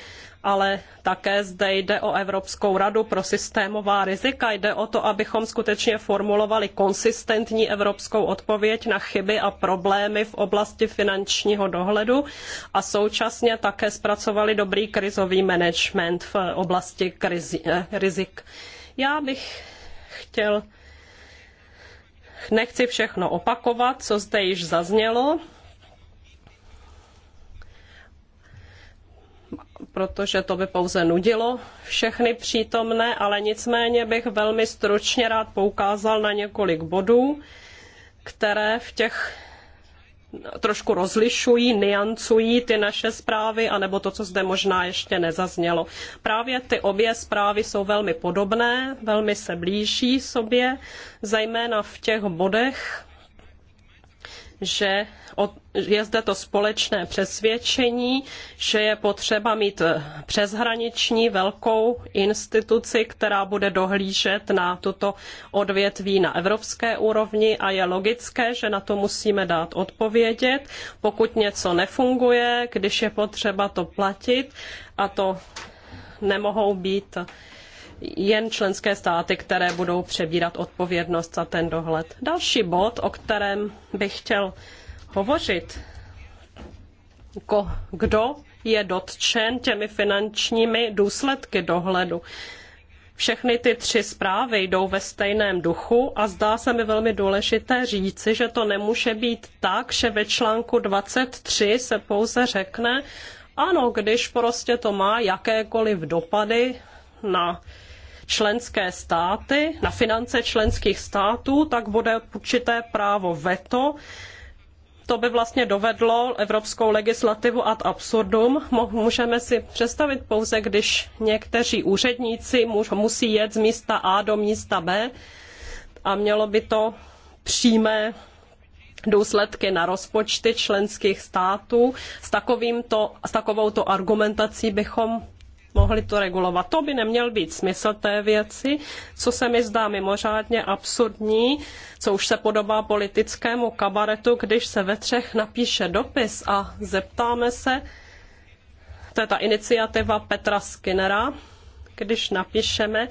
ale také zde jde o Evropskou radu pro systémová rizika. Jde o to, abychom skutečně formulovali konsistentní evropskou odpověď na chyby a problémy v oblasti finančního dohledu a současně také zpracovali dobrý krizový management v oblasti krizi, eh, rizik. Já bych chtěl nechci všechno opakovat, co zde již zaznělo, protože to by pouze nudilo všechny přítomné, ale nicméně bych velmi stručně rád poukázal na několik bodů, které v těch trošku rozlišují, niancují ty naše zprávy, anebo to, co zde možná ještě nezaznělo. Právě ty obě zprávy jsou velmi podobné, velmi se blíží sobě, zejména v těch bodech, že je zde to společné přesvědčení, že je potřeba mít eh, přeshraniční velkou instituci, která bude dohlížet na tuto odvětví na evropské úrovni a je logické, že na to musíme dát odpovědět, pokud něco nefunguje, když je potřeba to platit a to nemohou být uh, jen členské státy, které budou přebírat odpovědnost za ten dohled. Další bod, o kterém bych chtěl hovořit, kdo je dotčen těmi finančními důsledky dohledu. Všechny ty tři zprávy jdou ve stejném duchu a zdá se mi velmi důležité říci, že to nemůže být tak, že ve článku 23 se pouze řekne, ano, když prostě to má jakékoliv dopady na členské státy, na finance členských států, tak bude určité právo veto, to by vlastně dovedlo evropskou legislativu ad absurdum. Můžeme si představit pouze, když někteří úředníci musí jet z místa A do místa B a mělo by to přímé důsledky na rozpočty členských států. S, takovýmto, s takovouto argumentací bychom mohli to regulovat. To by neměl být smysl té věci, co se mi zdá mimořádně absurdní, co už se podobá politickému kabaretu, když se ve třech napíše dopis a zeptáme se, to je ta iniciativa Petra Skinnera, když napíšeme,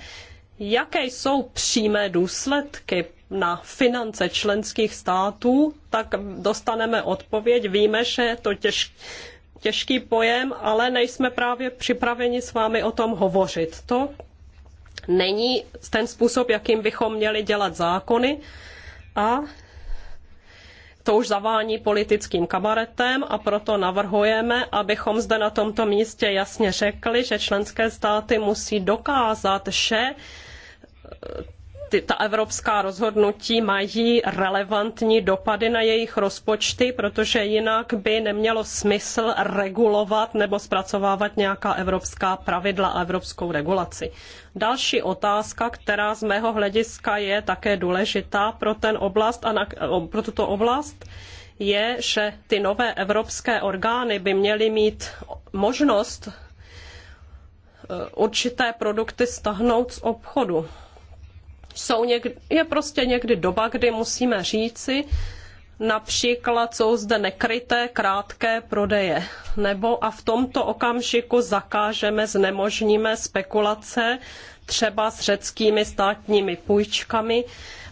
jaké jsou přímé důsledky na finance členských států, tak dostaneme odpověď. Víme, že je to těžké těžký pojem, ale nejsme právě připraveni s vámi o tom hovořit. To není ten způsob, jakým bychom měli dělat zákony a to už zavání politickým kabaretem a proto navrhujeme, abychom zde na tomto místě jasně řekli, že členské státy musí dokázat, že ty, ta evropská rozhodnutí mají relevantní dopady na jejich rozpočty, protože jinak by nemělo smysl regulovat nebo zpracovávat nějaká evropská pravidla a evropskou regulaci. Další otázka, která z mého hlediska je také důležitá pro, ten oblast a na, pro tuto oblast, je, že ty nové evropské orgány by měly mít možnost e, určité produkty stahnout z obchodu jsou někdy, je prostě někdy doba, kdy musíme říci, například jsou zde nekryté krátké prodeje, nebo a v tomto okamžiku zakážeme, znemožníme spekulace třeba s řeckými státními půjčkami,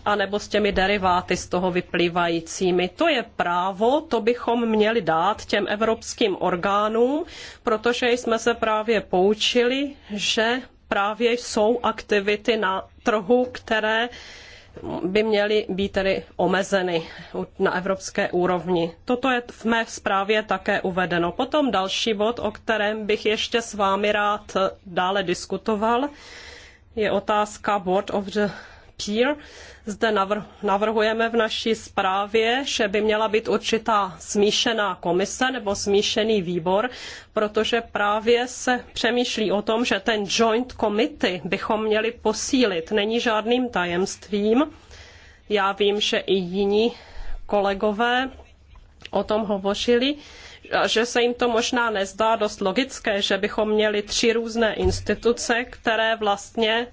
anebo s těmi deriváty z toho vyplývajícími. To je právo, to bychom měli dát těm evropským orgánům, protože jsme se právě poučili, že právě jsou aktivity na trhu, které by měly být tedy omezeny na evropské úrovni. Toto je v mé zprávě také uvedeno. Potom další bod, o kterém bych ještě s vámi rád dále diskutoval, je otázka Board of the peer. Zde navrhujeme v naší zprávě, že by měla být určitá smíšená komise nebo smíšený výbor, protože právě se přemýšlí o tom, že ten joint committee bychom měli posílit. Není žádným tajemstvím. Já vím, že i jiní kolegové o tom hovořili že se jim to možná nezdá dost logické, že bychom měli tři různé instituce, které vlastně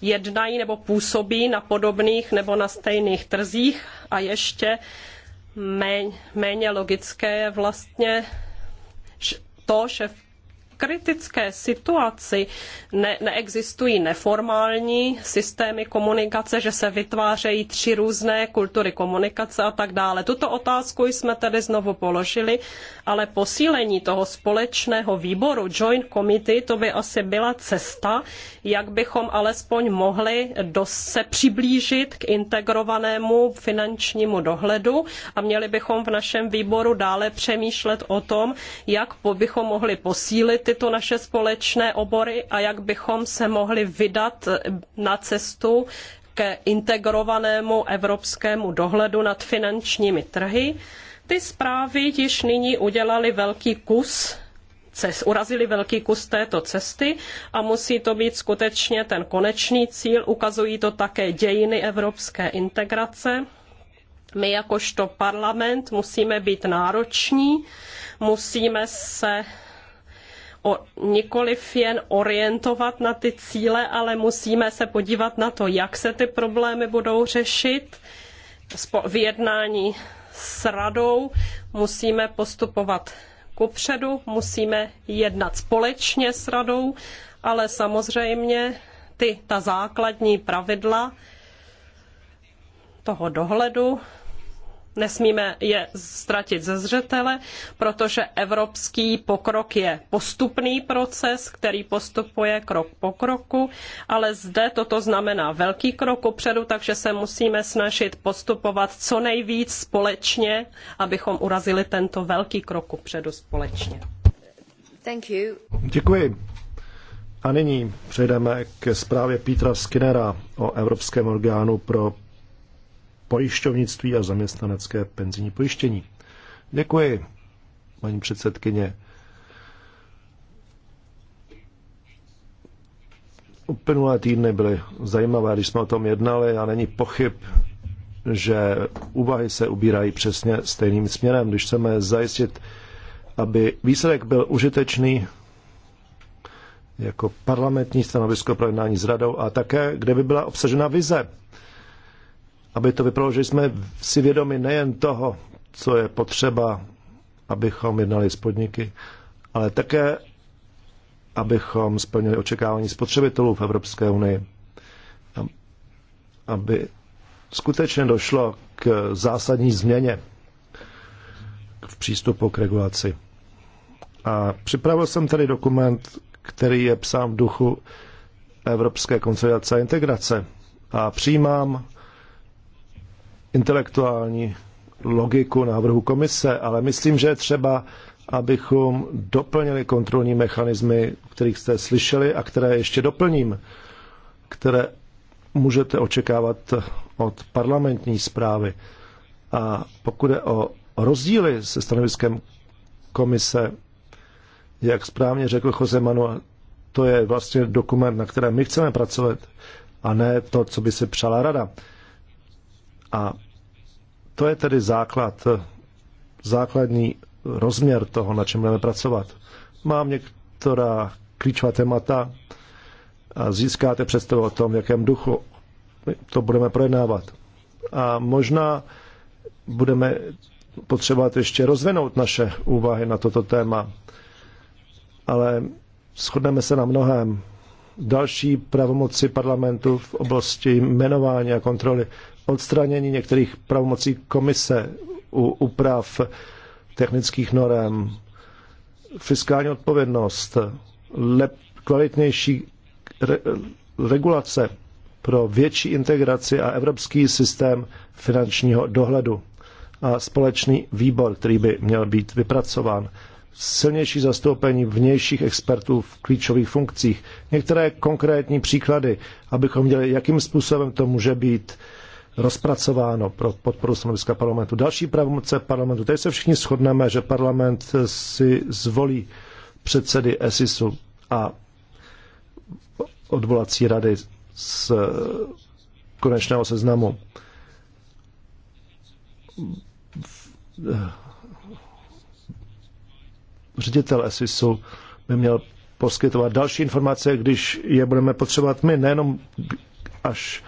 jednají nebo působí na podobných nebo na stejných trzích a ještě méně, logické je vlastně to, že v kritické situaci ne, neexistují neformální systémy komunikace, že se vytvářejí tři různé kultury komunikace a tak dále. Tuto otázku jsme tedy znovu položili, ale posílení toho společného výboru Joint Committee, to by asi byla cesta, jak bychom alespoň mohli se přiblížit k integrovanému finančnímu dohledu a měli bychom v našem výboru dále přemýšlet o tom, jak bychom mohli posílit tyto naše společné obory a jak bychom se mohli vydat na cestu ke integrovanému evropskému dohledu nad finančními trhy. Ty zprávy již nyní udělali velký kus cest, urazili velký kus této cesty a musí to být skutečně ten konečný cíl. Ukazují to také dějiny evropské integrace. My jakožto parlament musíme být nároční, musíme se o, nikoliv jen orientovat na ty cíle, ale musíme se podívat na to, jak se ty problémy budou řešit. V jednání s radou musíme postupovat kupředu, musíme jednat společně s radou, ale samozřejmě ty, ta základní pravidla toho dohledu nesmíme je ztratit ze zřetele, protože evropský pokrok je postupný proces, který postupuje krok po kroku, ale zde toto znamená velký krok upředu, takže se musíme snažit postupovat co nejvíc společně, abychom urazili tento velký krok upředu společně. Thank you. Děkuji. A nyní přejdeme ke zprávě Petra Skinnera o Evropském orgánu pro pojišťovnictví a zaměstnanecké penzijní pojištění. Děkuji, paní předsedkyně. Uplynulé týdny byly zajímavé, když jsme o tom jednali a není pochyb, že úvahy se ubírají přesně stejným směrem. Když chceme zajistit, aby výsledek byl užitečný jako parlamentní stanovisko pro jednání s radou a také, kde by byla obsažena vize aby to vypadalo, že jsme si vědomi nejen toho, co je potřeba, abychom jednali s podniky, ale také, abychom splnili očekávání spotřebitelů v Evropské unii, aby skutečně došlo k zásadní změně v přístupu k regulaci. A připravil jsem tady dokument, který je psán v duchu Evropské konsolidace a integrace. A přijímám intelektuální logiku návrhu komise, ale myslím, že je třeba, abychom doplnili kontrolní mechanismy, o kterých jste slyšeli a které ještě doplním, které můžete očekávat od parlamentní zprávy. A pokud je o rozdíly se stanoviskem komise, jak správně řekl Jose Manuel, to je vlastně dokument, na kterém my chceme pracovat, a ne to, co by si přala rada. A to je tedy základ, základní rozměr toho, na čem budeme pracovat. Mám některá klíčová témata a získáte představu o tom, v jakém duchu to budeme projednávat. A možná budeme potřebovat ještě rozvinout naše úvahy na toto téma, ale shodneme se na mnohem. Další pravomoci parlamentu v oblasti jmenování a kontroly odstranění některých pravomocí komise u úprav technických norem, fiskální odpovědnost, lep, kvalitnější re, regulace pro větší integraci a evropský systém finančního dohledu a společný výbor, který by měl být vypracován. Silnější zastoupení vnějších expertů v klíčových funkcích. Některé konkrétní příklady, abychom viděli, jakým způsobem to může být rozpracováno pro podporu stanoviska parlamentu. Další pravomoce parlamentu. Tady se všichni shodneme, že parlament si zvolí předsedy ESISu a odvolací rady z konečného seznamu. Ředitel ESISu by měl poskytovat další informace, když je budeme potřebovat my, nejenom až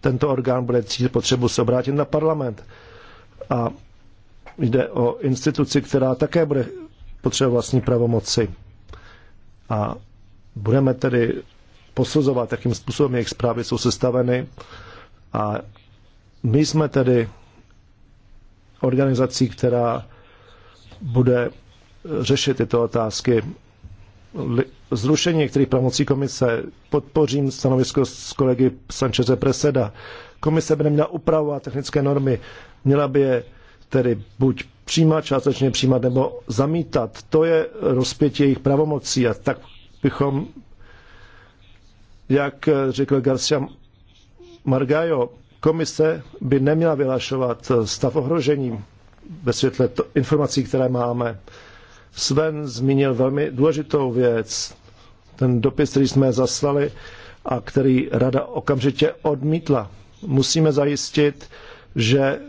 tento orgán bude cítit potřebu se obrátit na parlament. A jde o instituci, která také bude potřebovat vlastní pravomoci. A budeme tedy posuzovat, jakým způsobem jejich zprávy jsou sestaveny. A my jsme tedy organizací, která bude řešit tyto otázky zrušení některých pravomocí komise. Podpořím stanovisko s kolegy Sancheze Preseda. Komise by neměla upravovat technické normy, měla by je tedy buď přijímat, částečně přijímat, nebo zamítat. To je rozpětí jejich pravomocí a tak bychom, jak řekl Garcia Margajo, komise by neměla vyhlašovat stav ohrožení ve světle informací, které máme. Sven zmínil velmi důležitou věc, ten dopis, který jsme zaslali a který rada okamžitě odmítla. Musíme zajistit, že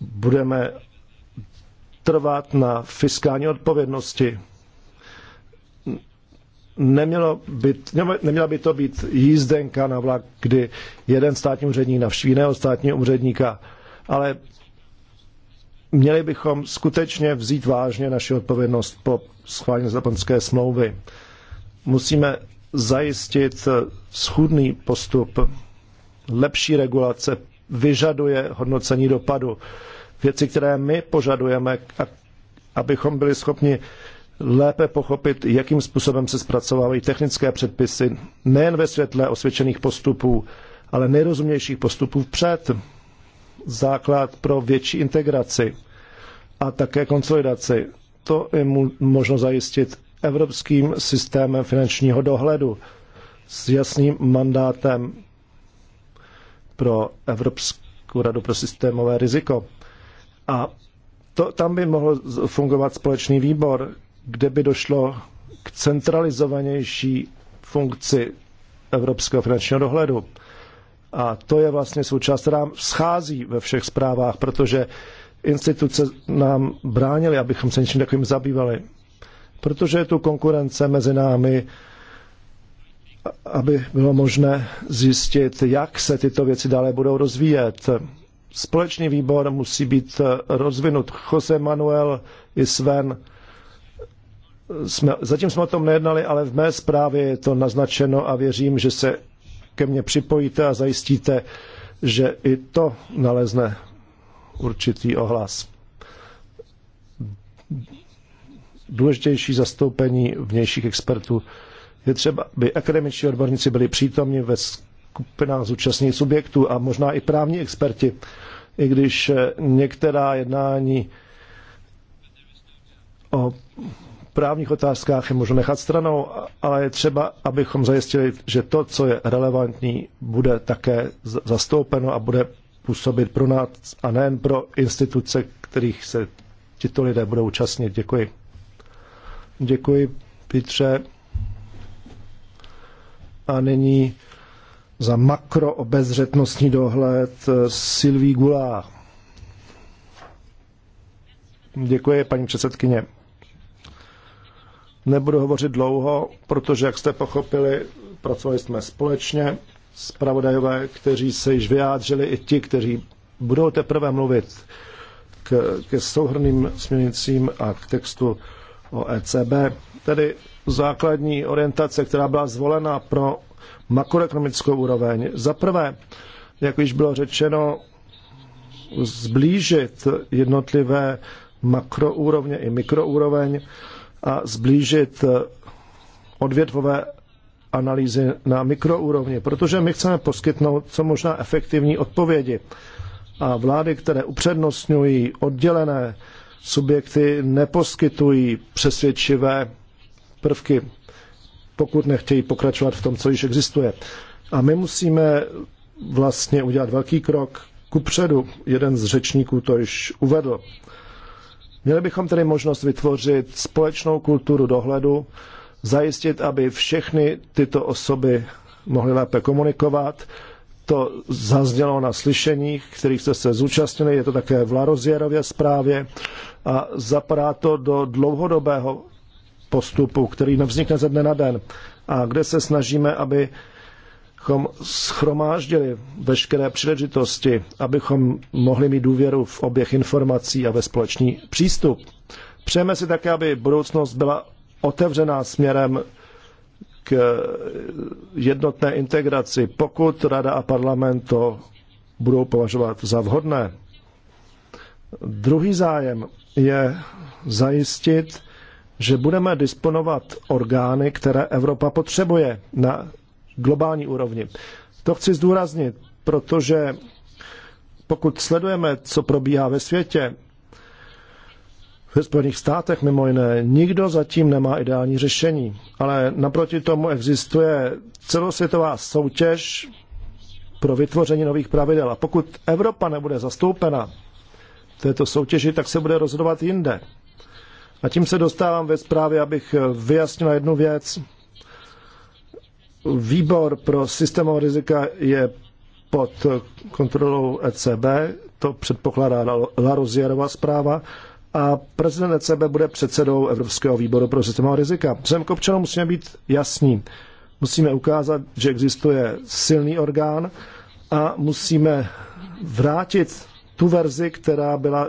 budeme trvat na fiskální odpovědnosti. Nemělo by, neměla by to být jízdenka na vlak, kdy jeden státní úředník navštíví jiného státního úředníka, ale měli bychom skutečně vzít vážně naši odpovědnost po schválení Lisabonské smlouvy. Musíme zajistit schůdný postup. Lepší regulace vyžaduje hodnocení dopadu. Věci, které my požadujeme, abychom byli schopni lépe pochopit, jakým způsobem se zpracovávají technické předpisy, nejen ve světle osvědčených postupů, ale nejrozumějších postupů vpřed základ pro větší integraci a také konsolidaci. To je možno zajistit evropským systémem finančního dohledu s jasným mandátem pro Evropskou radu pro systémové riziko. A to, tam by mohl fungovat společný výbor, kde by došlo k centralizovanější funkci Evropského finančního dohledu. A to je vlastně součást, která schází ve všech zprávách, protože instituce nám bránily, abychom se něčím takovým zabývali. Protože je tu konkurence mezi námi, aby bylo možné zjistit, jak se tyto věci dále budou rozvíjet. Společný výbor musí být rozvinut. Jose Manuel i Sven jsme, zatím jsme o tom nejednali, ale v mé zprávě je to naznačeno a věřím, že se ke mně připojíte a zajistíte, že i to nalezne určitý ohlas. Důležitější zastoupení vnějších expertů je třeba, aby akademičtí odborníci byli přítomni ve skupinách zúčastněných subjektů a možná i právní experti, i když některá jednání o právních otázkách je možno nechat stranou, ale je třeba, abychom zajistili, že to, co je relevantní, bude také zastoupeno a bude působit pro nás a nejen pro instituce, kterých se tito lidé budou účastnit. Děkuji. Děkuji, Petře. A nyní za makroobezřetnostní dohled eh, Sylvie Gula. Děkuji, paní předsedkyně. Nebudu hovořit dlouho, protože, jak jste pochopili, pracovali jsme společně. Spravodajové, kteří se již vyjádřili, i ti, kteří budou teprve mluvit k, ke souhrným směrnicím a k textu o ECB. Tedy základní orientace, která byla zvolena pro makroekonomickou úroveň. Za prvé, jak již bylo řečeno, zblížit jednotlivé makroúrovně i mikroúroveň a zblížit eh, odvětvové analýzy na mikroúrovni, protože my chceme poskytnout co možná efektivní odpovědi. A vlády, které upřednostňují oddělené subjekty, neposkytují přesvědčivé prvky, pokud nechtějí pokračovat v tom, co již existuje. A my musíme vlastně udělat velký krok kupředu. Jeden z řečníků to již uvedl. Měli bychom tedy možnost vytvořit společnou kulturu dohledu, zajistit, aby všechny tyto osoby mohly lépe komunikovat. To zaznělo na slyšeních, kterých jste se zúčastnili, je to také v Larozierově zprávě a zapadá to do dlouhodobého postupu, který nevznikne ze dne na den a kde se snažíme, aby abychom schromáždili veškeré příležitosti, abychom mohli mít důvěru v oběh informací a ve společný přístup. Přejeme si také, aby budoucnost byla otevřená směrem k jednotné integraci, pokud Rada a parlament to budou považovat za vhodné. Druhý zájem je zajistit, že budeme disponovat orgány, které Evropa potřebuje na globální úrovni. To chci zdůraznit, protože pokud sledujeme, co probíhá ve světě, ve Spojených státech mimo jiné, nikdo zatím nemá ideální řešení, ale naproti tomu existuje celosvětová soutěž pro vytvoření nových pravidel. A pokud Evropa nebude zastoupena v této soutěži, tak se bude rozhodovat jinde. A tím se dostávám ve zprávě, abych vyjasnil jednu věc. Výbor pro systémová rizika je pod kontrolou ECB, to předpokládá La zpráva, a prezident ECB bude předsedou Evropského výboru pro systémová rizika. Vzhledem k občanům musíme být jasní. Musíme ukázat, že existuje silný orgán a musíme vrátit tu verzi, která byla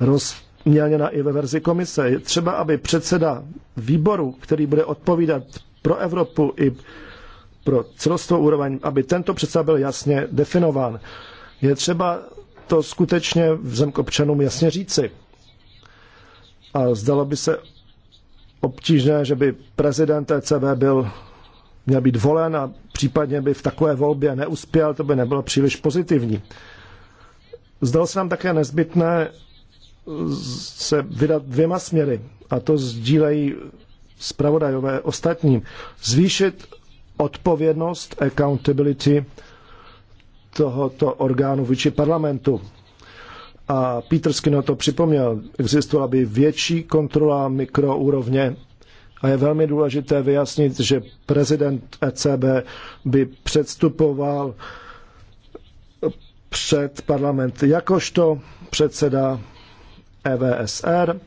rozmělněna i ve verzi komise. Je třeba, aby předseda výboru, který bude odpovídat pro Evropu i pro celostvou úroveň, aby tento představ byl jasně definován. Je třeba to skutečně vzem k občanům jasně říci. A zdalo by se obtížné, že by prezident ECB byl, měl být volen a případně by v takové volbě neuspěl, to by nebylo příliš pozitivní. Zdalo se nám také nezbytné se vydat dvěma směry, a to sdílejí zpravodajové ostatním. Zvýšit odpovědnost, accountability tohoto orgánu vůči parlamentu. A Peter Skinner to připomněl, existovala by větší kontrola mikroúrovně a je velmi důležité vyjasnit, že prezident ECB by předstupoval před parlament jakožto předseda EVSR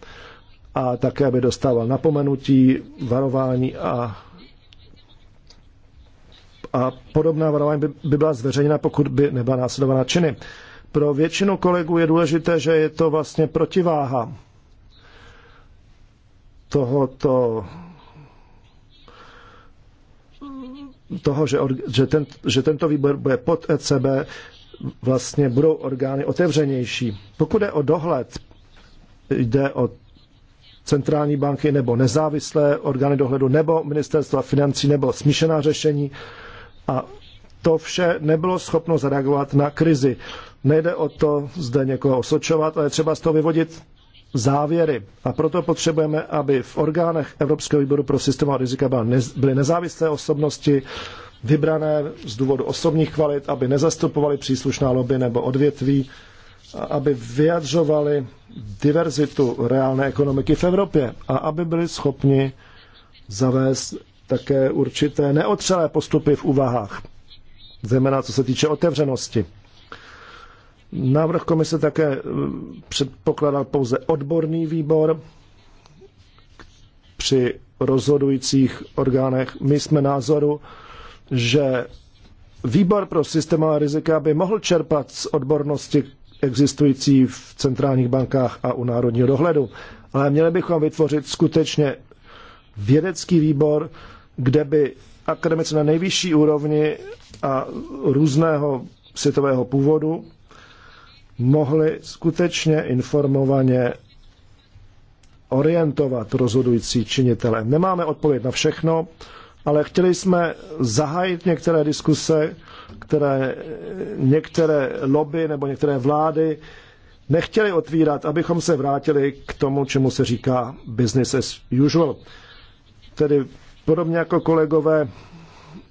a také by dostával napomenutí, varování a a podobná varování by, by byla zveřejněna, pokud by nebyla následována činy. Pro většinu kolegů je důležité, že je to vlastně protiváha tohoto toho, že, or, že, ten, že tento výbor bude pod ECB, vlastně budou orgány otevřenější. Pokud je o dohled, jde o centrální banky nebo nezávislé orgány dohledu nebo ministerstva financí nebo smíšená řešení, a to vše nebylo schopno zareagovat na krizi. Nejde o to zde někoho osočovat, ale třeba z toho vyvodit závěry. A proto potřebujeme, aby v orgánech Evropského výboru pro systémová rizika byly nezávislé osobnosti, vybrané z důvodu osobních kvalit, aby nezastupovali příslušná lobby nebo odvětví, aby vyjadřovali diverzitu reálné ekonomiky v Evropě a aby byli schopni zavést také určité neotřelé postupy v úvahách, zejména co se týče otevřenosti. Návrh komise také eh, předpokládal pouze odborný výbor při rozhodujících orgánech. My jsme názoru, že výbor pro systémová rizika by mohl čerpat z odbornosti existující v centrálních bankách a u národního dohledu. Ale měli bychom vytvořit skutečně vědecký výbor, kde by akademici na nejvyšší úrovni a různého světového původu mohli skutečně informovaně orientovat rozhodující činitele. Nemáme odpověď na všechno, ale chtěli jsme zahájit některé diskuse, které některé lobby nebo některé vlády nechtěli otvírat, abychom se vrátili k tomu, čemu se říká business as usual. Tedy Podobně jako kolegové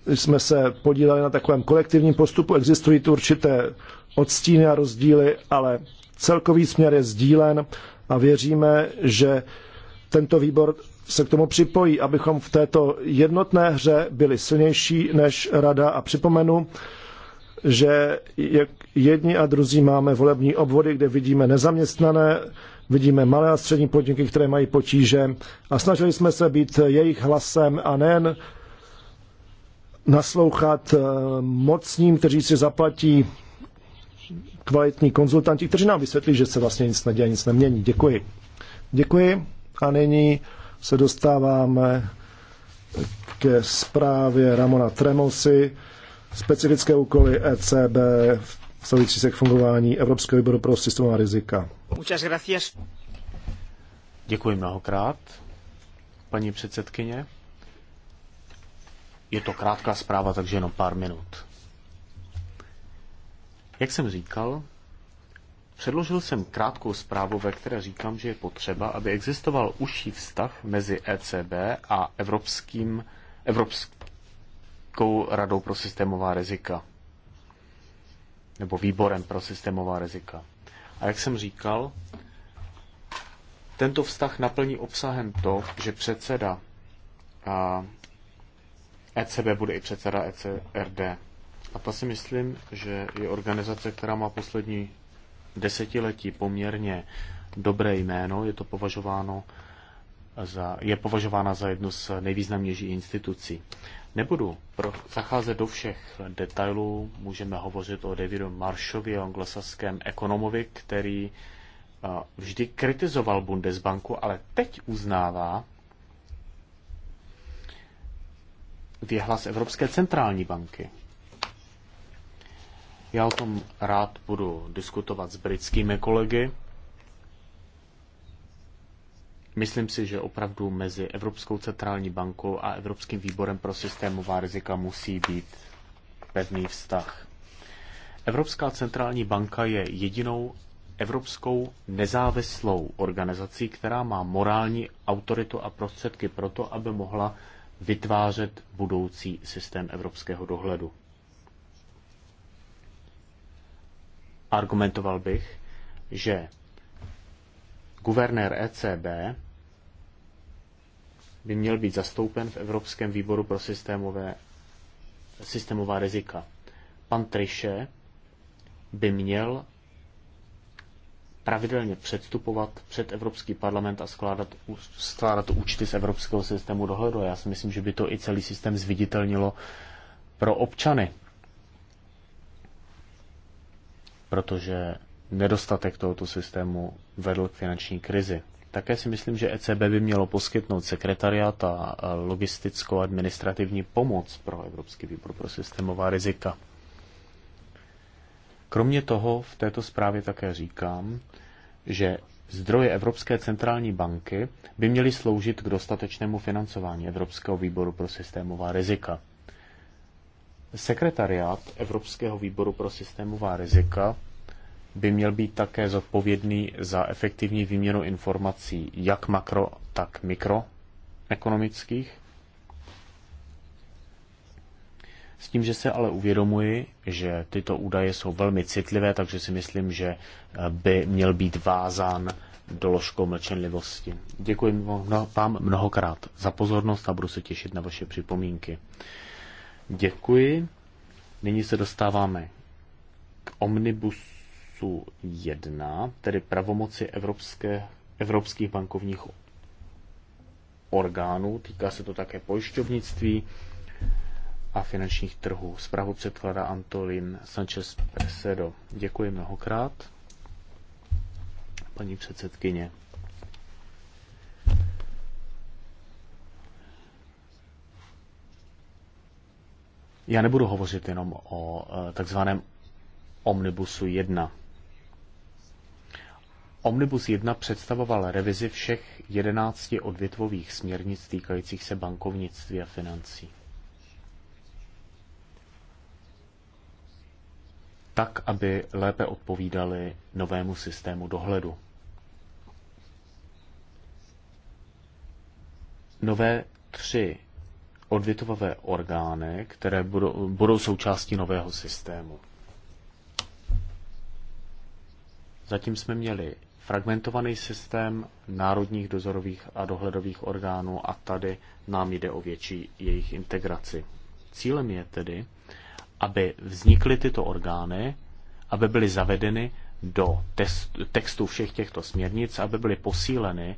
jsme se podíleli na takovém kolektivním postupu. Existují tu určité odstíny a rozdíly, ale celkový směr je sdílen a věříme, že tento výbor se k tomu připojí, abychom v této jednotné hře byli silnější než rada. A připomenu, že jedni a druzí máme volební obvody, kde vidíme nezaměstnané Vidíme malé a střední podniky, které mají potíže a snažili jsme se být jejich hlasem a nejen naslouchat eh, mocním, kteří si zaplatí kvalitní konzultanti, kteří nám vysvětlí, že se vlastně nic neděje, nic nemění. Děkuji. Děkuji a nyní se dostáváme ke zprávě Ramona Tremosy, specifické úkoly ECB v souvisí se k fungování Evropského výboru pro systémová rizika. Muchas gracias. Děkuji mnohokrát, paní předsedkyně. Je to krátká zpráva, takže jenom pár minut. Jak jsem říkal, Předložil jsem krátkou zprávu, ve které říkám, že je potřeba, aby existoval užší vztah mezi ECB a Evropským, Evropskou radou pro systémová rizika nebo výborem pro systémová rizika. A jak jsem říkal, tento vztah naplní obsahem to, že předseda a ECB bude i předseda ECRD. A to si myslím, že je organizace, která má poslední desetiletí poměrně dobré jméno. Je to považováno za, je považována za jednu z nejvýznamnějších institucí. Nebudu pro, zacházet do všech detailů. Můžeme hovořit o Davidu Marshovi, anglosaském ekonomovi, který eh, vždy kritizoval Bundesbanku, ale teď uznává věhlas Evropské centrální banky. Já o tom rád budu diskutovat s britskými kolegy Myslím si, že opravdu mezi Evropskou centrální bankou a Evropským výborem pro systémová rizika musí být pevný vztah. Evropská centrální banka je jedinou evropskou nezávislou organizací, která má morální autoritu a prostředky pro to, aby mohla vytvářet budoucí systém evropského dohledu. Argumentoval bych, že guvernér ECB by měl být zastoupen v Evropském výboru pro systémové, systémová rizika. Pan Triše by měl pravidelně předstupovat před Evropský parlament a skládat, skládat účty z Evropského systému dohledu. Já si myslím, že by to i celý systém zviditelnilo pro občany, protože nedostatek tohoto systému vedl k finanční krizi také si myslím, že ECB by mělo poskytnout sekretariat a logistickou administrativní pomoc pro Evropský výbor pro systémová rizika. Kromě toho v této zprávě také říkám, že zdroje Evropské centrální banky by měly sloužit k dostatečnému financování Evropského výboru pro systémová rizika. Sekretariát Evropského výboru pro systémová rizika by měl být také zodpovědný za efektivní výměnu informací, jak makro, tak mikroekonomických. S tím, že se ale uvědomuji, že tyto údaje jsou velmi citlivé, takže si myslím, že eh, by měl být vázán doložkou mlčenlivosti. Děkuji no, vám mnohokrát za pozornost a budu se těšit na vaše připomínky. Děkuji. Nyní se dostáváme k omnibusu odstavců 1, tedy pravomoci evropské, evropských bankovních orgánů, týká se to také pojišťovnictví a finančních trhů. Zprávu předkládá Antolin Sanchez Presedo. Děkuji mnohokrát, paní předsedkyně. Já nebudu hovořit jenom o eh, takzvaném Omnibusu 1. Omnibus 1 představoval revizi všech jedenácti odvětvových směrnic týkajících se bankovnictví a financí. tak, aby lépe odpovídali novému systému dohledu. Nové tři odvětvové orgány, které budou, budou součástí nového systému. Zatím jsme měli fragmentovaný systém národních dozorových a dohledových orgánů a tady nám jde o větší jejich integraci. Cílem je tedy, aby vznikly tyto orgány, aby byly zavedeny do textu všech těchto směrnic, aby byly posíleny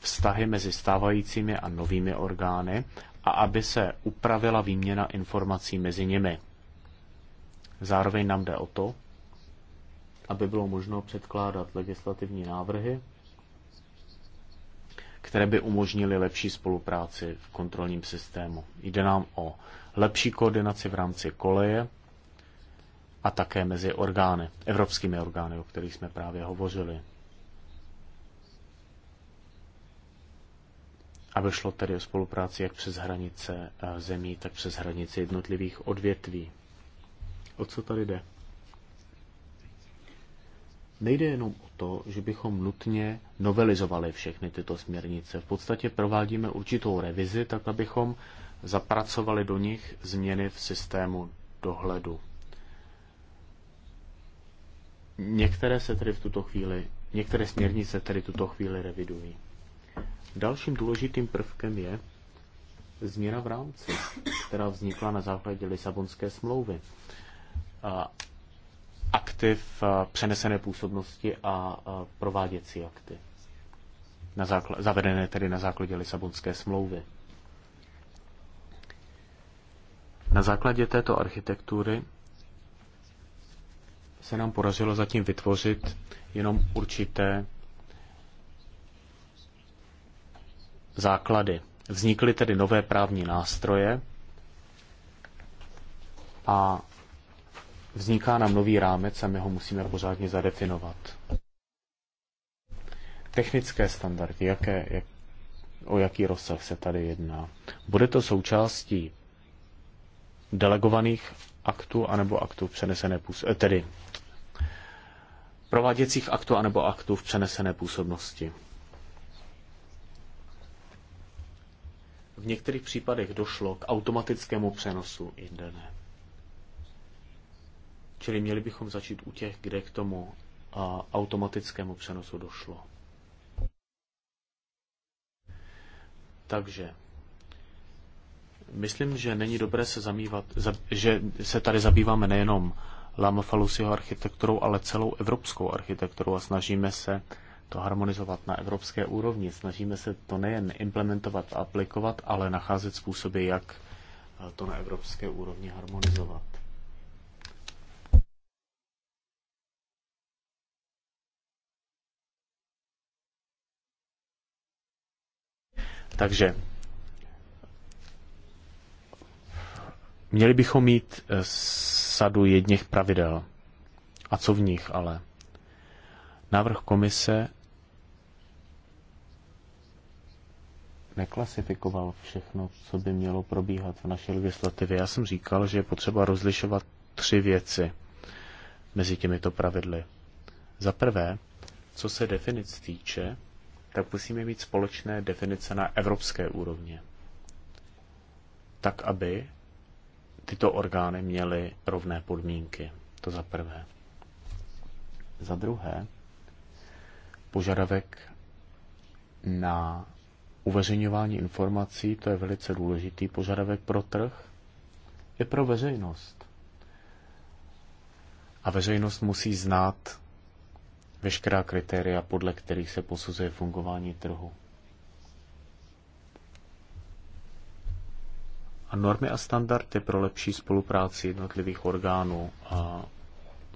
vztahy mezi stávajícími a novými orgány a aby se upravila výměna informací mezi nimi. Zároveň nám jde o to, aby bylo možno předkládat legislativní návrhy, které by umožnily lepší spolupráci v kontrolním systému. Jde nám o lepší koordinaci v rámci koleje a také mezi orgány, evropskými orgány, o kterých jsme právě hovořili. Aby šlo tedy o spolupráci jak přes hranice eh, zemí, tak přes hranice jednotlivých odvětví. O co tady jde? Nejde jenom o to, že bychom nutně novelizovali všechny tyto směrnice. V podstatě provádíme určitou revizi, tak abychom zapracovali do nich změny v systému dohledu. Některé se tedy v tuto chvíli, některé směrnice tedy tuto chvíli revidují. Dalším důležitým prvkem je změna v rámci, která vznikla na základě Lisabonské smlouvy. A aktiv eh, přenesené působnosti a eh, prováděcí akty. Na zákl- zavedené tedy na základě Lisabonské smlouvy. Na základě této architektury se nám podařilo zatím vytvořit jenom určité základy. Vznikly tedy nové právní nástroje a vzniká nám nový rámec a my ho musíme pořádně zadefinovat. Technické standardy, jaké, jak, o jaký rozsah se tady jedná? Bude to součástí delegovaných aktů anebo aktů přenesené působnosti, eh, tedy prováděcích aktů anebo aktů v přenesené působnosti. V některých případech došlo k automatickému přenosu, jinde Čili měli bychom začít u těch, kde k tomu a automatickému přenosu došlo. Takže myslím, že není dobré se zamývat, že se tady zabýváme nejenom Lamafalusiho architekturou, ale celou evropskou architekturou a snažíme se to harmonizovat na evropské úrovni. Snažíme se to nejen implementovat a aplikovat, ale nacházet způsoby, jak to na evropské úrovni harmonizovat. Takže měli bychom mít eh, sadu jedněch pravidel. A co v nich ale? Návrh komise neklasifikoval všechno, co by mělo probíhat v naší legislativě. Já jsem říkal, že je potřeba rozlišovat tři věci mezi těmito pravidly. Za prvé, co se definic týče, tak musíme mít společné definice na evropské úrovni. Tak, aby tyto orgány měly rovné podmínky. To za prvé. Za druhé, požadavek na uveřejňování informací, to je velice důležitý požadavek pro trh i pro veřejnost. A veřejnost musí znát veškerá kritéria, podle kterých se posuzuje fungování trhu. A normy a standardy pro lepší spolupráci jednotlivých orgánů a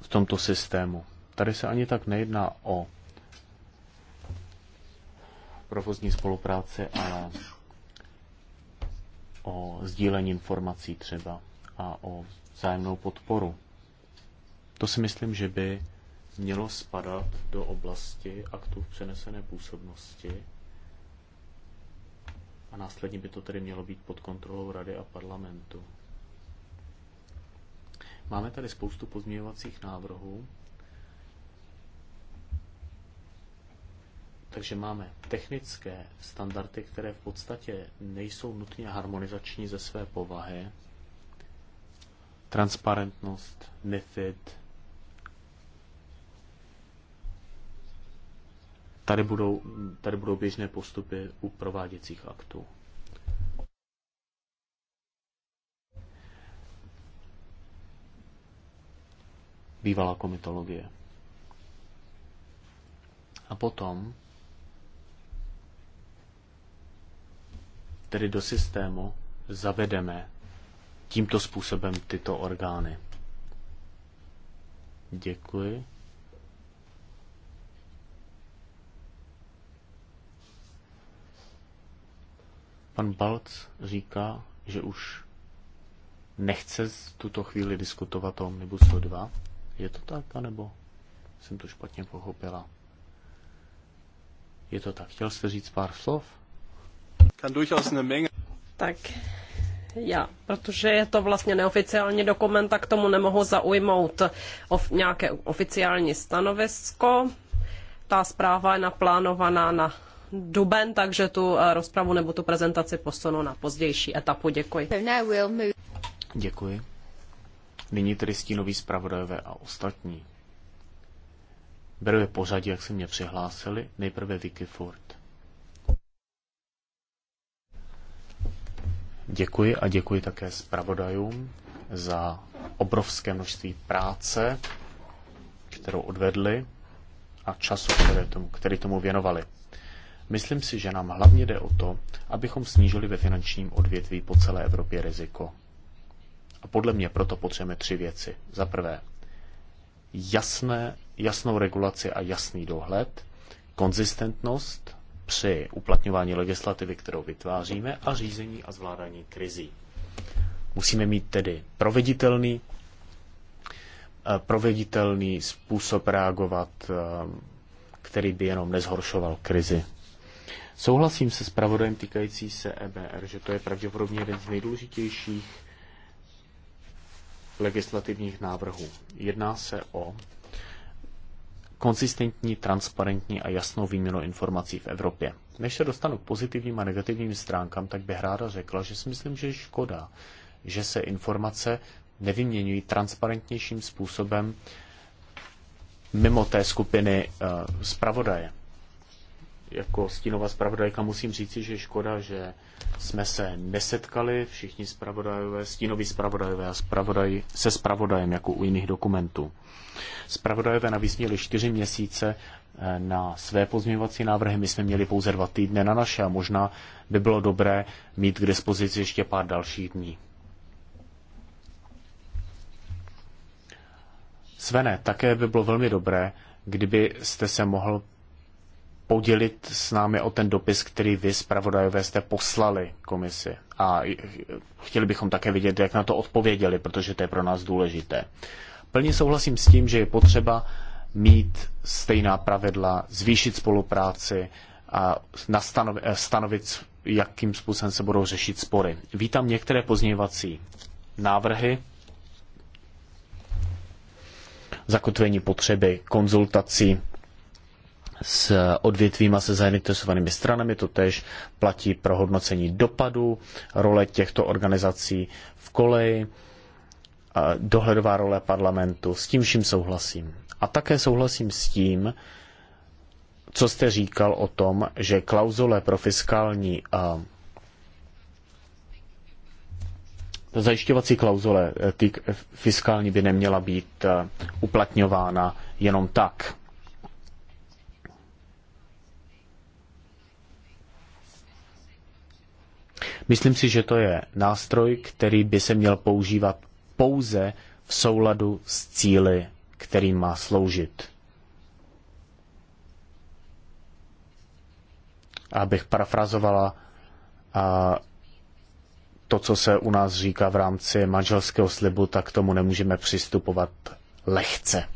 v tomto systému. Tady se ani tak nejedná o provozní spolupráci, ale o sdílení informací třeba a o vzájemnou podporu. To si myslím, že by mělo spadat do oblasti aktu v přenesené působnosti a následně by to tedy mělo být pod kontrolou Rady a parlamentu. Máme tady spoustu pozměňovacích návrhů, takže máme technické standardy, které v podstatě nejsou nutně harmonizační ze své povahy. Transparentnost, MIFID, tady budou, tady budou běžné postupy u prováděcích aktů. Bývalá komitologie. A potom tedy do systému zavedeme tímto způsobem tyto orgány. Děkuji. Pan Balc říká, že už nechce z tuto chvíli diskutovat o Omnibus 2. Je to tak, anebo jsem to špatně pochopila? Je to tak. Chtěl jste říct pár slov? Tak já, protože je to vlastně neoficiální dokument, tak tomu nemohu zaujmout of, nějaké oficiální stanovisko. Ta zpráva je naplánovaná na duben, takže tu eh, rozpravu nebo tu prezentaci posunu na pozdější etapu. Děkuji. Děkuji. Nyní tedy stínový zpravodajové a ostatní. Beru je pořadí, jak se mě přihlásili. Nejprve Vicky Ford. Děkuji a děkuji také zpravodajům za obrovské množství práce, kterou odvedli a času, které tomu, který tomu věnovali. Myslím si, že nám hlavně jde o to, abychom snížili ve finančním odvětví po celé Evropě riziko. A podle mě proto potřebujeme tři věci. Za prvé, jasné, jasnou regulaci a jasný dohled, konzistentnost při uplatňování legislativy, kterou vytváříme, a řízení a zvládání krizí. Musíme mít tedy proveditelný, eh, proveditelný způsob reagovat, eh, který by jenom nezhoršoval krizi. Souhlasím se s pravodajem týkající se EBR, že to je pravděpodobně jeden z nejdůležitějších legislativních návrhů. Jedná se o konsistentní, transparentní a jasnou výměnu informací v Evropě. Než se dostanu k pozitivním a negativním stránkám, tak bych ráda řekla, že si myslím, že je škoda, že se informace nevyměňují transparentnějším způsobem mimo té skupiny eh, zpravodaje jako stínová zpravodajka musím říci, že škoda, že jsme se nesetkali všichni zpravodajové, stínoví zpravodajové a zpravodaj, se zpravodajem jako u jiných dokumentů. Zpravodajové navíc měli čtyři měsíce eh, na své pozměňovací návrhy, my jsme měli pouze dva týdny na naše a možná by bylo dobré mít k dispozici ještě pár dalších dní. Svené, také by bylo velmi dobré, kdybyste se mohl podělit s námi o ten dopis, který vy, zpravodajové, jste poslali komisi. A chtěli bychom také vidět, jak na to odpověděli, protože to je pro nás důležité. Plně souhlasím s tím, že je potřeba mít stejná pravidla, zvýšit spolupráci a eh, stanovit, jakým způsobem se budou řešit spory. Vítám některé pozměňovací návrhy, zakotvení potřeby konzultací s odvětvím a se zainteresovanými stranami. To tež platí pro hodnocení dopadu, role těchto organizací v koleji, dohledová role parlamentu. S tím vším souhlasím. A také souhlasím s tím, co jste říkal o tom, že klauzule pro fiskální a zajišťovací klauzule e, fiskální by neměla být e, uplatňována jenom tak Myslím si, že to je nástroj, který by se měl používat pouze v souladu s cíly, kterým má sloužit. Abych parafrazovala a to, co se u nás říká v rámci manželského slibu, tak tomu nemůžeme přistupovat lehce.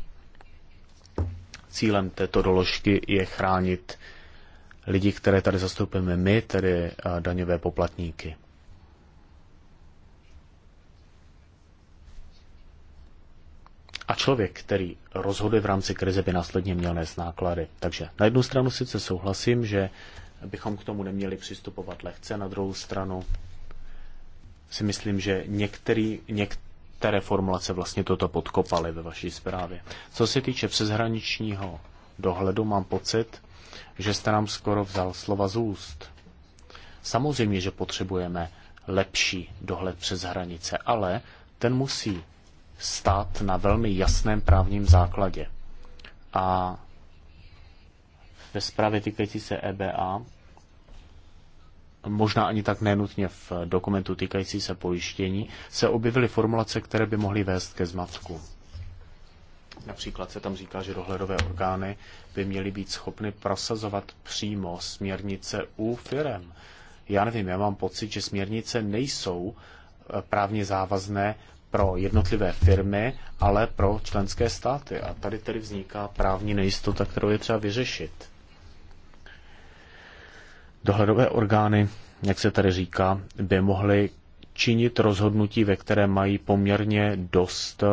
Cílem této doložky je chránit lidi, které tady zastupujeme my, tedy daňové poplatníky. A člověk, který rozhoduje v rámci krize, by následně měl nést náklady. Takže na jednu stranu sice souhlasím, že bychom k tomu neměli přistupovat lehce, na druhou stranu si myslím, že některý, některé formulace vlastně toto podkopaly ve vaší zprávě. Co se týče přeshraničního dohledu, mám pocit, že jste nám skoro vzal slova z úst. Samozřejmě, že potřebujeme lepší dohled přes hranice, ale ten musí stát na velmi jasném právním základě. A ve zprávě týkající se EBA, možná ani tak nenutně v dokumentu týkající se pojištění, se objevily formulace, které by mohly vést ke zmatku. Například se tam říká, že dohledové orgány by měly být schopny prosazovat přímo směrnice u firem. Já nevím, já mám pocit, že směrnice nejsou eh, právně závazné pro jednotlivé firmy, ale pro členské státy. A tady tedy vzniká právní nejistota, kterou je třeba vyřešit. Dohledové orgány, jak se tady říká, by mohly činit rozhodnutí, ve které mají poměrně dost eh,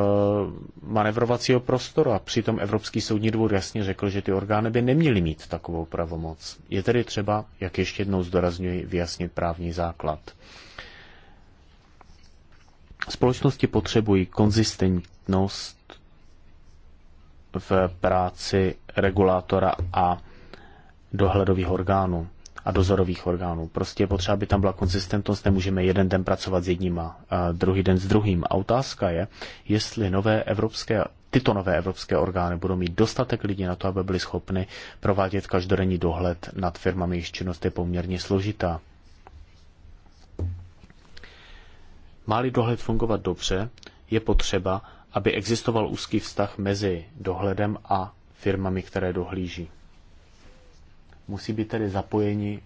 manevrovacího prostoru. A přitom Evropský soudní dvůr jasně řekl, že ty orgány by neměly mít takovou pravomoc. Je tedy třeba, jak ještě jednou zdorazňuji, vyjasnit právní základ. Společnosti potřebují konzistentnost v práci regulátora a dohledových orgánů a dozorových orgánů. Prostě je potřeba, aby tam byla konzistentnost, nemůžeme jeden den pracovat s jedním a druhý den s druhým. A otázka je, jestli nové evropské tyto nové evropské orgány budou mít dostatek lidí na to, aby byly schopny provádět každodenní dohled nad firmami, jejichž činnost je poměrně složitá. Má-li dohled fungovat dobře, je potřeba, aby existoval úzký vztah mezi dohledem a firmami, které dohlíží musí být tedy zapojeni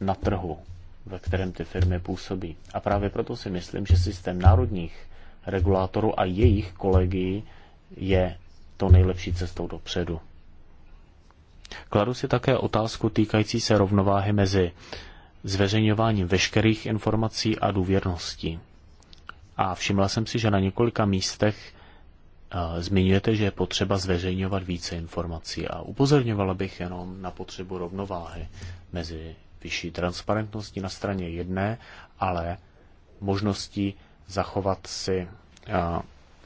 na trhu, ve kterém ty firmy působí. A právě proto si myslím, že systém národních regulátorů a jejich kolegy je to nejlepší cestou dopředu. Kladu si také otázku týkající se rovnováhy mezi zveřejňováním veškerých informací a důvěrností. A všimla jsem si, že na několika místech Zmiňujete, že je potřeba zveřejňovat více informací a upozorňovala bych jenom na potřebu rovnováhy mezi vyšší transparentností na straně jedné, ale možností zachovat si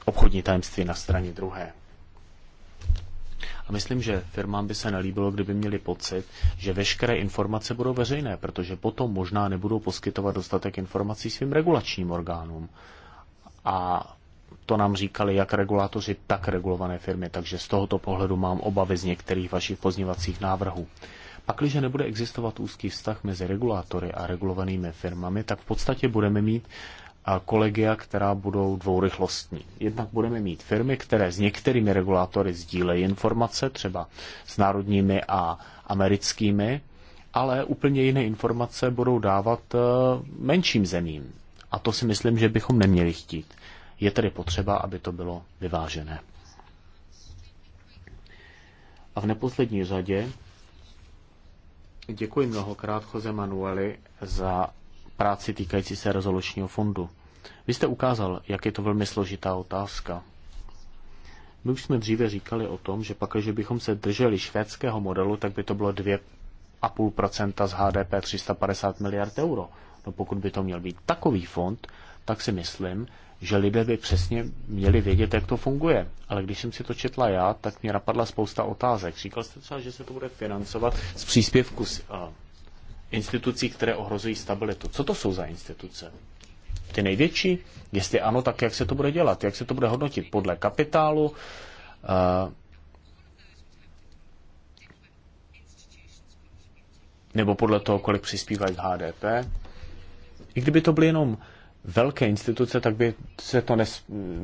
obchodní tajemství na straně druhé. A myslím, že firmám by se nelíbilo, kdyby měli pocit, že veškeré informace budou veřejné, protože potom možná nebudou poskytovat dostatek informací svým regulačním orgánům. A to nám říkali jak regulátoři, tak regulované firmy, takže z tohoto pohledu mám obavy z některých vašich pozněvacích návrhů. Pakliže nebude existovat úzký vztah mezi regulátory a regulovanými firmami, tak v podstatě budeme mít eh, kolegia, která budou dvourychlostní. Jednak budeme mít firmy, které s některými regulátory sdílejí informace, třeba s národními a americkými, ale úplně jiné informace budou dávat eh, menším zemím. A to si myslím, že bychom neměli chtít. Je tedy potřeba, aby to bylo vyvážené. A v neposlední řadě děkuji mnohokrát Jose Manueli za práci týkající se rezolučního fondu. Vy jste ukázal, jak je to velmi složitá otázka. My už jsme dříve říkali o tom, že pak, když bychom se drželi švédského modelu, tak by to bylo 2,5% z HDP 350 miliard euro. No pokud by to měl být takový fond, tak si myslím, že lidé by přesně měli vědět, jak to funguje. Ale když jsem si to četla já, tak mě napadla spousta otázek. Říkal jste třeba, že se to bude financovat z příspěvku z uh, institucí, které ohrozují stabilitu. Co to jsou za instituce? Ty největší? Jestli ano, tak jak se to bude dělat? Jak se to bude hodnotit? Podle kapitálu? Uh, nebo podle toho, kolik přispívají k HDP? I kdyby to byly jenom velké instituce, tak by se to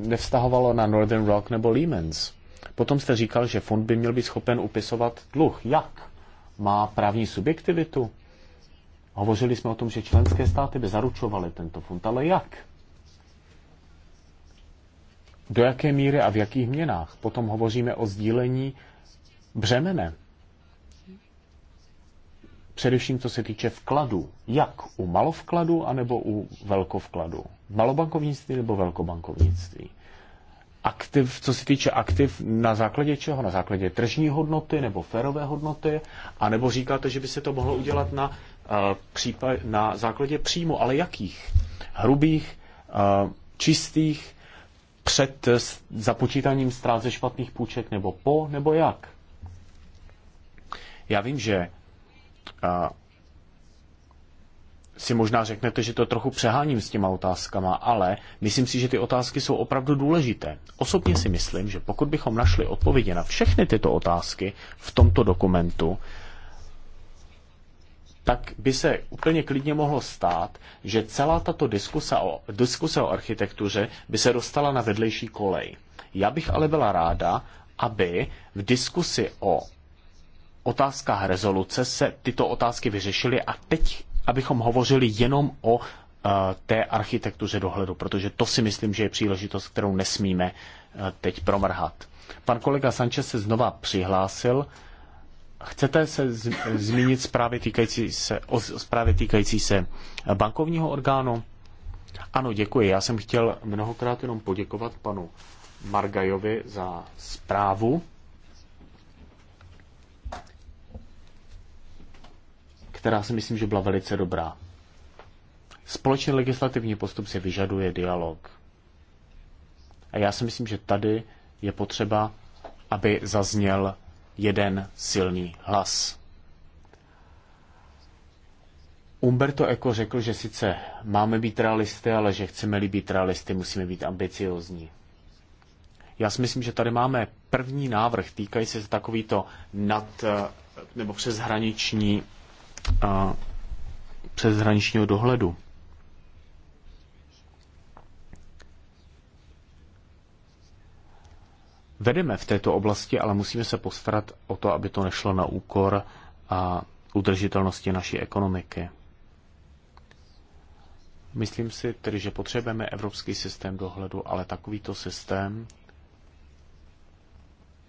nevztahovalo na Northern Rock nebo Lehman's. Potom jste říkal, že fond by měl být schopen upisovat dluh. Jak? Má právní subjektivitu? Hovořili jsme o tom, že členské státy by zaručovaly tento fond, ale jak? Do jaké míry a v jakých měnách? Potom hovoříme o sdílení břemene. Především co se týče vkladu. Jak? U malovkladu anebo u velkovkladu? Malobankovnictví nebo velkobankovnictví? Aktiv, co se týče aktiv, na základě čeho? Na základě tržní hodnoty nebo férové hodnoty? A nebo říkáte, že by se to mohlo udělat na, uh, případ, na základě příjmu, ale jakých? Hrubých, uh, čistých, před započítáním ztrát ze špatných půjček nebo po, nebo jak? Já vím, že a si možná řeknete, že to trochu přeháním s těma otázkama, ale myslím si, že ty otázky jsou opravdu důležité. Osobně si myslím, že pokud bychom našli odpovědi na všechny tyto otázky v tomto dokumentu, tak by se úplně klidně mohlo stát, že celá tato diskuse o, diskuse o architektuře by se dostala na vedlejší kolej. Já bych ale byla ráda, aby v diskusi o otázkách rezoluce se tyto otázky vyřešily a teď, abychom hovořili jenom o eh, té architektuře dohledu, protože to si myslím, že je příležitost, kterou nesmíme eh, teď promrhat. Pan kolega Sanchez se znova přihlásil. Chcete se zmínit zprávy týkající se, o zprávy týkající se bankovního orgánu? Ano, děkuji. Já jsem chtěl mnohokrát jenom poděkovat panu Margajovi za zprávu. která si myslím, že byla velice dobrá. Společný legislativní postup si vyžaduje dialog. A já si myslím, že tady je potřeba, aby zazněl jeden silný hlas. Umberto Eco řekl, že sice máme být realisty, ale že chceme-li být realisty, musíme být ambiciozní. Já si myslím, že tady máme první návrh, týkají se takovýto nad nebo přeshraniční a přeshraničního dohledu. Vedeme v této oblasti, ale musíme se postarat o to, aby to nešlo na úkor a udržitelnosti naší ekonomiky. Myslím si tedy, že potřebujeme evropský systém dohledu, ale takovýto systém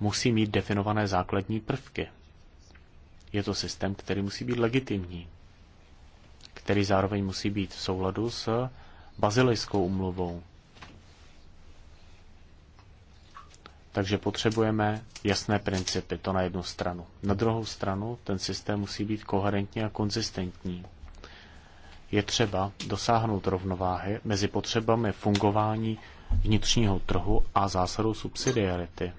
musí mít definované základní prvky. Je to systém, který musí být legitimní, který zároveň musí být v souladu s bazilejskou umluvou. Takže potřebujeme jasné principy, to na jednu stranu. Na druhou stranu ten systém musí být koherentní a konzistentní. Je třeba dosáhnout rovnováhy mezi potřebami fungování vnitřního trhu a zásadou subsidiarity.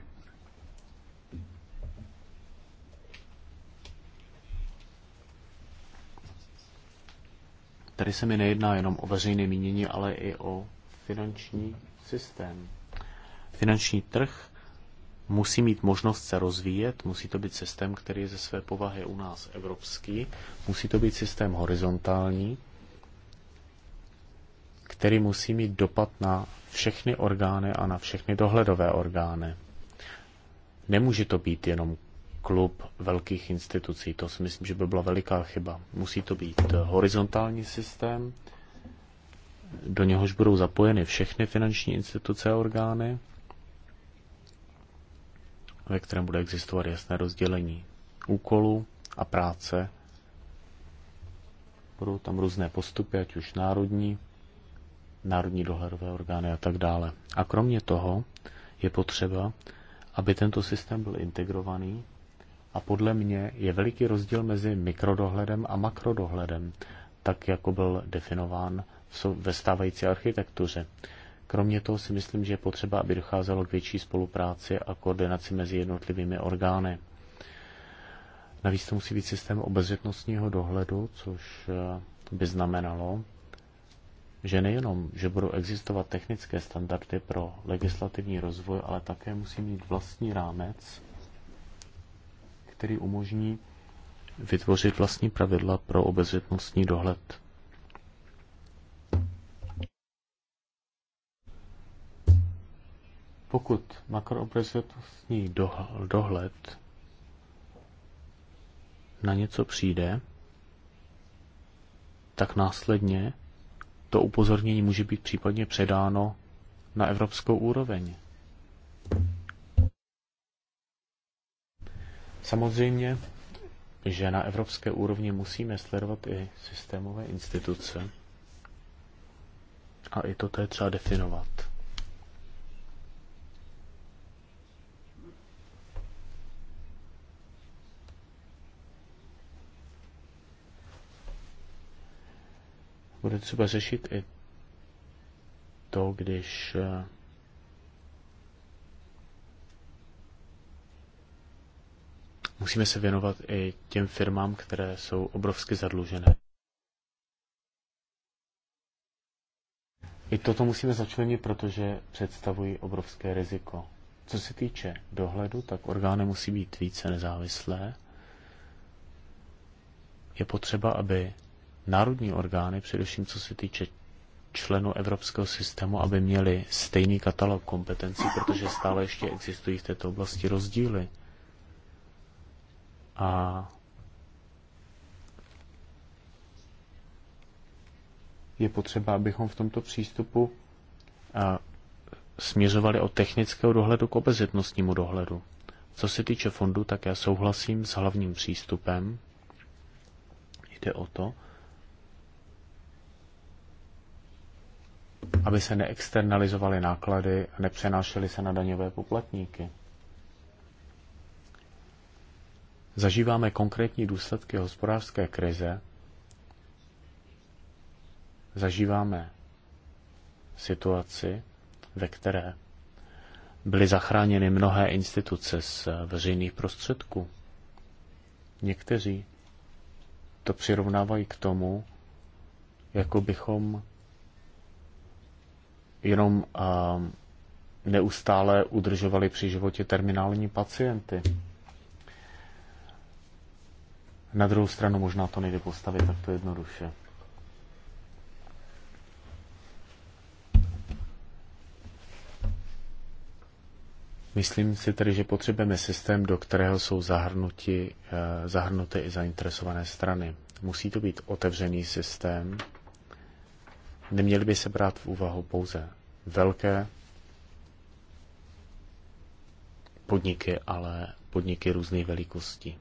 tady se mi nejedná jenom o veřejné mínění, ale i o finanční systém. Finanční trh musí mít možnost se rozvíjet, musí to být systém, který je ze své povahy u nás evropský, musí to být systém horizontální, který musí mít dopad na všechny orgány a na všechny dohledové orgány. Nemůže to být jenom klub velkých institucí. To si myslím, že by byla veliká chyba. Musí to být eh, horizontální systém, do něhož budou zapojeny všechny finanční instituce a orgány, ve kterém bude existovat jasné rozdělení úkolů a práce. Budou tam různé postupy, ať už národní, národní dohledové orgány a tak dále. A kromě toho je potřeba, aby tento systém byl integrovaný a podle mě je veliký rozdíl mezi mikrodohledem a makrodohledem, tak jako byl definován ve stávající architektuře. Kromě toho si myslím, že je potřeba, aby docházelo k větší spolupráci a koordinaci mezi jednotlivými orgány. Navíc to musí být systém obezřetnostního dohledu, což eh, by znamenalo, že nejenom, že budou existovat technické standardy pro legislativní rozvoj, ale také musí mít vlastní rámec, který umožní vytvořit vlastní pravidla pro obezřetnostní dohled. Pokud makroobezřetnostní dohled na něco přijde, tak následně to upozornění může být případně předáno na evropskou úroveň. Samozřejmě, že na evropské úrovni musíme sledovat i systémové instituce a i toto je třeba definovat. Bude třeba řešit i to, když eh, Musíme se věnovat i těm firmám, které jsou obrovsky zadlužené. I toto musíme začlenit, protože představují obrovské riziko. Co se týče dohledu, tak orgány musí být více nezávislé. Je potřeba, aby národní orgány, především co se týče členů evropského systému, aby měli stejný katalog kompetencí, protože stále ještě existují v této oblasti rozdíly. A je potřeba, abychom v tomto přístupu směřovali od technického dohledu k obezřetnostnímu dohledu. Co se týče fondu, tak já souhlasím s hlavním přístupem. Jde o to, aby se neexternalizovaly náklady a nepřenášely se na daňové poplatníky. Zažíváme konkrétní důsledky hospodářské krize, zažíváme situaci, ve které byly zachráněny mnohé instituce z veřejných prostředků. Někteří to přirovnávají k tomu, jako bychom jenom neustále udržovali při životě terminální pacienty. Na druhou stranu možná to nejde postavit takto jednoduše. Myslím si tedy, že potřebujeme systém, do kterého jsou zahrnuti, eh, zahrnuty i zainteresované strany. Musí to být otevřený systém. Neměly by se brát v úvahu pouze velké podniky, ale podniky různých velikostí.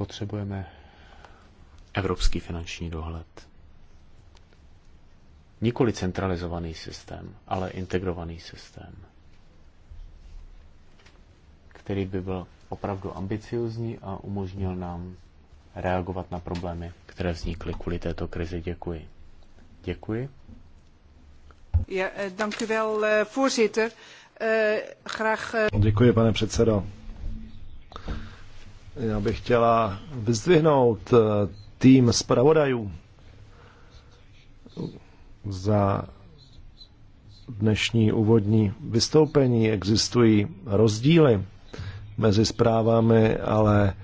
Potřebujeme evropský finanční dohled. Nikoli centralizovaný systém, ale integrovaný systém, který by byl opravdu ambiciozní a umožnil nám reagovat na problémy, které vznikly kvůli této krizi. Děkuji. Děkuji. Eh, eh, eh, Děkuji, pane předsedo. Já bych chtěla vyzdvihnout eh, tým zpravodajů za dnešní úvodní vystoupení. Existují rozdíly mezi zprávami, ale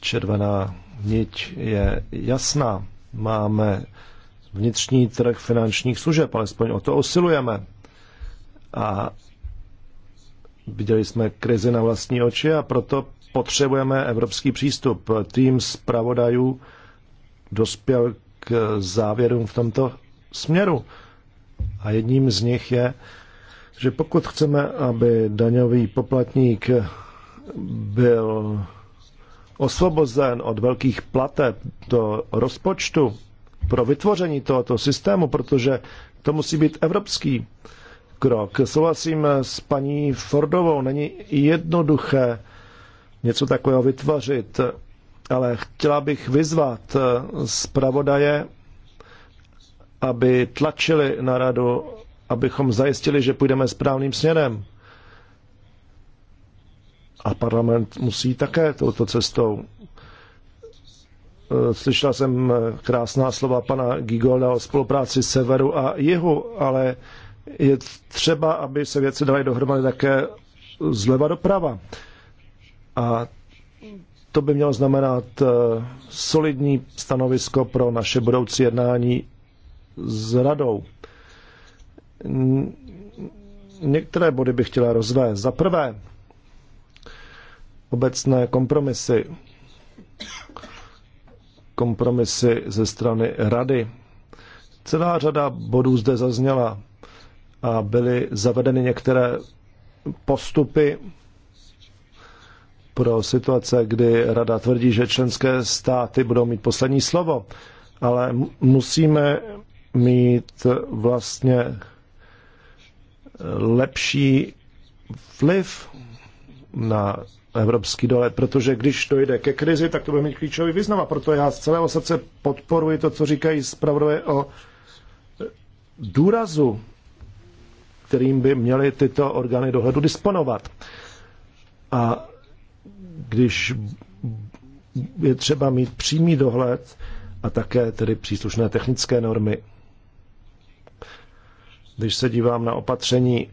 červená niť je jasná. Máme vnitřní trh finančních služeb, alespoň o to osilujeme. A viděli jsme krizi na vlastní oči a proto potřebujeme evropský přístup. Tým zpravodajů dospěl k závěrům v tomto směru. A jedním z nich je, že pokud chceme, aby daňový poplatník byl osvobozen od velkých plateb do rozpočtu pro vytvoření tohoto systému, protože to musí být evropský krok. Souhlasím s paní Fordovou, není jednoduché něco takového vytvořit. Ale chtěla bych vyzvat eh, zpravodaje, aby tlačili na radu, abychom zajistili, že půjdeme správným směrem. A parlament musí také touto cestou. Eh, slyšela jsem eh, krásná slova pana Gigolda o spolupráci severu a jihu, ale je třeba, aby se věci daly dohromady také zleva doprava. prava a to by mělo znamenat eh, solidní stanovisko pro naše budoucí jednání s radou. Některé body bych chtěla rozvést. Za prvé, obecné kompromisy. Kompromisy ze strany rady. Celá řada bodů zde zazněla a byly zavedeny některé postupy, pro situace, kdy Rada tvrdí, že členské státy budou mít poslední slovo, ale musíme mít vlastně lepší vliv na evropský dole, protože když dojde ke krizi, tak to bude mít klíčový význam. A proto já z celého srdce podporuji to, co říkají zpravodové o důrazu, kterým by měly tyto orgány dohledu disponovat. A když je třeba mít přímý dohled a také tedy příslušné technické normy. Když se dívám na opatření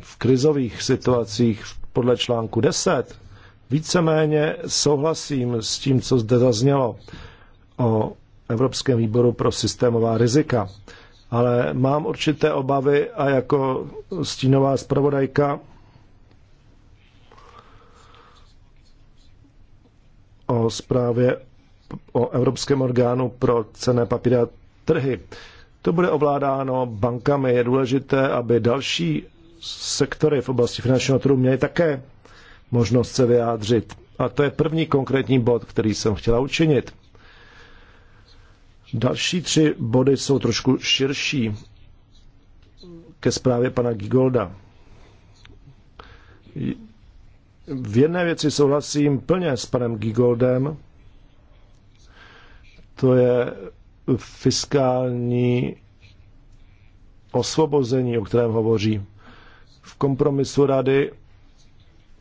v krizových situacích podle článku 10, víceméně souhlasím s tím, co zde zaznělo o Evropském výboru pro systémová rizika. Ale mám určité obavy a jako stínová zpravodajka o zprávě o Evropském orgánu pro cené papíry a trhy. To bude ovládáno bankami. Je důležité, aby další sektory v oblasti finančního trhu měly také možnost se vyjádřit. A to je první konkrétní bod, který jsem chtěla učinit. Další tři body jsou trošku širší ke zprávě pana Gigolda. V jedné věci souhlasím plně s panem Gigoldem, to je fiskální osvobození, o kterém hovoří. V kompromisu rady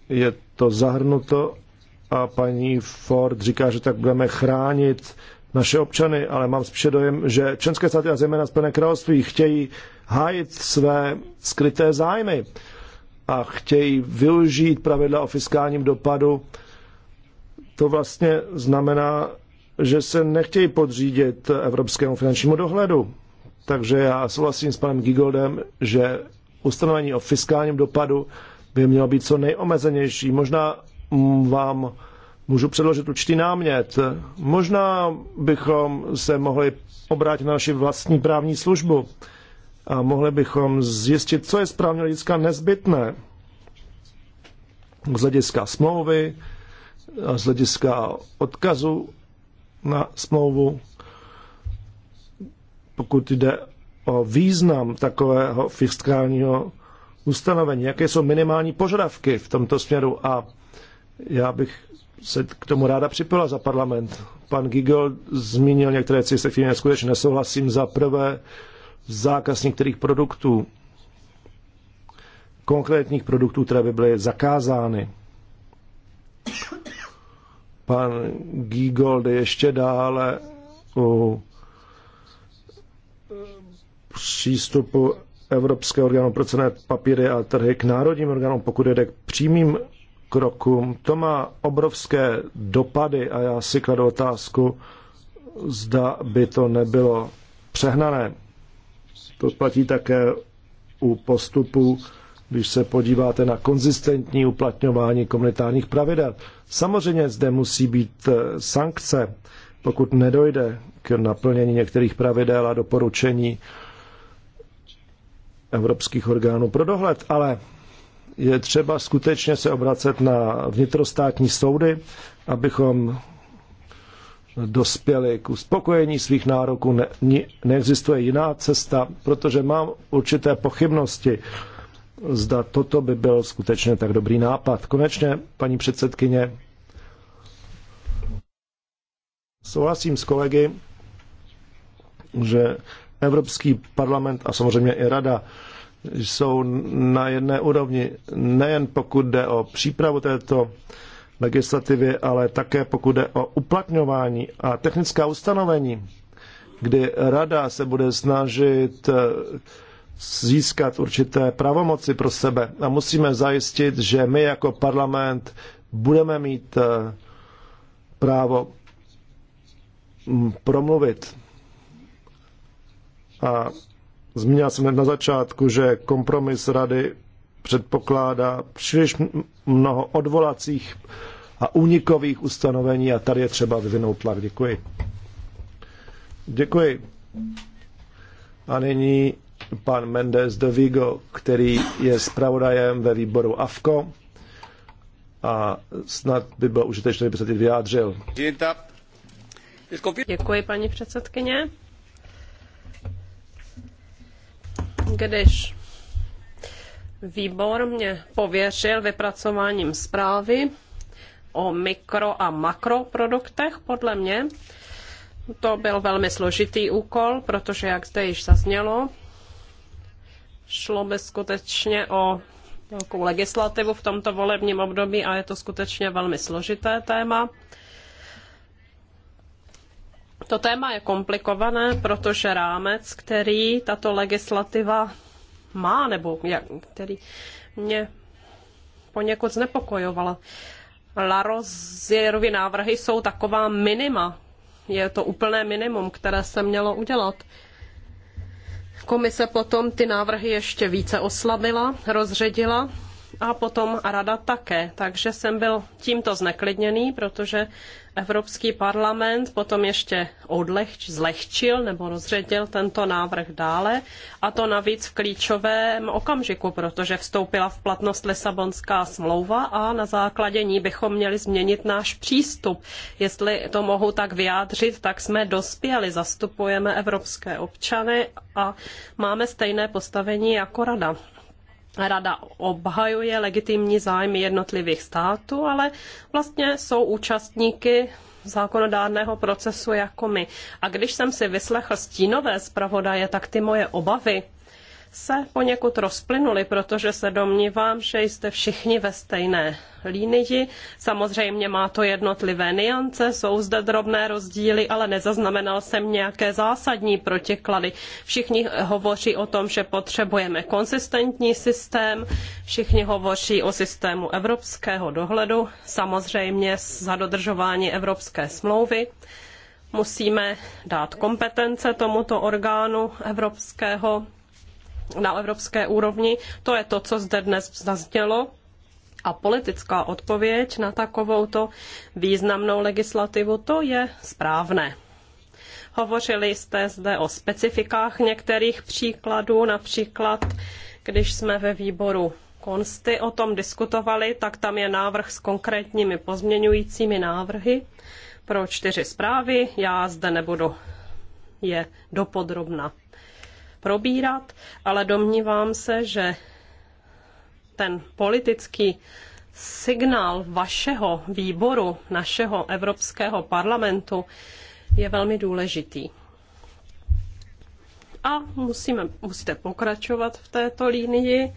je to zahrnuto a paní Ford říká, že tak budeme chránit naše občany, ale mám spíše dojem, že členské státy a zejména Spojené království chtějí hájit své skryté zájmy a chtějí využít pravidla o fiskálním dopadu, to vlastně znamená, že se nechtějí podřídit evropskému finančnímu dohledu. Takže já souhlasím s panem Gigoldem, že ustanovení o fiskálním dopadu by mělo být co nejomezenější. Možná vám můžu předložit určitý námět. Možná bychom se mohli obrátit na naši vlastní právní službu a mohli bychom zjistit, co je správně hlediska nezbytné z hlediska smlouvy, z hlediska odkazu na smlouvu, pokud jde o význam takového fiskálního ustanovení, jaké jsou minimální požadavky v tomto směru a já bych se k tomu ráda připojila za parlament. Pan Gigel zmínil některé věci, se kterými skutečně nesouhlasím. Za prvé, zákaz některých produktů, konkrétních produktů, které by byly zakázány. Pan Giegold ještě dále u přístupu evropské orgánu pro cené papíry a trhy k národním orgánům, pokud jde k přímým krokům. To má obrovské dopady a já si kladu otázku, zda by to nebylo přehnané. To platí také u postupu, když se podíváte na konzistentní uplatňování komunitárních pravidel. Samozřejmě zde musí být eh, sankce, pokud nedojde k naplnění některých pravidel a doporučení evropských orgánů pro dohled, ale je třeba skutečně se obracet na vnitrostátní soudy, abychom dospěli k uspokojení svých nároků. Ne, neexistuje jiná cesta, protože mám určité pochybnosti, zda toto by byl skutečně tak dobrý nápad. Konečně, paní předsedkyně, souhlasím s kolegy, že Evropský parlament a samozřejmě i Rada jsou na jedné úrovni, nejen pokud jde o přípravu této legislativy, ale také pokud jde o uplatňování a technická ustanovení, kdy rada se bude snažit eh, získat určité pravomoci pro sebe a musíme zajistit, že my jako parlament budeme mít eh, právo mm, promluvit. A zmínil jsem na začátku, že kompromis rady předpokládá příliš mnoho odvolacích a únikových ustanovení a tady je třeba vyvinout tlak. Děkuji. Děkuji. A nyní pan Mendes de Vigo, který je zpravodajem ve výboru AFCO a snad by bylo užitečné, kdyby se teď vyjádřil. Děkuji, paní předsedkyně. Když Výbor mě pověřil vypracováním zprávy o mikro a makroproduktech, podle mě. To byl velmi složitý úkol, protože, jak zde již zaznělo, šlo by skutečně o velkou legislativu v tomto volebním období a je to skutečně velmi složité téma. To téma je komplikované, protože rámec, který tato legislativa má, nebo jak, který mě poněkud znepokojovala. Larozierovi návrhy jsou taková minima. Je to úplné minimum, které se mělo udělat. Komise potom ty návrhy ještě více oslabila, rozředila a potom rada také. Takže jsem byl tímto zneklidněný, protože Evropský parlament potom ještě odlehč, zlehčil nebo rozředil tento návrh dále a to navíc v klíčovém okamžiku, protože vstoupila v platnost Lisabonská smlouva a na základě ní bychom měli změnit náš přístup. Jestli to mohu tak vyjádřit, tak jsme dospěli, zastupujeme evropské občany a máme stejné postavení jako rada. Rada obhajuje legitimní zájmy jednotlivých států, ale vlastně jsou účastníky zákonodárného procesu jako my. A když jsem si vyslechl stínové zpravodaje, tak ty moje obavy se poněkud rozplynuli, protože se domnívám, že jste všichni ve stejné línii. Samozřejmě má to jednotlivé niance, jsou zde drobné rozdíly, ale nezaznamenal jsem nějaké zásadní protiklady. Všichni hovoří o tom, že potřebujeme konsistentní systém, všichni hovoří o systému evropského dohledu, samozřejmě za dodržování evropské smlouvy musíme dát kompetence tomuto orgánu evropského na evropské úrovni. To je to, co zde dnes zaznělo. A politická odpověď na takovouto významnou legislativu, to je správné. Hovořili jste zde o specifikách některých příkladů, například když jsme ve výboru Konsty o tom diskutovali, tak tam je návrh s konkrétními pozměňujícími návrhy pro čtyři zprávy. Já zde nebudu je dopodrobna probírat, ale domnívám se, že ten politický signál vašeho výboru, našeho Evropského parlamentu, je velmi důležitý. A musíme, musíte pokračovat v této linii,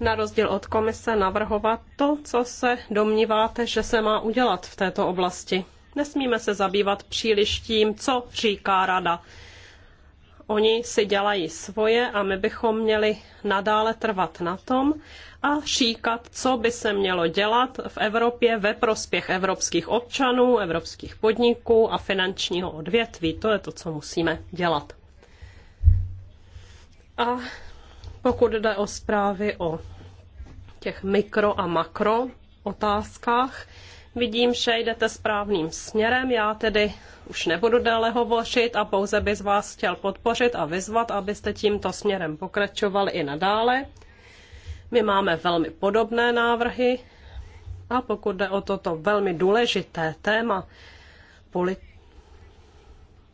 na rozdíl od komise navrhovat to, co se domníváte, že se má udělat v této oblasti. Nesmíme se zabývat příliš tím, co říká rada Oni si dělají svoje a my bychom měli nadále trvat na tom a říkat, co by se mělo dělat v Evropě ve prospěch evropských občanů, evropských podniků a finančního odvětví. To je to, co musíme dělat. A pokud jde o zprávy o těch mikro a makro otázkách, vidím, že jdete správným směrem. Já tedy už nebudu déle hovořit a pouze bych vás chtěl podpořit a vyzvat, abyste tímto směrem pokračovali i nadále. My máme velmi podobné návrhy a pokud jde o toto velmi důležité téma, politi-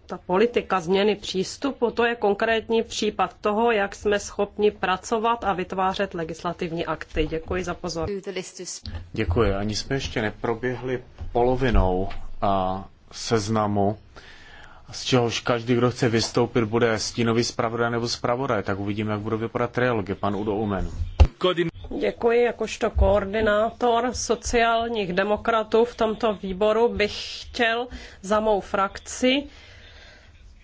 ta politika změny přístupu, to je konkrétní případ toho, jak jsme schopni pracovat a vytvářet legislativní akty. Děkuji za pozornost. Děkuji. Ani jsme ještě neproběhli polovinou a seznamu, z čehož každý, kdo chce vystoupit, bude stínový zpravodaj nebo zpravodaj, tak uvidíme, jak bude vypadat trialogy. Pan Udo Umen. Děkuji. Jakožto koordinátor sociálních demokratů v tomto výboru bych chtěl za mou frakci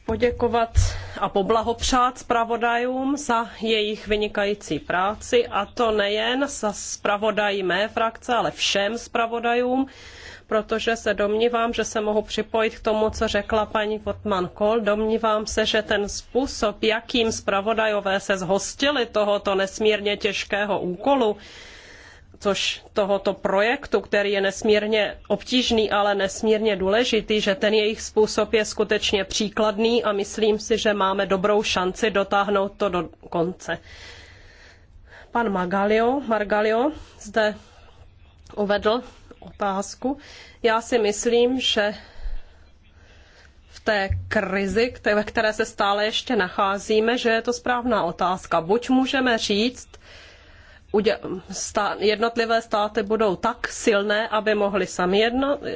poděkovat a poblahopřát zpravodajům za jejich vynikající práci, a to nejen za zpravodají mé frakce, ale všem zpravodajům, protože se domnívám, že se mohu připojit k tomu, co řekla paní Votman Kol. Domnívám se, že ten způsob, jakým zpravodajové se zhostili tohoto nesmírně těžkého úkolu, což tohoto projektu, který je nesmírně obtížný, ale nesmírně důležitý, že ten jejich způsob je skutečně příkladný a myslím si, že máme dobrou šanci dotáhnout to do konce. Pan Magalio, Margalio zde uvedl, otázku. Já si myslím, že v té krizi, ve které se stále ještě nacházíme, že je to správná otázka. Buď můžeme říct, jednotlivé státy budou tak silné, aby mohly sami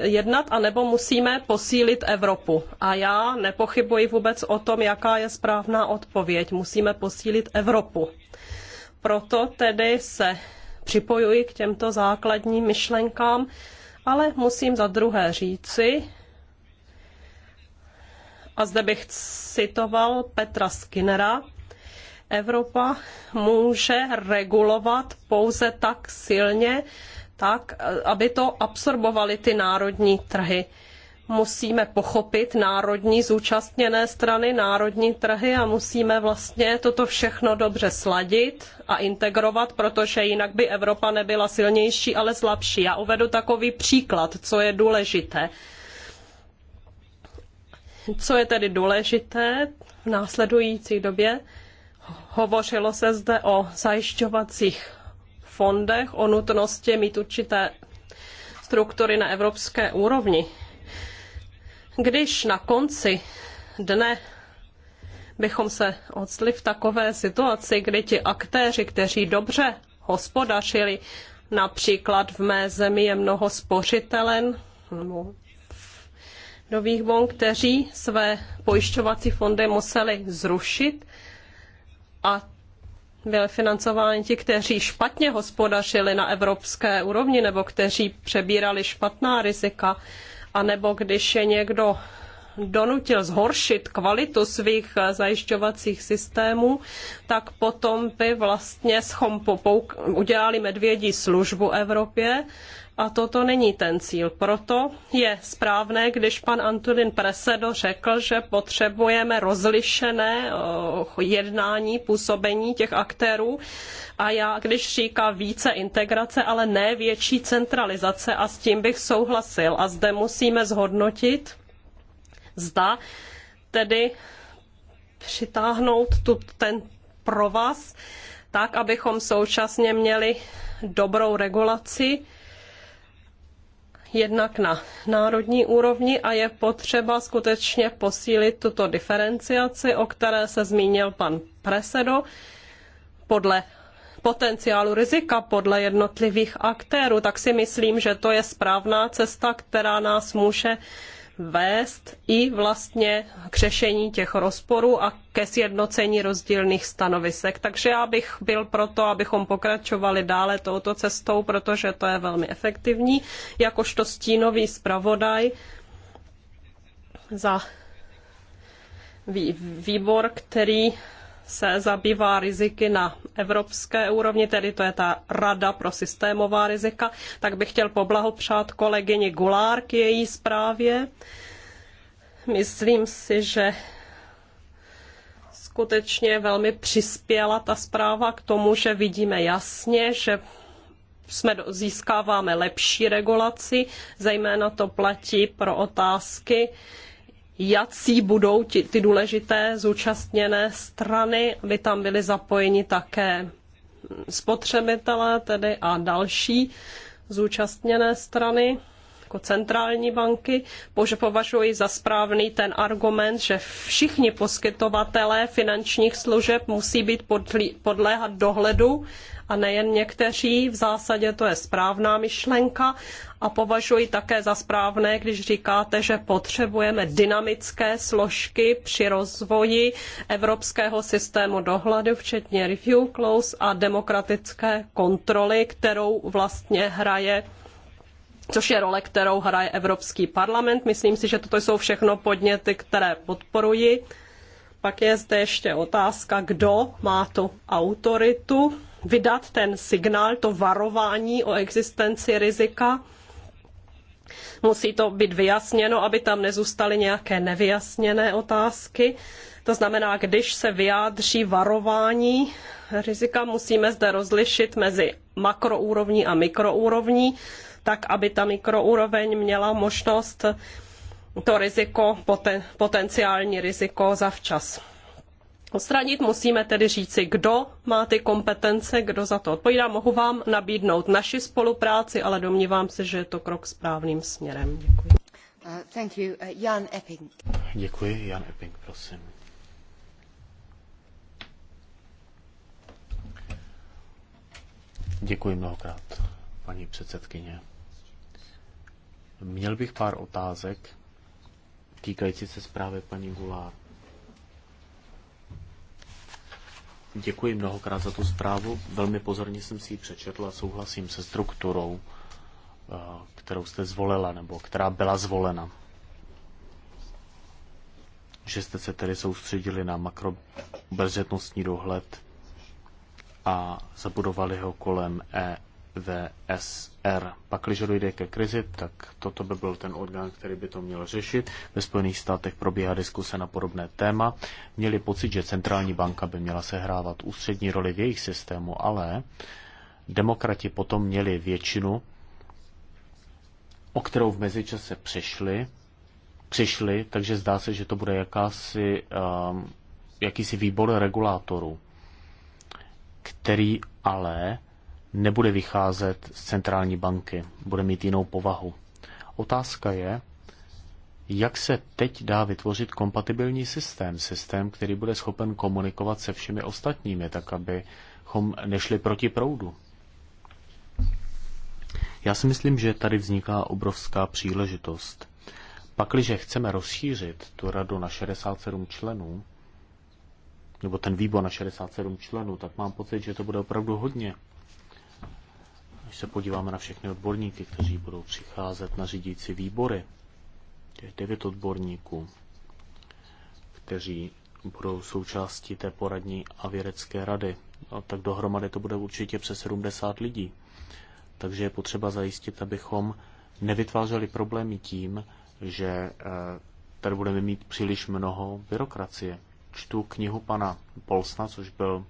jednat, anebo musíme posílit Evropu. A já nepochybuji vůbec o tom, jaká je správná odpověď. Musíme posílit Evropu. Proto tedy se připojuji k těmto základním myšlenkám, ale musím za druhé říci, a zde bych citoval Petra Skinnera, Evropa může regulovat pouze tak silně, tak, aby to absorbovaly ty národní trhy musíme pochopit národní zúčastněné strany, národní trhy a musíme vlastně toto všechno dobře sladit a integrovat, protože jinak by Evropa nebyla silnější, ale slabší. Já uvedu takový příklad, co je důležité. Co je tedy důležité v následující době? Hovořilo se zde o zajišťovacích fondech, o nutnosti mít určité struktury na evropské úrovni. Když na konci dne bychom se odstli v takové situaci, kdy ti aktéři, kteří dobře hospodařili, například v mé zemi je mnoho spořitelen nebo nových bank, kteří své pojišťovací fondy museli zrušit a byli financováni ti, kteří špatně hospodařili na evropské úrovni nebo kteří přebírali špatná rizika anebo když je někdo donutil zhoršit kvalitu svých eh, zajišťovacích systémů, tak potom by vlastně schom udělali medvědí službu Evropě a toto není ten cíl. Proto je správné, když pan Antonin Presedo řekl, že potřebujeme rozlišené eh, jednání, působení těch aktérů. A já, když říká více integrace, ale ne větší centralizace, a s tím bych souhlasil. A zde musíme zhodnotit, zda tedy přitáhnout tu, ten provaz tak, abychom současně měli dobrou regulaci, jednak na národní úrovni a je potřeba skutečně posílit tuto diferenciaci, o které se zmínil pan Presedo, podle potenciálu rizika podle jednotlivých aktérů, tak si myslím, že to je správná cesta, která nás může vést i vlastně k řešení těch rozporů a ke sjednocení rozdílných stanovisek. Takže já bych byl proto, abychom pokračovali dále touto cestou, protože to je velmi efektivní. Jakožto stínový zpravodaj za výbor, který se zabývá riziky na evropské úrovni, tedy to je ta Rada pro systémová rizika, tak bych chtěl poblahopřát kolegyni Gulár k její zprávě. Myslím si, že skutečně velmi přispěla ta zpráva k tomu, že vidíme jasně, že jsme získáváme lepší regulaci, zejména to platí pro otázky, jací budou ti, ty důležité zúčastněné strany, aby tam byly zapojeni také spotřebitelé tedy a další zúčastněné strany jako centrální banky, protože považuji za správný ten argument, že všichni poskytovatelé finančních služeb musí být podlí, podléhat dohledu a nejen někteří. V zásadě to je správná myšlenka a považuji také za správné, když říkáte, že potřebujeme dynamické složky při rozvoji evropského systému dohledu, včetně review clause a demokratické kontroly, kterou vlastně hraje což je role, kterou hraje Evropský parlament. Myslím si, že toto jsou všechno podněty, které podporuji. Pak je zde ještě otázka, kdo má tu autoritu vydat ten signál, to varování o existenci rizika. Musí to být vyjasněno, aby tam nezůstaly nějaké nevyjasněné otázky. To znamená, když se vyjádří varování rizika, musíme zde rozlišit mezi makroúrovní a mikroúrovní, tak aby ta mikroúroveň měla možnost to riziko, poten, potenciální riziko zavčas odstranit. Musíme tedy říci, kdo má ty kompetence, kdo za to odpovídá. Mohu vám nabídnout naši spolupráci, ale domnívám se, že je to krok správným směrem. Děkuji. Uh, thank you. Uh, Jan Epping. Děkuji. Jan Epping, prosím. Děkuji mnohokrát, paní předsedkyně. Měl bych pár otázek týkající se zprávy paní Gulár. Děkuji mnohokrát za tu zprávu. Velmi pozorně jsem si ji přečetla a souhlasím se strukturou, eh, kterou jste zvolila, nebo která byla zvolena. Že jste se tedy soustředili na makrobezřetnostní dohled a zabudovali ho kolem VSR. Pak, když dojde ke krizi, tak toto by byl ten orgán, který by to měl řešit. Ve Spojených státech probíhá diskuse na podobné téma. Měli pocit, že centrální banka by měla sehrávat ústřední roli v jejich systému, ale demokrati potom měli většinu, o kterou v mezičase přišli, přišli, takže zdá se, že to bude jakási, um, jakýsi výbor regulátorů, který ale nebude vycházet z centrální banky, bude mít jinou povahu. Otázka je, jak se teď dá vytvořit kompatibilní systém, systém, který bude schopen komunikovat se všemi ostatními, tak abychom nešli proti proudu. Já si myslím, že tady vzniká obrovská příležitost. Pakliže chceme rozšířit tu radu na 67 členů, nebo ten výbor na 67 členů, tak mám pocit, že to bude opravdu hodně. Když se podíváme na všechny odborníky, kteří budou přicházet na řídící výbory, těch devět odborníků, kteří budou součástí té poradní a vědecké rady, a no, tak dohromady to bude určitě přes 70 lidí. Takže je potřeba zajistit, abychom nevytvářeli problémy tím, že eh, tady budeme mít příliš mnoho byrokracie. Čtu knihu pana Polsna, což byl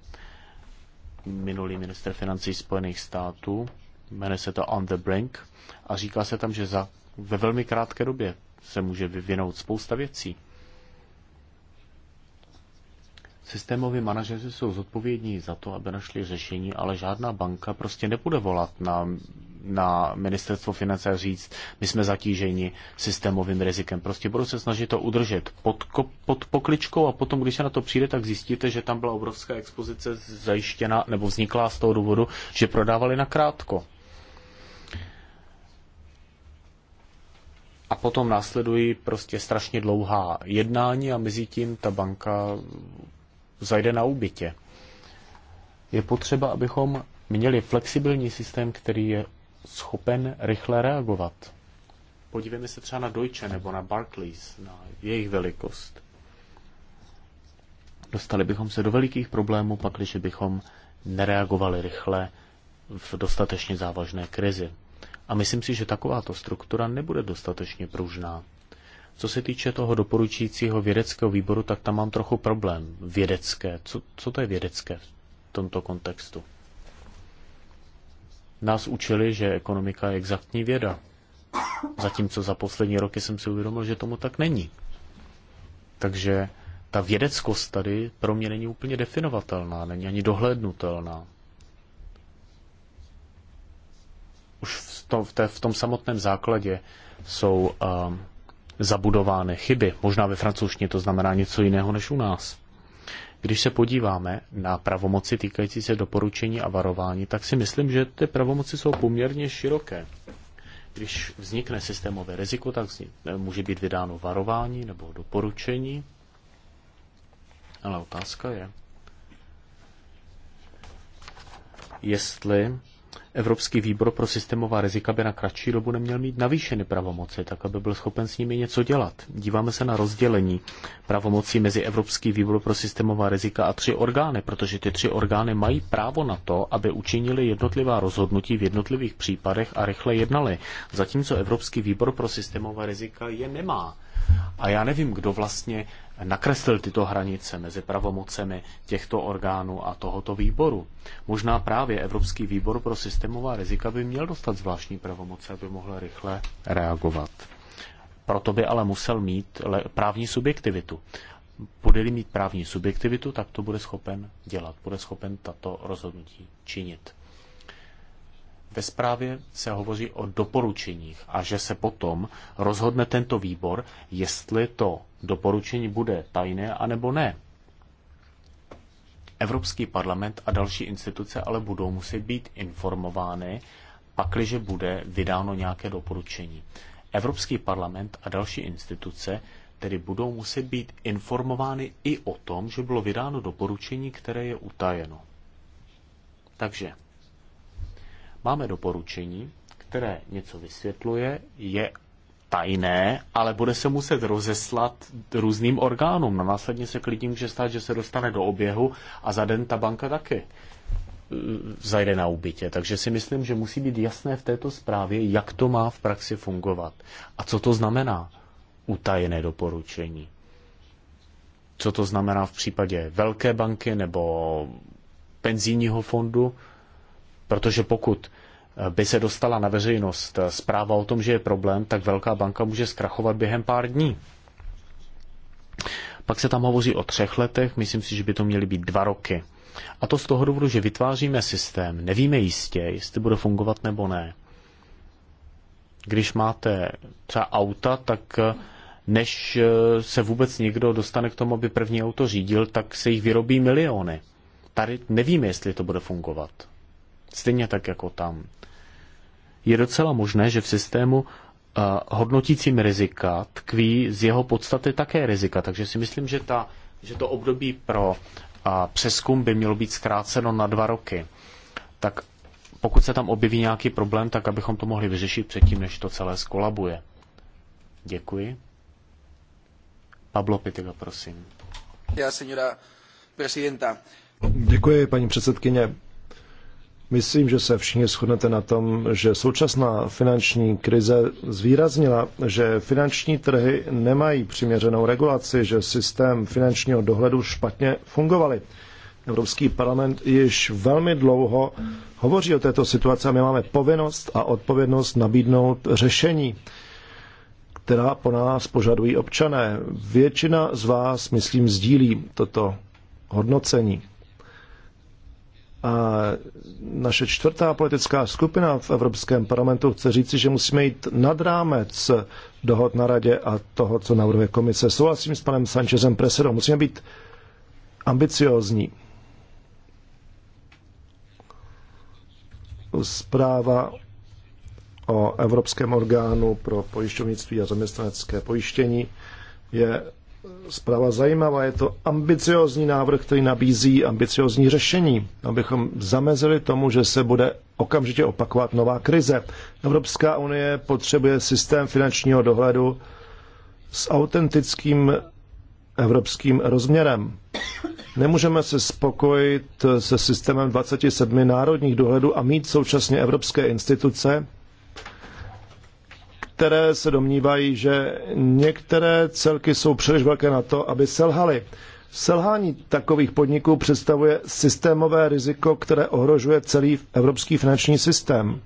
minulý minister financí Spojených států jmenuje se to On the Brink a říká se tam, že za, ve velmi krátké době se může vyvinout spousta věcí. Systémoví manažeři jsou zodpovědní za to, aby našli řešení, ale žádná banka prostě nebude volat na, na ministerstvo finance a říct, my jsme zatíženi systémovým rizikem. Prostě budou se snažit to udržet pod, pod pokličkou a potom, když se na to přijde, tak zjistíte, že tam byla obrovská expozice zajištěna nebo vznikla z toho důvodu, že prodávali na krátko. A potom následují prostě strašně dlouhá jednání a mezi tím ta banka zajde na úbytě. Je potřeba, abychom měli flexibilní systém, který je schopen rychle reagovat. Podívejme se třeba na Deutsche nebo na Barclays, na jejich velikost. Dostali bychom se do velikých problémů, pakliže bychom nereagovali rychle v dostatečně závažné krizi. A myslím si, že takováto struktura nebude dostatečně pružná. Co se týče toho doporučujícího vědeckého výboru, tak tam mám trochu problém. Vědecké. Co, co to je vědecké v tomto kontextu? Nás učili, že ekonomika je exaktní věda. Zatímco za poslední roky jsem si uvědomil, že tomu tak není. Takže ta vědeckost tady pro mě není úplně definovatelná, není ani dohlédnutelná. už v tom, v té, v tom samotném základě jsou um, zabudovány chyby. Možná ve francouzštině to znamená něco jiného než u nás. Když se podíváme na pravomoci týkající se doporučení a varování, tak si myslím, že ty pravomoci jsou poměrně široké. Když vznikne systémové riziko, tak může být vydáno varování nebo doporučení. Ale otázka je, jestli Evropský výbor pro systémová rizika by na kratší dobu neměl mít navýšeny pravomoci, tak aby byl schopen s nimi něco dělat. Díváme se na rozdělení pravomocí mezi Evropský výbor pro systémová rizika a tři orgány, protože ty tři orgány mají právo na to, aby učinili jednotlivá rozhodnutí v jednotlivých případech a rychle jednali, zatímco Evropský výbor pro systémová rizika je nemá. A já nevím, kdo vlastně nakreslil tyto hranice mezi pravomocemi těchto orgánů a tohoto výboru. Možná právě Evropský výbor pro systémová rizika by měl dostat zvláštní pravomoce, aby mohl rychle reagovat. Proto by ale musel mít právní subjektivitu. Bude-li mít právní subjektivitu, tak to bude schopen dělat, bude schopen tato rozhodnutí činit. Ve zprávě se hovoří o doporučeních a že se potom rozhodne tento výbor, jestli to doporučení bude tajné anebo ne. Evropský parlament a další instituce ale budou muset být informovány, pakliže bude vydáno nějaké doporučení. Evropský parlament a další instituce tedy budou muset být informovány i o tom, že bylo vydáno doporučení, které je utajeno. Takže Máme doporučení, které něco vysvětluje, je tajné, ale bude se muset rozeslat různým orgánům. No následně se klidně může stát, že se dostane do oběhu a za den ta banka taky e, zajde na úbytě. Takže si myslím, že musí být jasné v této zprávě, jak to má v praxi fungovat. A co to znamená utajené doporučení. Co to znamená v případě velké banky nebo penzijního fondu, Protože pokud eh, by se dostala na veřejnost eh, zpráva o tom, že je problém, tak velká banka může zkrachovat během pár dní. Pak se tam hovoří o třech letech, myslím si, že by to měly být dva roky. A to z toho důvodu, že vytváříme systém, nevíme jistě, jestli bude fungovat nebo ne. Když máte třeba auta, tak eh, než se vůbec někdo dostane k tomu, aby první auto řídil, tak se jich vyrobí miliony. Tady nevíme, jestli to bude fungovat. Stejně tak jako tam. Je docela možné, že v systému eh, hodnotícím rizika tkví z jeho podstaty také rizika. Takže si myslím, že, ta, že to období pro uh, přeskum by mělo být zkráceno na dva roky. Tak pokud se tam objeví nějaký problém, tak abychom to mohli vyřešit předtím, než to celé skolabuje. Děkuji. Pablo Pityga, prosím. Já, senora prezidenta. Děkuji, paní předsedkyně. Myslím, že se všichni shodnete na tom, že současná finanční krize zvýraznila, že finanční trhy nemají přiměřenou regulaci, že systém finančního dohledu špatně fungovaly. Evropský parlament již velmi dlouho hovoří o této situaci a my máme povinnost a odpovědnost nabídnout řešení, která po nás požadují občané. Většina z vás, myslím, sdílí toto hodnocení. A naše čtvrtá politická skupina v Evropském parlamentu chce říci, že musíme jít nad rámec dohod na radě a toho, co navrhuje komise. Souhlasím s panem Sančezem Presedou. Musíme být ambiciozní. Zpráva o Evropském orgánu pro pojišťovnictví a zaměstnanecké pojištění je zpráva zajímavá. Je to ambiciozní návrh, který nabízí ambiciozní řešení, abychom zamezili tomu, že se bude okamžitě opakovat nová krize. Evropská unie potřebuje systém finančního dohledu s autentickým evropským rozměrem. Nemůžeme se spokojit se systémem 27 národních dohledů a mít současně evropské instituce, které se domnívají, že některé celky jsou příliš velké na to, aby selhaly. Selhání takových podniků představuje systémové riziko, které ohrožuje celý evropský finanční systém.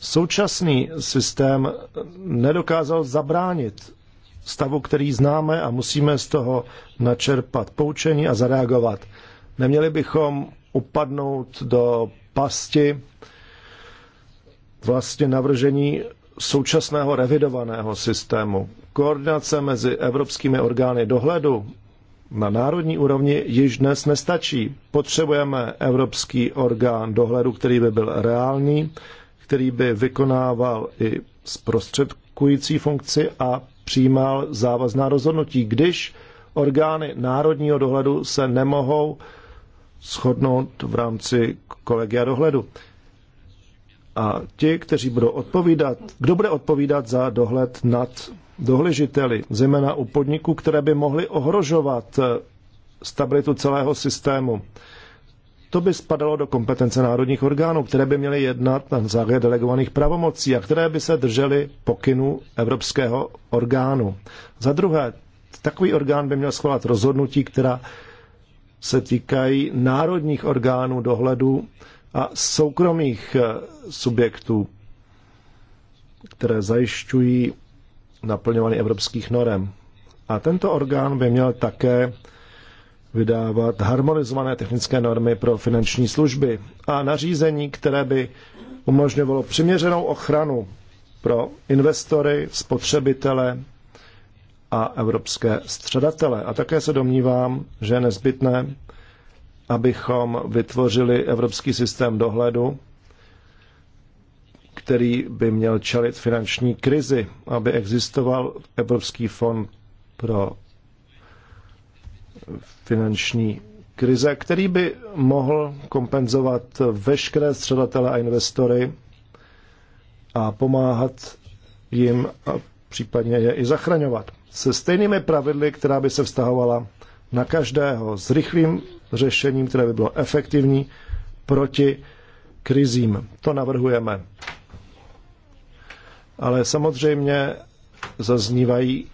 Současný systém nedokázal zabránit stavu, který známe a musíme z toho načerpat poučení a zareagovat. Neměli bychom upadnout do pasti vlastně navržení současného revidovaného systému. Koordinace mezi evropskými orgány dohledu na národní úrovni již dnes nestačí. Potřebujeme evropský orgán dohledu, který by byl reálný, který by vykonával i zprostředkující funkci a přijímal závazná rozhodnutí, když orgány národního dohledu se nemohou shodnout v rámci kolegia dohledu. A ti, kteří budou odpovídat, kdo bude odpovídat za dohled nad dohležiteli, zejména u podniků, které by mohly ohrožovat eh, stabilitu celého systému. To by spadalo do kompetence národních orgánů, které by měly jednat na základě delegovaných pravomocí a které by se držely pokynu evropského orgánu. Za druhé, takový orgán by měl schválit rozhodnutí, která se týkají národních orgánů dohledu a soukromých eh, subjektů, které zajišťují naplňování evropských norem. A tento orgán by měl také vydávat harmonizované technické normy pro finanční služby a nařízení, které by umožňovalo přiměřenou ochranu pro investory, spotřebitele a evropské středatele. A také se domnívám, že je nezbytné abychom vytvořili evropský systém dohledu, který by měl čelit finanční krizi, aby existoval Evropský fond pro finanční krize, který by mohl kompenzovat veškeré středatele a investory a pomáhat jim a případně je i zachraňovat. Se stejnými pravidly, která by se vztahovala na každého, s rychlým řešením, které by bylo efektivní proti krizím. To navrhujeme. Ale samozřejmě zaznívají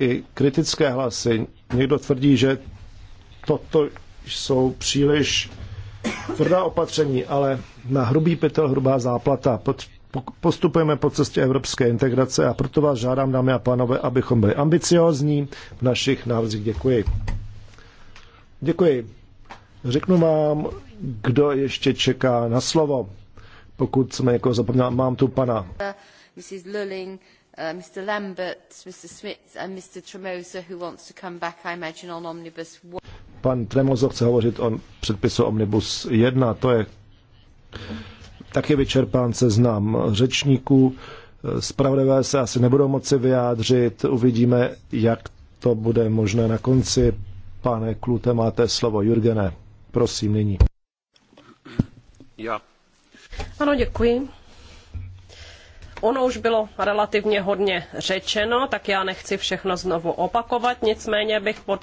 i kritické hlasy. Někdo tvrdí, že toto jsou příliš tvrdá opatření, ale na hrubý pytel hrubá záplata. Postupujeme po cestě evropské integrace a proto vás žádám, dámy a pánové, abychom byli ambiciozní v našich návrzích. Děkuji. Děkuji. Řeknu vám, kdo ještě čeká na slovo. Pokud jsme jako zapomněl, mám tu pana. Mrs. Lulling, uh, Mr. Lambert, Mr. Smith and Mr. Tremosa, who wants to come back, I imagine, on Omnibus 1. Pan Tremozo chce hovořit o předpisu Omnibus 1, to je taky vyčerpán seznam řečníků. Spravedlivé se asi nebudou moci vyjádřit, uvidíme, jak to bude možné na konci. Pane Klute, máte slovo. Jurgene. Prosím, nyní. Já. Ano, děkuji. Ono už bylo relativně hodně řečeno, tak já nechci všechno znovu opakovat, nicméně bych pod...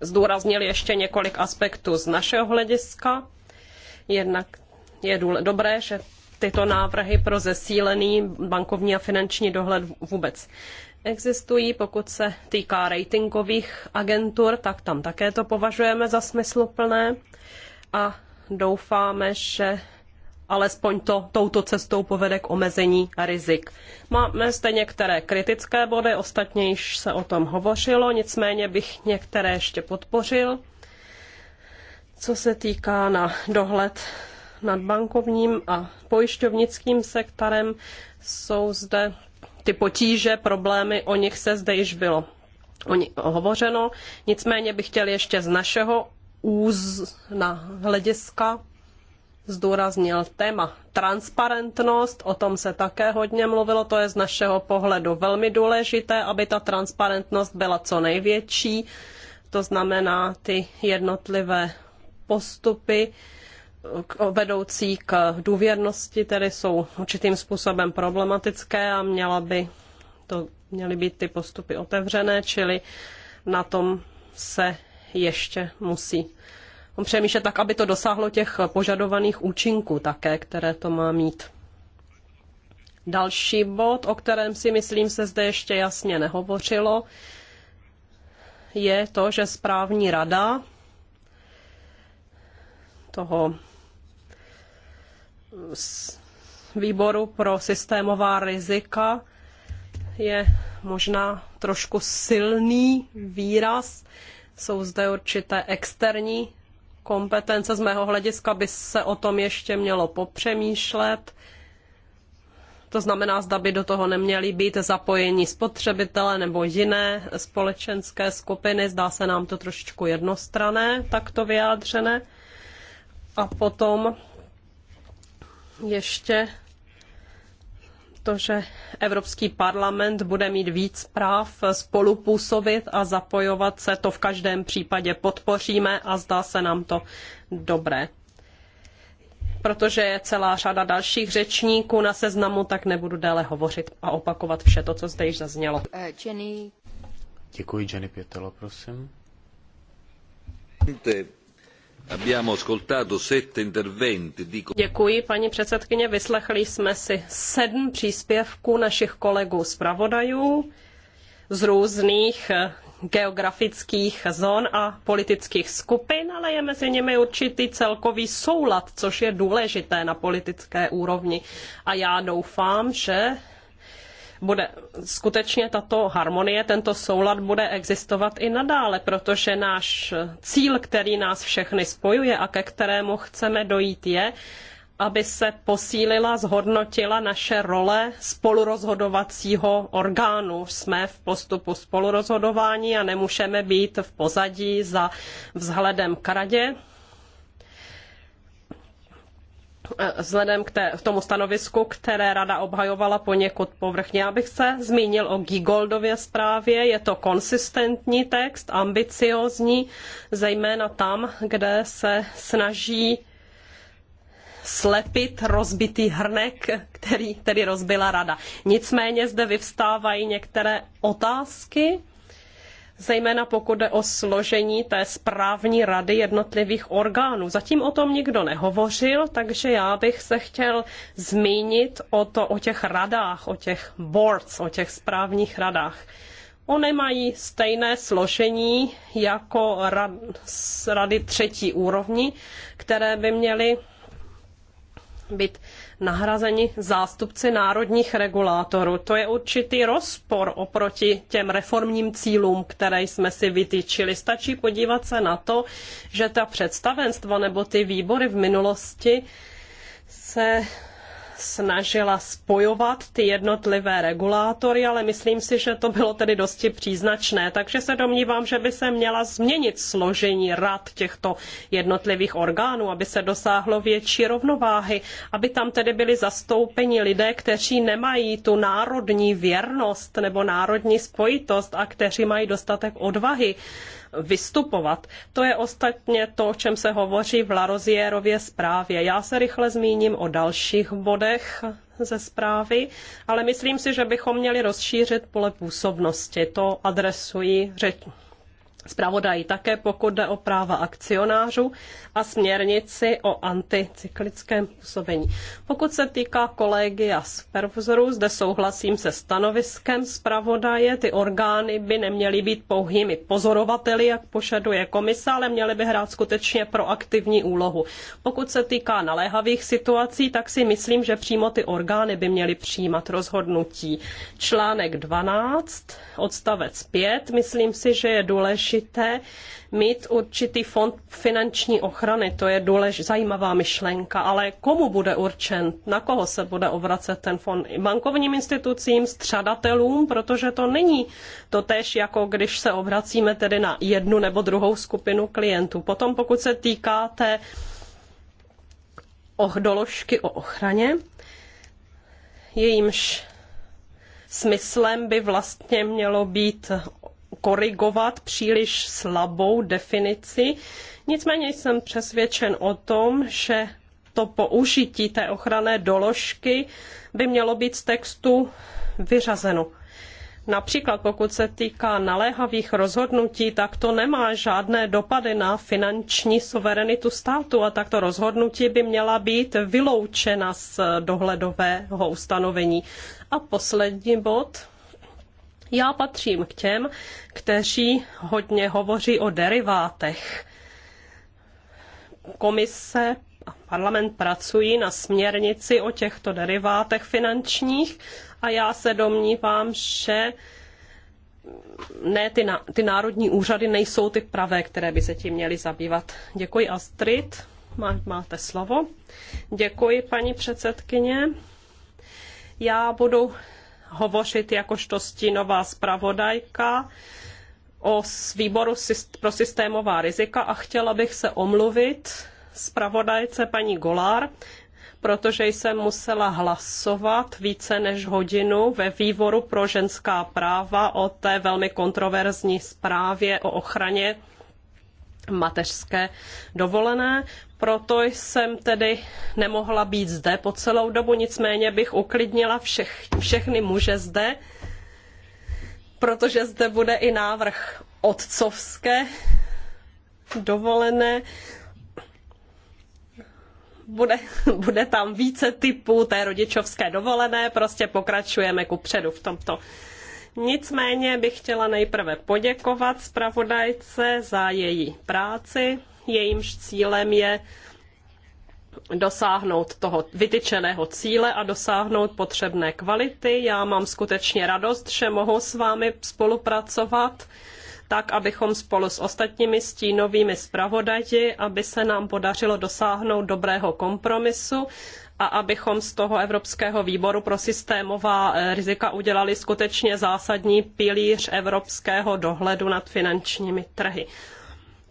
zdůraznil ještě několik aspektů z našeho hlediska. Jednak je důle... dobré, že tyto návrhy pro zesílený bankovní a finanční dohled vůbec existují, pokud se týká ratingových agentur, tak tam také to považujeme za smysluplné a doufáme, že alespoň to touto cestou povede k omezení rizik. Máme zde některé kritické body, ostatně již se o tom hovořilo, nicméně bych některé ještě podpořil. Co se týká na dohled nad bankovním a pojišťovnickým sektorem, jsou zde ty potíže, problémy, o nich se zde již bylo hovořeno. Nicméně bych chtěl ještě z našeho úz na hlediska zdůraznil téma transparentnost, o tom se také hodně mluvilo, to je z našeho pohledu velmi důležité, aby ta transparentnost byla co největší, to znamená ty jednotlivé postupy, vedoucí k důvěrnosti, tedy jsou určitým způsobem problematické a měla by to, měly být ty postupy otevřené, čili na tom se ještě musí přemýšlet tak, aby to dosáhlo těch požadovaných účinků také, které to má mít. Další bod, o kterém si myslím se zde ještě jasně nehovořilo, je to, že správní rada toho výboru pro systémová rizika je možná trošku silný výraz. Jsou zde určité externí kompetence. Z mého hlediska by se o tom ještě mělo popřemýšlet. To znamená, zda by do toho neměly být zapojení spotřebitele nebo jiné společenské skupiny. Zdá se nám to trošičku jednostrané, takto vyjádřené. A potom ještě to, že Evropský parlament bude mít víc práv spolupůsobit a zapojovat se, to v každém případě podpoříme a zdá se nám to dobré. Protože je celá řada dalších řečníků na seznamu, tak nebudu déle hovořit a opakovat vše to, co zde již zaznělo. Eh, Jenny. Děkuji, Jenny Pětelo, prosím. Ty. Děkuji, paní předsedkyně. Vyslechli jsme si sedm příspěvků našich kolegů zpravodajů z různých eh, geografických zón a politických skupin, ale je mezi nimi určitý celkový soulad, což je důležité na politické úrovni. A já doufám, že bude skutečně tato harmonie, tento soulad bude existovat i nadále, protože náš cíl, který nás všechny spojuje a ke kterému chceme dojít, je, aby se posílila, zhodnotila naše role spolurozhodovacího orgánu. Jsme v postupu spolurozhodování a nemůžeme být v pozadí za vzhledem k radě, Eh, vzhledem k, té, k, tomu stanovisku, které rada obhajovala poněkud povrchně. Já bych se zmínil o Gigoldově zprávě. Je to konsistentní text, ambiciózní, zejména tam, kde se snaží slepit rozbitý hrnek, který tedy rozbila rada. Nicméně zde vyvstávají některé otázky, zejména pokud jde o složení té správní rady jednotlivých orgánů. Zatím o tom nikdo nehovořil, takže já bych se chtěl zmínit o, to, o těch radách, o těch boards, o těch správních radách. Ony mají stejné složení jako rad, rady třetí úrovni, které by měly být nahrazeni zástupci národních regulátorů. To je určitý rozpor oproti těm reformním cílům, které jsme si vytýčili. Stačí podívat se na to, že ta představenstva nebo ty výbory v minulosti se snažila spojovat ty jednotlivé regulátory, ale myslím si, že to bylo tedy dosti příznačné. Takže se domnívám, že by se měla změnit složení rad těchto jednotlivých orgánů, aby se dosáhlo větší rovnováhy, aby tam tedy byli zastoupeni lidé, kteří nemají tu národní věrnost nebo národní spojitost a kteří mají dostatek odvahy vystupovat. To je ostatně to, o čem se hovoří v Larozierově zprávě. Já se rychle zmíním o dalších bodech ze zprávy, ale myslím si, že bychom měli rozšířit pole působnosti. To adresuji řečníkům zpravodají také, pokud jde o práva akcionářů a směrnici o anticyklickém působení. Pokud se týká kolegia z Pervzoru, zde souhlasím se stanoviskem zpravodaje. Ty orgány by neměly být pouhými pozorovateli, jak požaduje komise, ale měly by hrát skutečně proaktivní úlohu. Pokud se týká naléhavých situací, tak si myslím, že přímo ty orgány by měly přijímat rozhodnutí. Článek 12, odstavec 5, myslím si, že je důležitý důležité mít určitý fond finanční ochrany. To je důlež, zajímavá myšlenka, ale komu bude určen, na koho se bude obracet ten fond? Bankovním institucím, střadatelům, protože to není to tež, jako když se obracíme tedy na jednu nebo druhou skupinu klientů. Potom pokud se týká té oh, doložky o ochraně, jejímž smyslem by vlastně mělo být korigovat příliš slabou definici. Nicméně jsem přesvědčen o tom, že to použití té ochranné doložky by mělo být z textu vyřazeno. Například pokud se týká naléhavých rozhodnutí, tak to nemá žádné dopady na finanční suverenitu státu a takto rozhodnutí by měla být vyloučena z dohledového ustanovení. A poslední bod, já patřím k těm, kteří hodně hovoří o derivátech. Komise a parlament pracují na směrnici o těchto derivátech finančních a já se domnívám, že ne, ty, ty národní úřady nejsou ty pravé, které by se tím měly zabývat. Děkuji Astrid, Má, máte slovo. Děkuji paní předsedkyně. Já budu hovořit jakožto stínová zpravodajka o výboru pro systémová rizika a chtěla bych se omluvit zpravodajce paní Golár, protože jsem musela hlasovat více než hodinu ve výboru pro ženská práva o té velmi kontroverzní zprávě o ochraně mateřské dovolené proto jsem tedy nemohla být zde po celou dobu, nicméně bych uklidnila všech, všechny muže zde, protože zde bude i návrh otcovské dovolené. Bude, bude tam více typů té rodičovské dovolené, prostě pokračujeme kupředu v tomto. Nicméně bych chtěla nejprve poděkovat zpravodajce za její práci, jejímž cílem je dosáhnout toho vytyčeného cíle a dosáhnout potřebné kvality. Já mám skutečně radost, že mohu s vámi spolupracovat tak, abychom spolu s ostatními stínovými zpravodaji, aby se nám podařilo dosáhnout dobrého kompromisu a abychom z toho Evropského výboru pro systémová eh, rizika udělali skutečně zásadní pilíř evropského dohledu nad finančními trhy.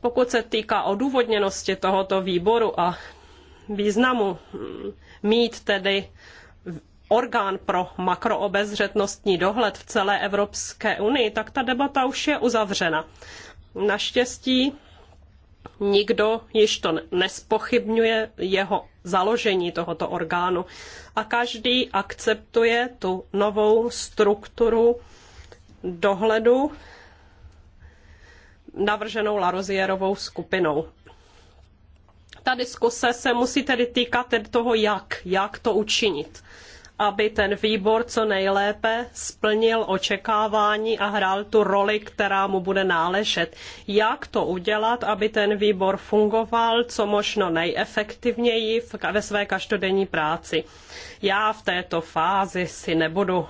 Pokud se týká odůvodněnosti tohoto výboru a významu mm, mít tedy orgán pro makroobezřetnostní dohled v celé Evropské unii, tak ta debata už je uzavřena. Naštěstí nikdo již to nespochybňuje jeho založení tohoto orgánu a každý akceptuje tu novou strukturu dohledu navrženou Larozierovou skupinou. Ta diskuse se musí tedy týkat tedy toho, jak, jak to učinit aby ten výbor co nejlépe splnil očekávání a hrál tu roli, která mu bude náležet. Jak to udělat, aby ten výbor fungoval co možno nejefektivněji ve své každodenní práci? Já v této fázi si nebudu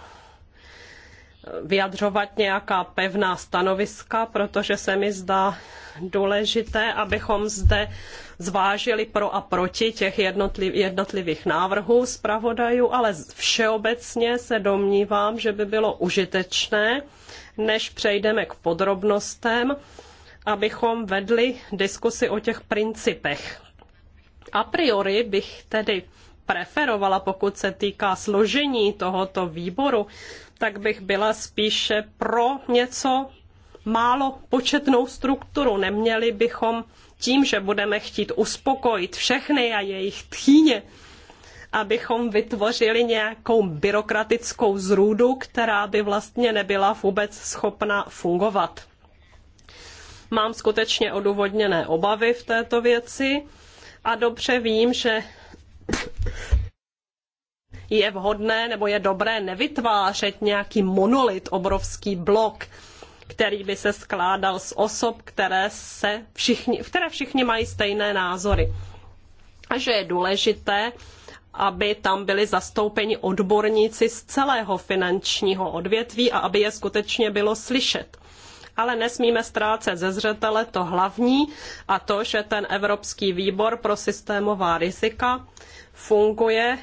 vyjadřovat nějaká pevná stanoviska, protože se mi zdá důležité, abychom zde zvážili pro a proti těch jednotlivých návrhů zpravodajů, ale všeobecně se domnívám, že by bylo užitečné, než přejdeme k podrobnostem, abychom vedli diskusi o těch principech. A priori bych tedy preferovala, pokud se týká složení tohoto výboru, tak bych byla spíše pro něco málo početnou strukturu. Neměli bychom tím, že budeme chtít uspokojit všechny a jejich tchýně, abychom vytvořili nějakou byrokratickou zrůdu, která by vlastně nebyla vůbec schopna fungovat. Mám skutečně odůvodněné obavy v této věci a dobře vím, že je vhodné nebo je dobré nevytvářet nějaký monolit, obrovský blok, který by se skládal z osob, které, se všichni, které všichni mají stejné názory. A že je důležité, aby tam byli zastoupeni odborníci z celého finančního odvětví a aby je skutečně bylo slyšet. Ale nesmíme ztrácet ze zřetele to hlavní a to, že ten Evropský výbor pro systémová rizika funguje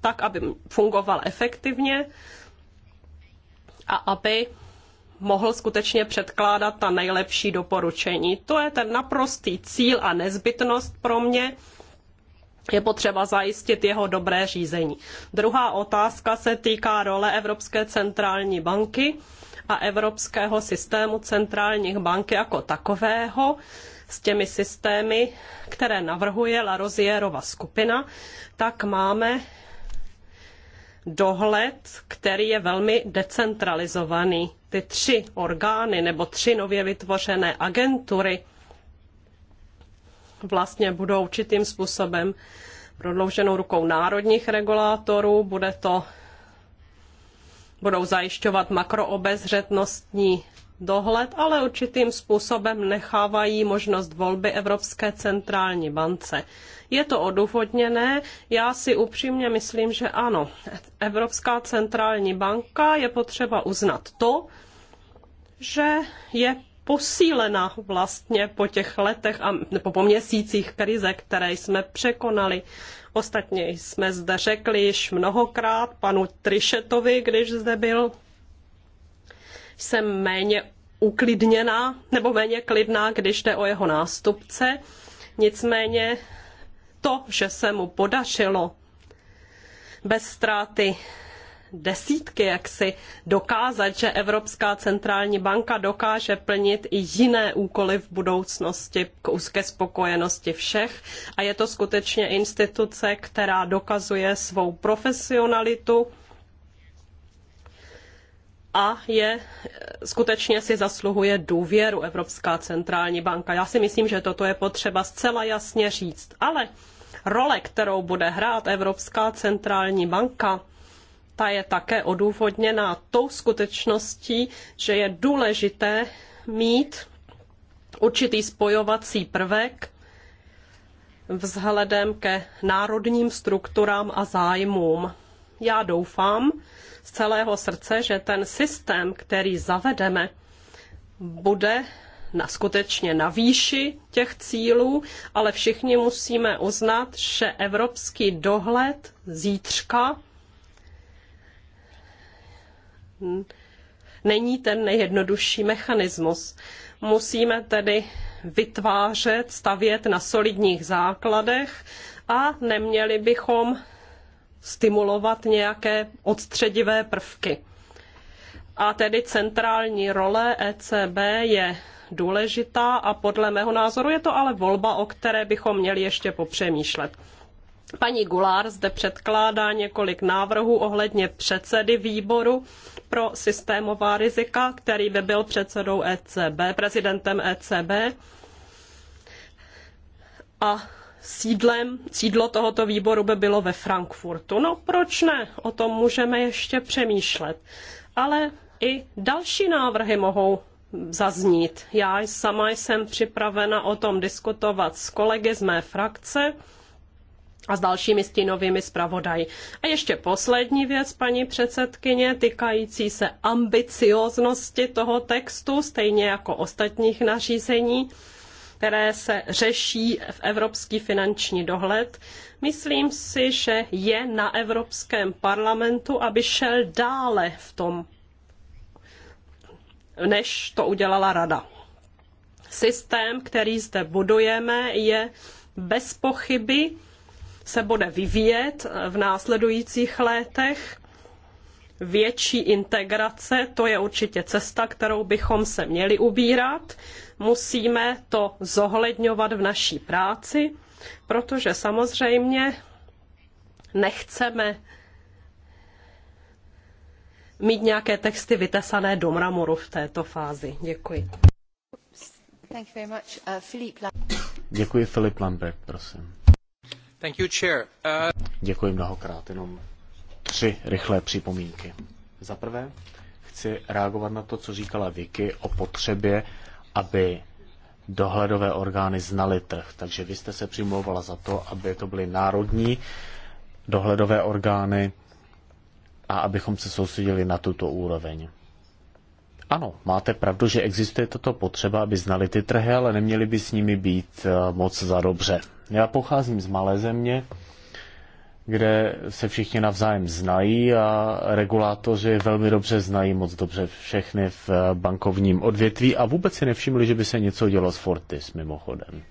tak, aby fungoval efektivně a aby mohl skutečně předkládat ta nejlepší doporučení. To je ten naprostý cíl a nezbytnost pro mě. Je potřeba zajistit jeho dobré řízení. Druhá otázka se týká role Evropské centrální banky a Evropského systému centrálních banky jako takového s těmi systémy, které navrhuje La skupina, tak máme dohled, který je velmi decentralizovaný. Ty tři orgány nebo tři nově vytvořené agentury vlastně budou určitým způsobem prodlouženou rukou národních regulátorů. Bude to, budou zajišťovat makroobezřetnostní dohled, ale určitým způsobem nechávají možnost volby Evropské centrální bance. Je to odůvodněné? Já si upřímně myslím, že ano. Evropská centrální banka je potřeba uznat to, že je posílena vlastně po těch letech a nebo po měsících krize, které jsme překonali. Ostatně jsme zde řekli již mnohokrát panu Trišetovi, když zde byl jsem méně uklidněná nebo méně klidná, když jde o jeho nástupce. Nicméně to, že se mu podařilo bez ztráty desítky, jak si dokázat, že Evropská centrální banka dokáže plnit i jiné úkoly v budoucnosti k úzké spokojenosti všech. A je to skutečně instituce, která dokazuje svou profesionalitu, a je, skutečně si zasluhuje důvěru Evropská centrální banka. Já si myslím, že toto je potřeba zcela jasně říct. Ale role, kterou bude hrát Evropská centrální banka, ta je také odůvodněná tou skutečností, že je důležité mít určitý spojovací prvek vzhledem ke národním strukturám a zájmům já doufám z celého srdce, že ten systém, který zavedeme, bude na skutečně na výši těch cílů, ale všichni musíme uznat, že evropský dohled zítřka není ten nejjednodušší mechanismus. Musíme tedy vytvářet, stavět na solidních základech a neměli bychom stimulovat nějaké odstředivé prvky. A tedy centrální role ECB je důležitá a podle mého názoru je to ale volba, o které bychom měli ještě popřemýšlet. Paní Gulár zde předkládá několik návrhů ohledně předsedy výboru pro systémová rizika, který by byl předsedou ECB, prezidentem ECB. A sídlem, sídlo tohoto výboru by bylo ve Frankfurtu. No proč ne? O tom můžeme ještě přemýšlet. Ale i další návrhy mohou zaznít. Já sama jsem připravena o tom diskutovat s kolegy z mé frakce a s dalšími stínovými zpravodaji. A ještě poslední věc, paní předsedkyně, týkající se ambicioznosti toho textu, stejně jako ostatních nařízení které se řeší v evropský finanční dohled, myslím si, že je na Evropském parlamentu, aby šel dále v tom, než to udělala rada. Systém, který zde budujeme, je bez pochyby se bude vyvíjet v následujících letech větší integrace, to je určitě cesta, kterou bychom se měli ubírat. Musíme to zohledňovat v naší práci, protože samozřejmě nechceme mít nějaké texty vytesané do mramoru v této fázi. Děkuji. Uh, Děkuji Filip Lambert, prosím. Thank you, chair. Uh... Děkuji mnohokrát, jenom tři rychlé připomínky. Za prvé, chci reagovat na to, co říkala Vicky o potřebě aby dohledové orgány znaly trh. Takže vy jste se přimlouvala za to, aby to byly národní dohledové orgány a abychom se soustředili na tuto úroveň. Ano, máte pravdu, že existuje toto potřeba, aby znali ty trhy, ale neměli by s nimi být eh, moc za dobře. Já pocházím z malé země, kde se všichni navzájem znají a regulátoři velmi dobře znají moc dobře všechny v eh, bankovním odvětví a vůbec si nevšimli, že by se něco dělo s Fortis mimochodem.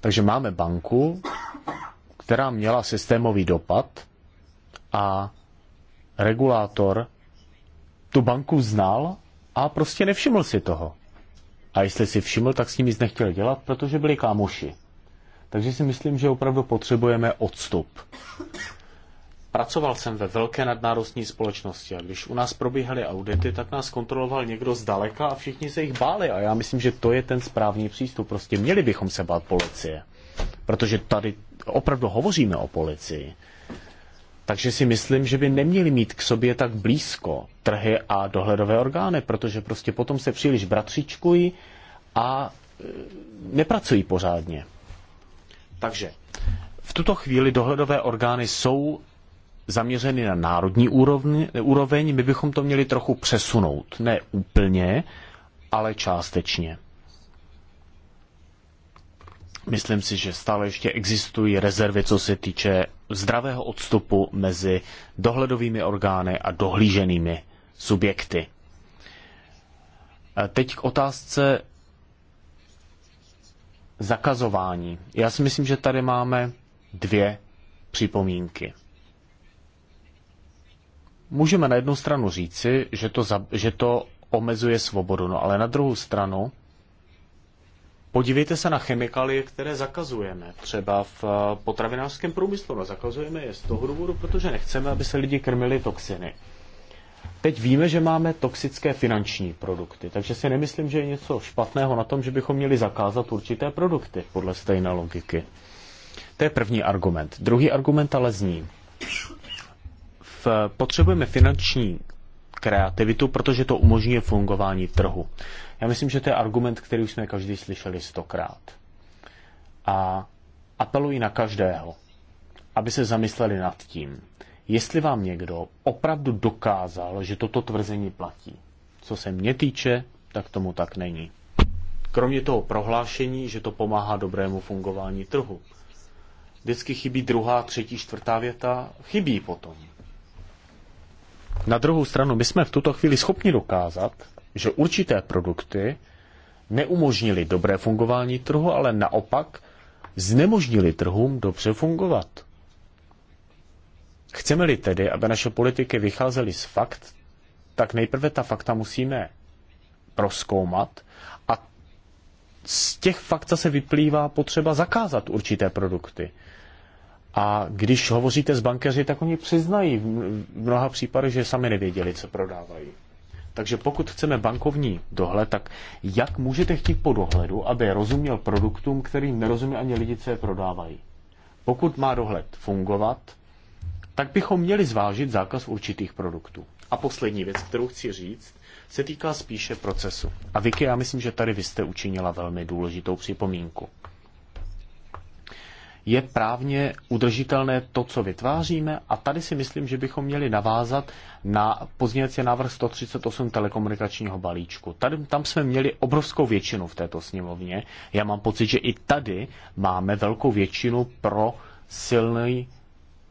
Takže máme banku, která měla systémový dopad a regulátor tu banku znal a prostě nevšiml si toho. A jestli si všiml, tak s ním nic nechtěl dělat, protože byli kámoši. Takže si myslím, že opravdu potřebujeme odstup. Pracoval jsem ve velké nadnárodní společnosti a když u nás probíhaly audity, tak nás kontroloval někdo zdaleka a všichni se jich báli. A já myslím, že to je ten správný přístup. Prostě měli bychom se bát policie. Protože tady opravdu hovoříme o policii. Takže si myslím, že by neměli mít k sobě tak blízko trhy a dohledové orgány, protože prostě potom se příliš bratřičkují a e, nepracují pořádně. Takže v tuto chvíli dohledové orgány jsou zaměřeny na národní úroveň. My bychom to měli trochu přesunout. Ne úplně, ale částečně. Myslím si, že stále ještě existují rezervy, co se týče zdravého odstupu mezi dohledovými orgány a dohlíženými subjekty. Teď k otázce zakazování. Já si myslím, že tady máme dvě připomínky. Můžeme na jednu stranu říci, že to, za, že to omezuje svobodu, no ale na druhou stranu podívejte se na chemikálie, které zakazujeme, třeba v eh, potravinářském průmyslu. No, zakazujeme je z toho důvodu, protože nechceme, aby se lidi krmili toxiny. Teď víme, že máme toxické finanční produkty, takže si nemyslím, že je něco špatného na tom, že bychom měli zakázat určité produkty podle stejné logiky. To je první argument. Druhý argument ale zní. V, potřebujeme finanční kreativitu, protože to umožňuje fungování trhu. Já myslím, že to je argument, který už jsme každý slyšeli stokrát. A apeluji na každého, aby se zamysleli nad tím, jestli vám někdo opravdu dokázal, že toto tvrzení platí. Co se mě týče, tak tomu tak není. Kromě toho prohlášení, že to pomáhá dobrému fungování trhu. Vždycky chybí druhá, třetí, čtvrtá věta, chybí potom. Na druhou stranu, my jsme v tuto chvíli schopni dokázat, že určité produkty neumožnili dobré fungování trhu, ale naopak znemožnili trhům dobře fungovat. Chceme-li tedy, aby naše politiky vycházely z fakt, tak nejprve ta fakta musíme proskoumat a z těch fakt se vyplývá potřeba zakázat určité produkty. A když hovoříte s bankéři, tak oni přiznají v mnoha případech, že sami nevěděli, co prodávají. Takže pokud chceme bankovní dohled, tak jak můžete chtít po dohledu, aby rozuměl produktům, kterým nerozumí ani lidi, co je prodávají? Pokud má dohled fungovat, tak bychom měli zvážit zákaz určitých produktů. A poslední věc, kterou chci říct, se týká spíše procesu. A Vicky, já myslím, že tady vy jste učinila velmi důležitou připomínku. Je právně udržitelné to, co vytváříme a tady si myslím, že bychom měli navázat na pozdějící návrh 138 telekomunikačního balíčku. Tady, tam jsme měli obrovskou většinu v této sněmovně. Já mám pocit, že i tady máme velkou většinu pro silný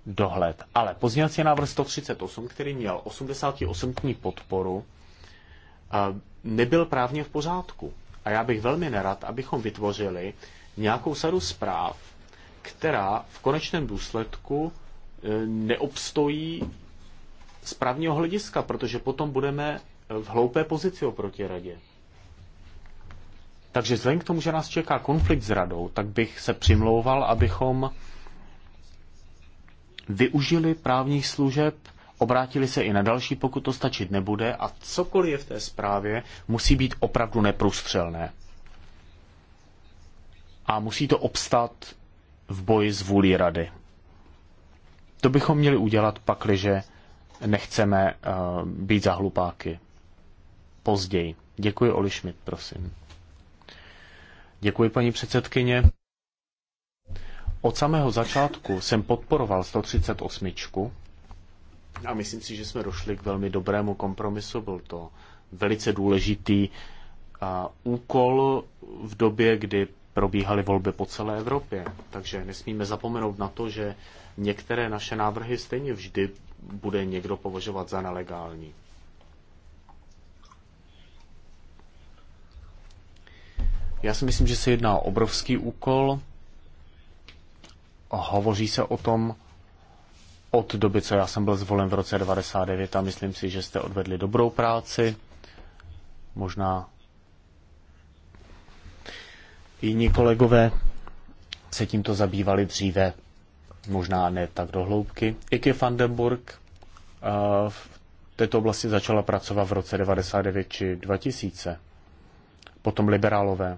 dohled. Ale pozměňovací návrh 138, který měl 88% podporu, eh, nebyl právně v pořádku. A já bych velmi nerad, abychom vytvořili nějakou sadu zpráv, která v konečném důsledku eh, neobstojí z právního hlediska, protože potom budeme eh, v hloupé pozici oproti radě. Takže vzhledem k tomu, že nás čeká konflikt s radou, tak bych se přimlouval, abychom využili právních služeb, obrátili se i na další, pokud to stačit nebude a cokoliv je v té zprávě, musí být opravdu neprůstřelné. A musí to obstat v boji s vůlí rady. To bychom měli udělat pakliže nechceme uh, být za hlupáky. Později. Děkuji, Oli Schmidt, prosím. Děkuji, paní předsedkyně. Od samého začátku jsem podporoval 138 a myslím si, že jsme došli k velmi dobrému kompromisu. Byl to velice důležitý a, úkol v době, kdy probíhaly volby po celé Evropě. Takže nesmíme zapomenout na to, že některé naše návrhy stejně vždy bude někdo považovat za nelegální. Já si myslím, že se jedná o obrovský úkol hovoří se o tom od doby, co já jsem byl zvolen v roce 99 a myslím si, že jste odvedli dobrou práci. Možná jiní kolegové se tímto zabývali dříve, možná ne tak do hloubky. Ike Vandenburg eh, v této oblasti začala pracovat v roce 99 či 2000. Potom liberálové.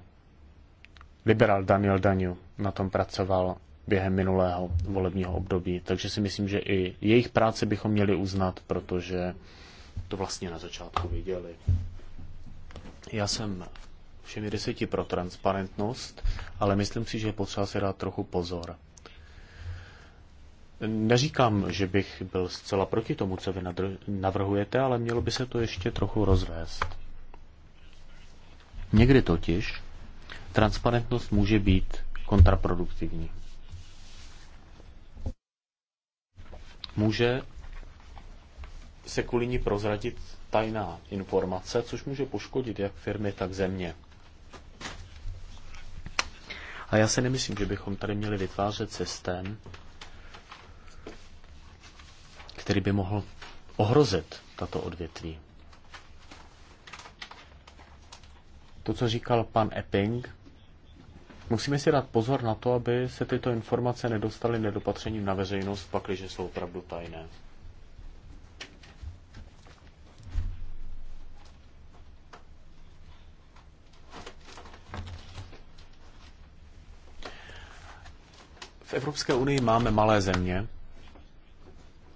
Liberál Daniel Daniu na tom pracoval během minulého volebního období. Takže si myslím, že i jejich práci bychom měli uznat, protože to vlastně na začátku viděli. Já jsem všemi deseti pro transparentnost, ale myslím si, že je potřeba si dát trochu pozor. Neříkám, že bych byl zcela proti tomu, co vy navrhujete, ale mělo by se to ještě trochu rozvést. Někdy totiž transparentnost může být kontraproduktivní. může se kvůli ní prozradit tajná informace, což může poškodit jak firmy, tak země. A já se nemyslím, že bychom tady měli vytvářet systém, který by mohl ohrozit tato odvětví. To, co říkal pan Epping, Musíme si dát pozor na to, aby se tyto informace nedostaly nedopatřením na veřejnost, pakliže jsou opravdu tajné. V Evropské unii máme malé země,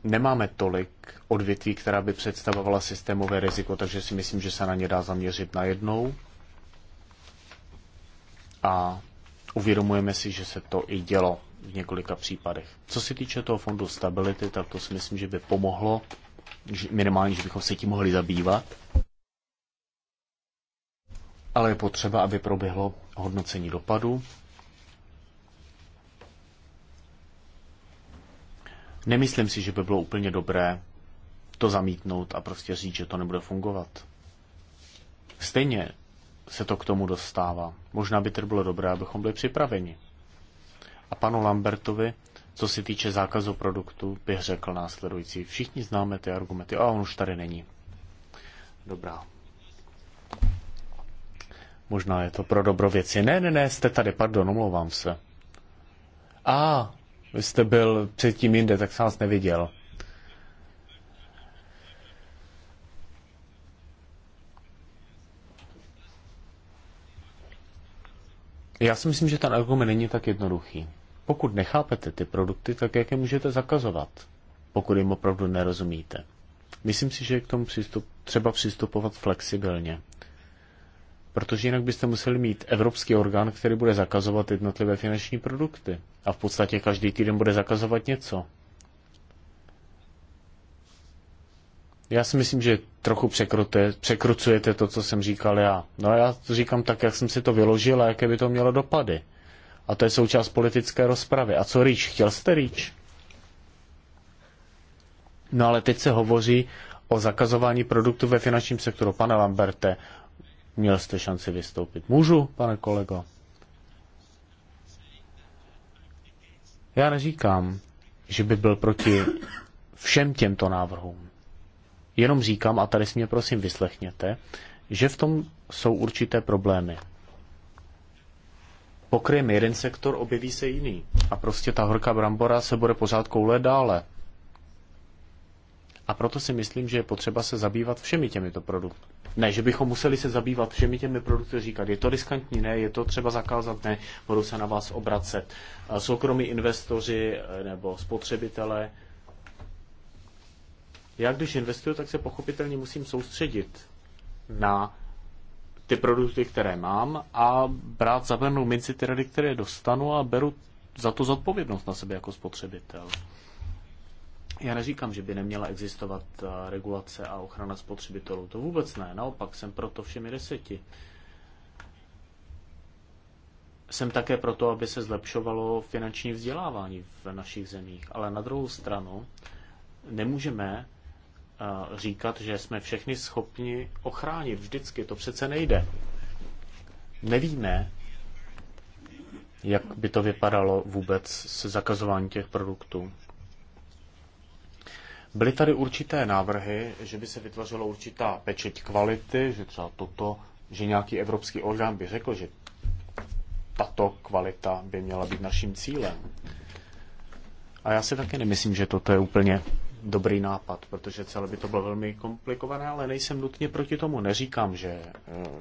nemáme tolik odvětví, která by představovala systémové riziko, takže si myslím, že se na ně dá zaměřit najednou. A uvědomujeme si, že se to i dělo v několika případech. Co se týče toho fondu stability, tak to si myslím, že by pomohlo, minimálně, že bychom se tím mohli zabývat. Ale je potřeba, aby proběhlo hodnocení dopadu. Nemyslím si, že by bylo úplně dobré to zamítnout a prostě říct, že to nebude fungovat. Stejně se to k tomu dostává. Možná by to bylo dobré, abychom byli připraveni. A panu Lambertovi, co se týče zákazu produktu, bych řekl následující. Všichni známe ty argumenty, a on už tady není. Dobrá. Možná je to pro dobro věci. Ne, ne, ne, jste tady, pardon, omlouvám se. A, vy jste byl předtím jinde, tak jsem vás neviděl. Já si myslím, že ten argument není tak jednoduchý. Pokud nechápete ty produkty, tak jak je můžete zakazovat, pokud jim opravdu nerozumíte? Myslím si, že je k tomu přistup, třeba přistupovat flexibilně. Protože jinak byste museli mít evropský orgán, který bude zakazovat jednotlivé finanční produkty. A v podstatě každý týden bude zakazovat něco. Já si myslím, že trochu překrucujete to, co jsem říkal já. No a já to říkám tak, jak jsem si to vyložil a jaké by to mělo dopady. A to je součást politické rozpravy. A co rýč? Chtěl jste rýč? No ale teď se hovoří o zakazování produktů ve finančním sektoru. Pane Lamberte, měl jste šanci vystoupit. Můžu, pane kolego? Já neříkám, že by byl proti všem těmto návrhům. Jenom říkám, a tady si mě prosím vyslechněte, že v tom jsou určité problémy. Pokryjeme jeden sektor, objeví se jiný. A prostě ta horká brambora se bude pořád koule dále. A proto si myslím, že je potřeba se zabývat všemi těmito produkty. Ne, že bychom museli se zabývat všemi těmi produkty, říkat, je to riskantní, ne, je to třeba zakázat, ne, budou se na vás obracet eh, soukromí investoři eh, nebo spotřebitelé, já když investuju, tak se pochopitelně musím soustředit na ty produkty, které mám a brát za bernou minci ty rady, které dostanu a beru za to zodpovědnost na sebe jako spotřebitel. Já neříkám, že by neměla existovat eh, regulace a ochrana spotřebitelů. To vůbec ne, naopak jsem proto všemi deseti. Jsem také proto, aby se zlepšovalo finanční vzdělávání v našich zemích. Ale na druhou stranu nemůžeme říkat, že jsme všechny schopni ochránit. Vždycky to přece nejde. Nevíme, jak by to vypadalo vůbec se zakazováním těch produktů. Byly tady určité návrhy, že by se vytvořila určitá pečeť kvality, že třeba toto, že nějaký evropský orgán by řekl, že tato kvalita by měla být naším cílem. A já si také nemyslím, že toto je úplně dobrý nápad, protože celé by to bylo velmi komplikované, ale nejsem nutně proti tomu. Neříkám, že eh,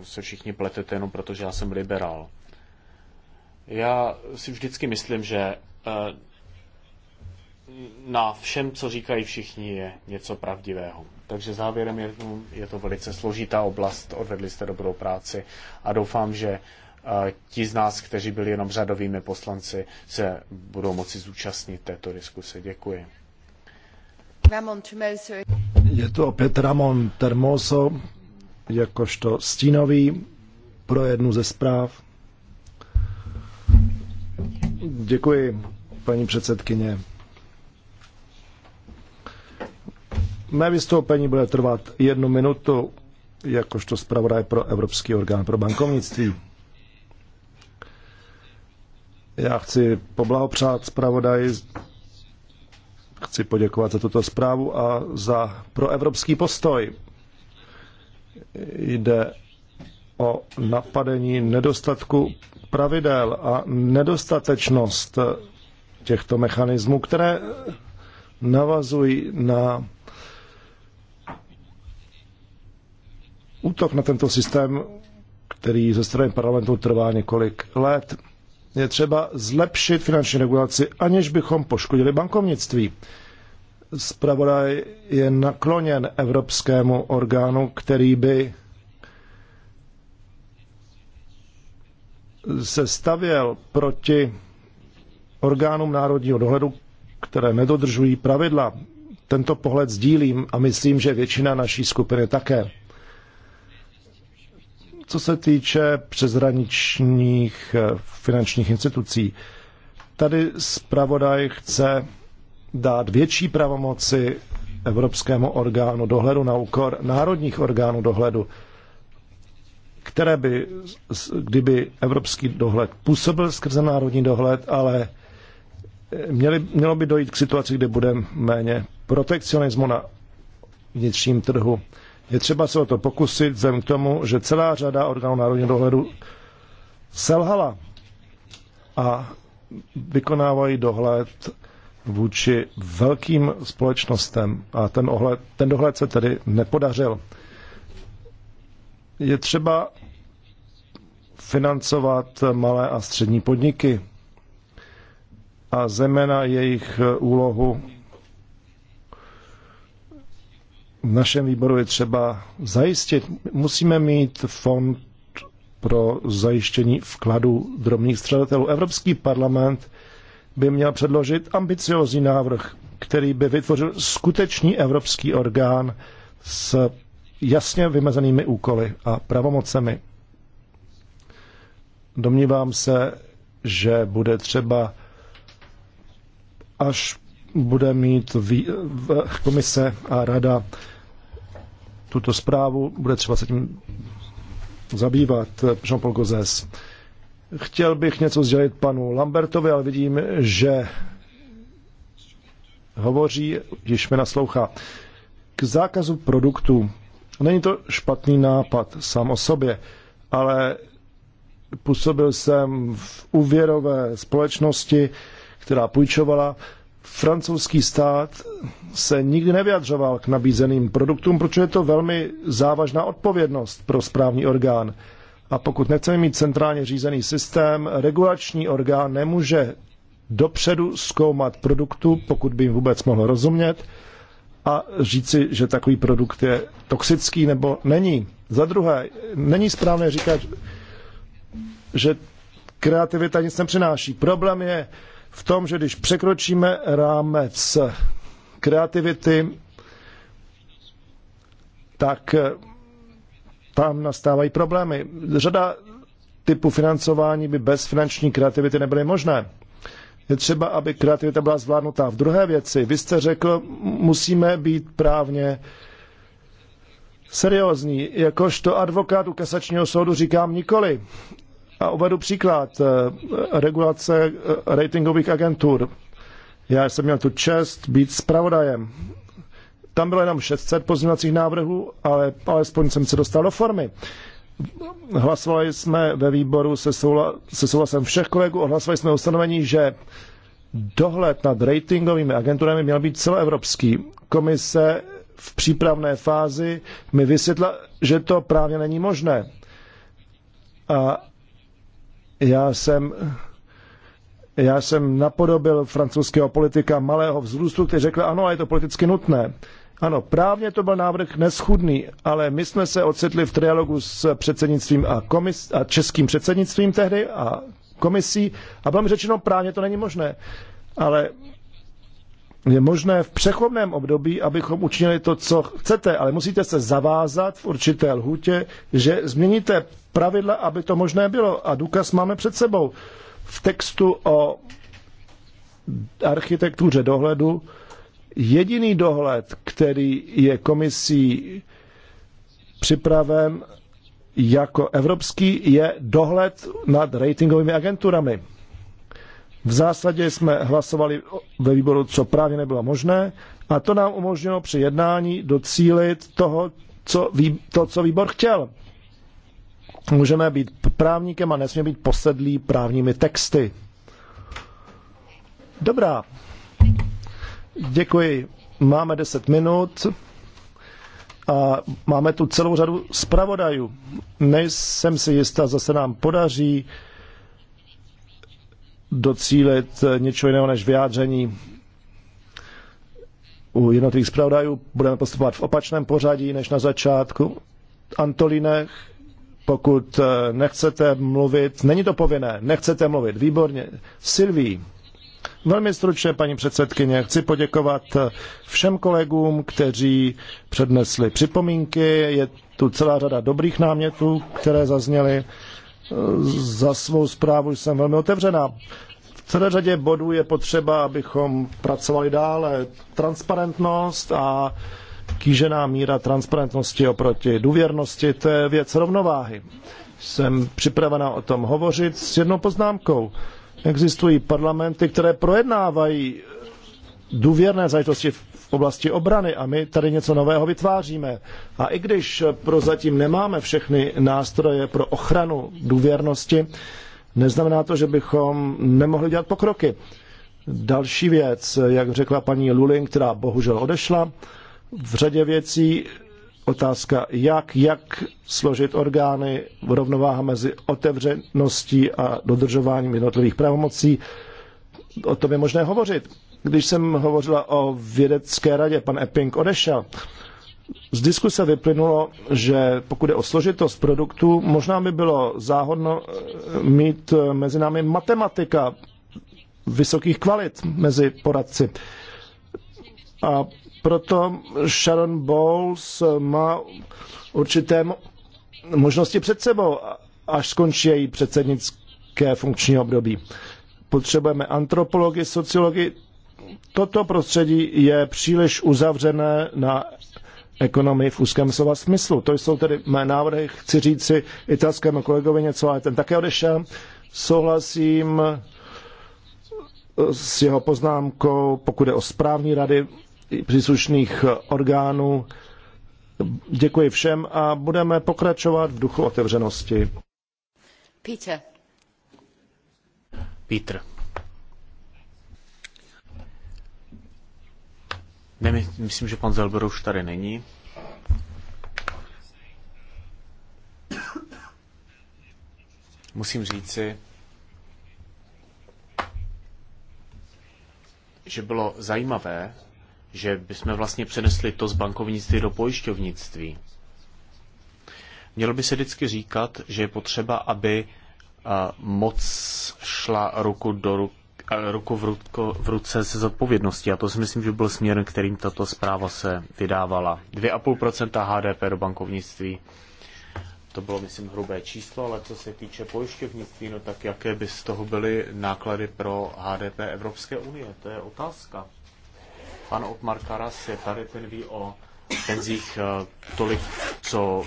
se všichni pletete jenom proto, že já jsem liberál. Já si vždycky myslím, že eh, na všem, co říkají všichni, je něco pravdivého. Takže závěrem je, je to velice složitá oblast, odvedli jste dobrou práci a doufám, že eh, ti z nás, kteří byli jenom řadovými poslanci, se budou moci zúčastnit této diskuse. Děkuji. Je to opět Ramon Termoso, jakožto stínový pro jednu ze zpráv. Děkuji, paní předsedkyně. Mé vystoupení bude trvat jednu minutu, jakožto zpravodaj pro Evropský orgán pro bankovnictví. Já chci poblahopřát zpravodaji chci poděkovat za tuto zprávu a za proevropský postoj. Jde o napadení nedostatku pravidel a nedostatečnost těchto mechanismů, které navazují na útok na tento systém, který ze strany parlamentu trvá několik let je třeba zlepšit finanční regulaci, aniž bychom poškodili bankovnictví. Spravodaj je nakloněn evropskému orgánu, který by se stavěl proti orgánům národního dohledu, které nedodržují pravidla. Tento pohled sdílím a myslím, že většina naší skupiny také. Co se týče přezraničních eh, finančních institucí, tady zpravodaj chce dát větší pravomoci Evropskému orgánu dohledu na úkor národních orgánů dohledu, které by, kdyby evropský dohled působil skrze národní dohled, ale eh, měli, mělo by dojít k situaci, kde bude méně protekcionismu na vnitřním trhu. Je třeba se o to pokusit, vzhledem k tomu, že celá řada orgánů národního dohledu selhala a vykonávají dohled vůči velkým společnostem a ten, ohled, ten dohled se tedy nepodařil. Je třeba financovat malé a střední podniky a zejména jejich úlohu v našem výboru je třeba zajistit. Musíme mít fond pro zajištění vkladu drobných střadatelů. Evropský parlament by měl předložit ambiciozní návrh, který by vytvořil skutečný evropský orgán s jasně vymezenými úkoly a pravomocemi. Domnívám se, že bude třeba, až bude mít v komise a rada tuto zprávu, bude třeba se tím zabývat Jean-Paul Gozes. Chtěl bych něco sdělit panu Lambertovi, ale vidím, že hovoří, když mi naslouchá. K zákazu produktů. Není to špatný nápad sám o sobě, ale působil jsem v úvěrové společnosti, která půjčovala francouzský stát se nikdy nevyjadřoval k nabízeným produktům, protože je to velmi závažná odpovědnost pro správní orgán. A pokud nechceme mít centrálně řízený systém, regulační orgán nemůže dopředu zkoumat produktu, pokud by jim vůbec mohl rozumět, a říci, že takový produkt je toxický nebo není. Za druhé, není správné říkat, že kreativita nic nepřináší. Problém je, v tom, že když překročíme rámec kreativity, tak eh, tam nastávají problémy. Řada typu financování by bez finanční kreativity nebyly možné. Je třeba, aby kreativita byla zvládnutá. V druhé věci, vy jste řekl, musíme být právně seriózní. Jakožto advokát u kasačního soudu říkám nikoli. A uvedu příklad eh, regulace eh, ratingových agentur. Já jsem měl tu čest být zpravodajem. Tam bylo jenom 600 pozměňovacích návrhů, ale alespoň jsem se dostal do formy. Hlasovali jsme ve výboru se, soula, se souhlasem všech kolegů, hlasovali jsme ustanovení, že dohled nad ratingovými agenturami měl být celoevropský. Komise v přípravné fázi mi vysvětla, že to právě není možné. A já jsem, já jsem napodobil francouzského politika malého vzrůstu, který řekl, ano, a je to politicky nutné. Ano, právně to byl návrh neschudný, ale my jsme se ocitli v trialogu s předsednictvím a, komis, a českým předsednictvím tehdy a komisí a bylo mi řečeno, právně to není možné. Ale je možné v přechodném období, abychom učinili to, co chcete, ale musíte se zavázat v určité lhůtě, že změníte pravidla, aby to možné bylo. A důkaz máme před sebou. V textu o architektuře dohledu jediný dohled, který je komisí připraven jako evropský, je dohled nad ratingovými agenturami. V zásadě jsme hlasovali ve výboru, co právě nebylo možné, a to nám umožnilo při jednání docílit toho, co, vý, to, co výbor chtěl. Můžeme být právníkem a nesmíme být posedlí právními texty. Dobrá. Děkuji. Máme 10 minut a máme tu celou řadu zpravodajů. Nejsem si jistá, zase nám podaří docílit něčeho jiného než vyjádření u jednotlivých zpravodajů. Budeme postupovat v opačném pořadí než na začátku. Antolíne, pokud eh, nechcete mluvit, není to povinné, nechcete mluvit, výborně. Silví, velmi stručně, paní předsedkyně, chci poděkovat eh, všem kolegům, kteří přednesli připomínky. Je tu celá řada dobrých námětů, které zazněly za svou zprávu jsem velmi otevřená. V celé řadě bodů je potřeba, abychom pracovali dále. Transparentnost a kýžená míra transparentnosti oproti důvěrnosti, to je věc rovnováhy. Jsem připravena o tom hovořit s jednou poznámkou. Existují parlamenty, které projednávají důvěrné zajitosti v oblasti obrany a my tady něco nového vytváříme. A i když prozatím nemáme všechny nástroje pro ochranu důvěrnosti, neznamená to, že bychom nemohli dělat pokroky. Další věc, jak řekla paní Lulin, která bohužel odešla, v řadě věcí otázka, jak, jak složit orgány, v rovnováha mezi otevřeností a dodržováním jednotlivých pravomocí, o tom je možné hovořit. Když jsem hovořila o vědecké radě, pan Epping odešel. Z diskuse vyplynulo, že pokud je o složitost produktu, možná by bylo záhodno eh, mít eh, mezi námi matematika vysokých kvalit mezi poradci. A proto Sharon Bowles má určité možnosti před sebou, až skončí její předsednické funkční období. Potřebujeme antropology, sociology, toto prostředí je příliš uzavřené na ekonomii v úzkém slova smyslu. To jsou tedy mé návrhy. Chci si italskému kolegovi něco, ale ten také odešel. Souhlasím eh, s jeho poznámkou, pokud je o správní rady příslušných orgánů. Děkuji všem a budeme pokračovat v duchu otevřenosti. Peter. Peter. Ne, myslím, že pan Zelber už tady není. Musím říci, že bylo zajímavé, že bychom vlastně přenesli to z bankovnictví do pojišťovnictví. Mělo by se vždycky říkat, že je potřeba, aby moc šla ruku do ruky ruku v, ruko, v ruce se zodpovědností. A to si myslím, že byl směr, kterým tato zpráva se vydávala. 2,5 HDP do bankovnictví. To bylo, myslím, hrubé číslo, ale co se týče pojišťovnictví, no tak jaké by z toho byly náklady pro HDP Evropské unie? To je otázka. Pan Otmar Karas je tady, ten ví o penzích eh, tolik, co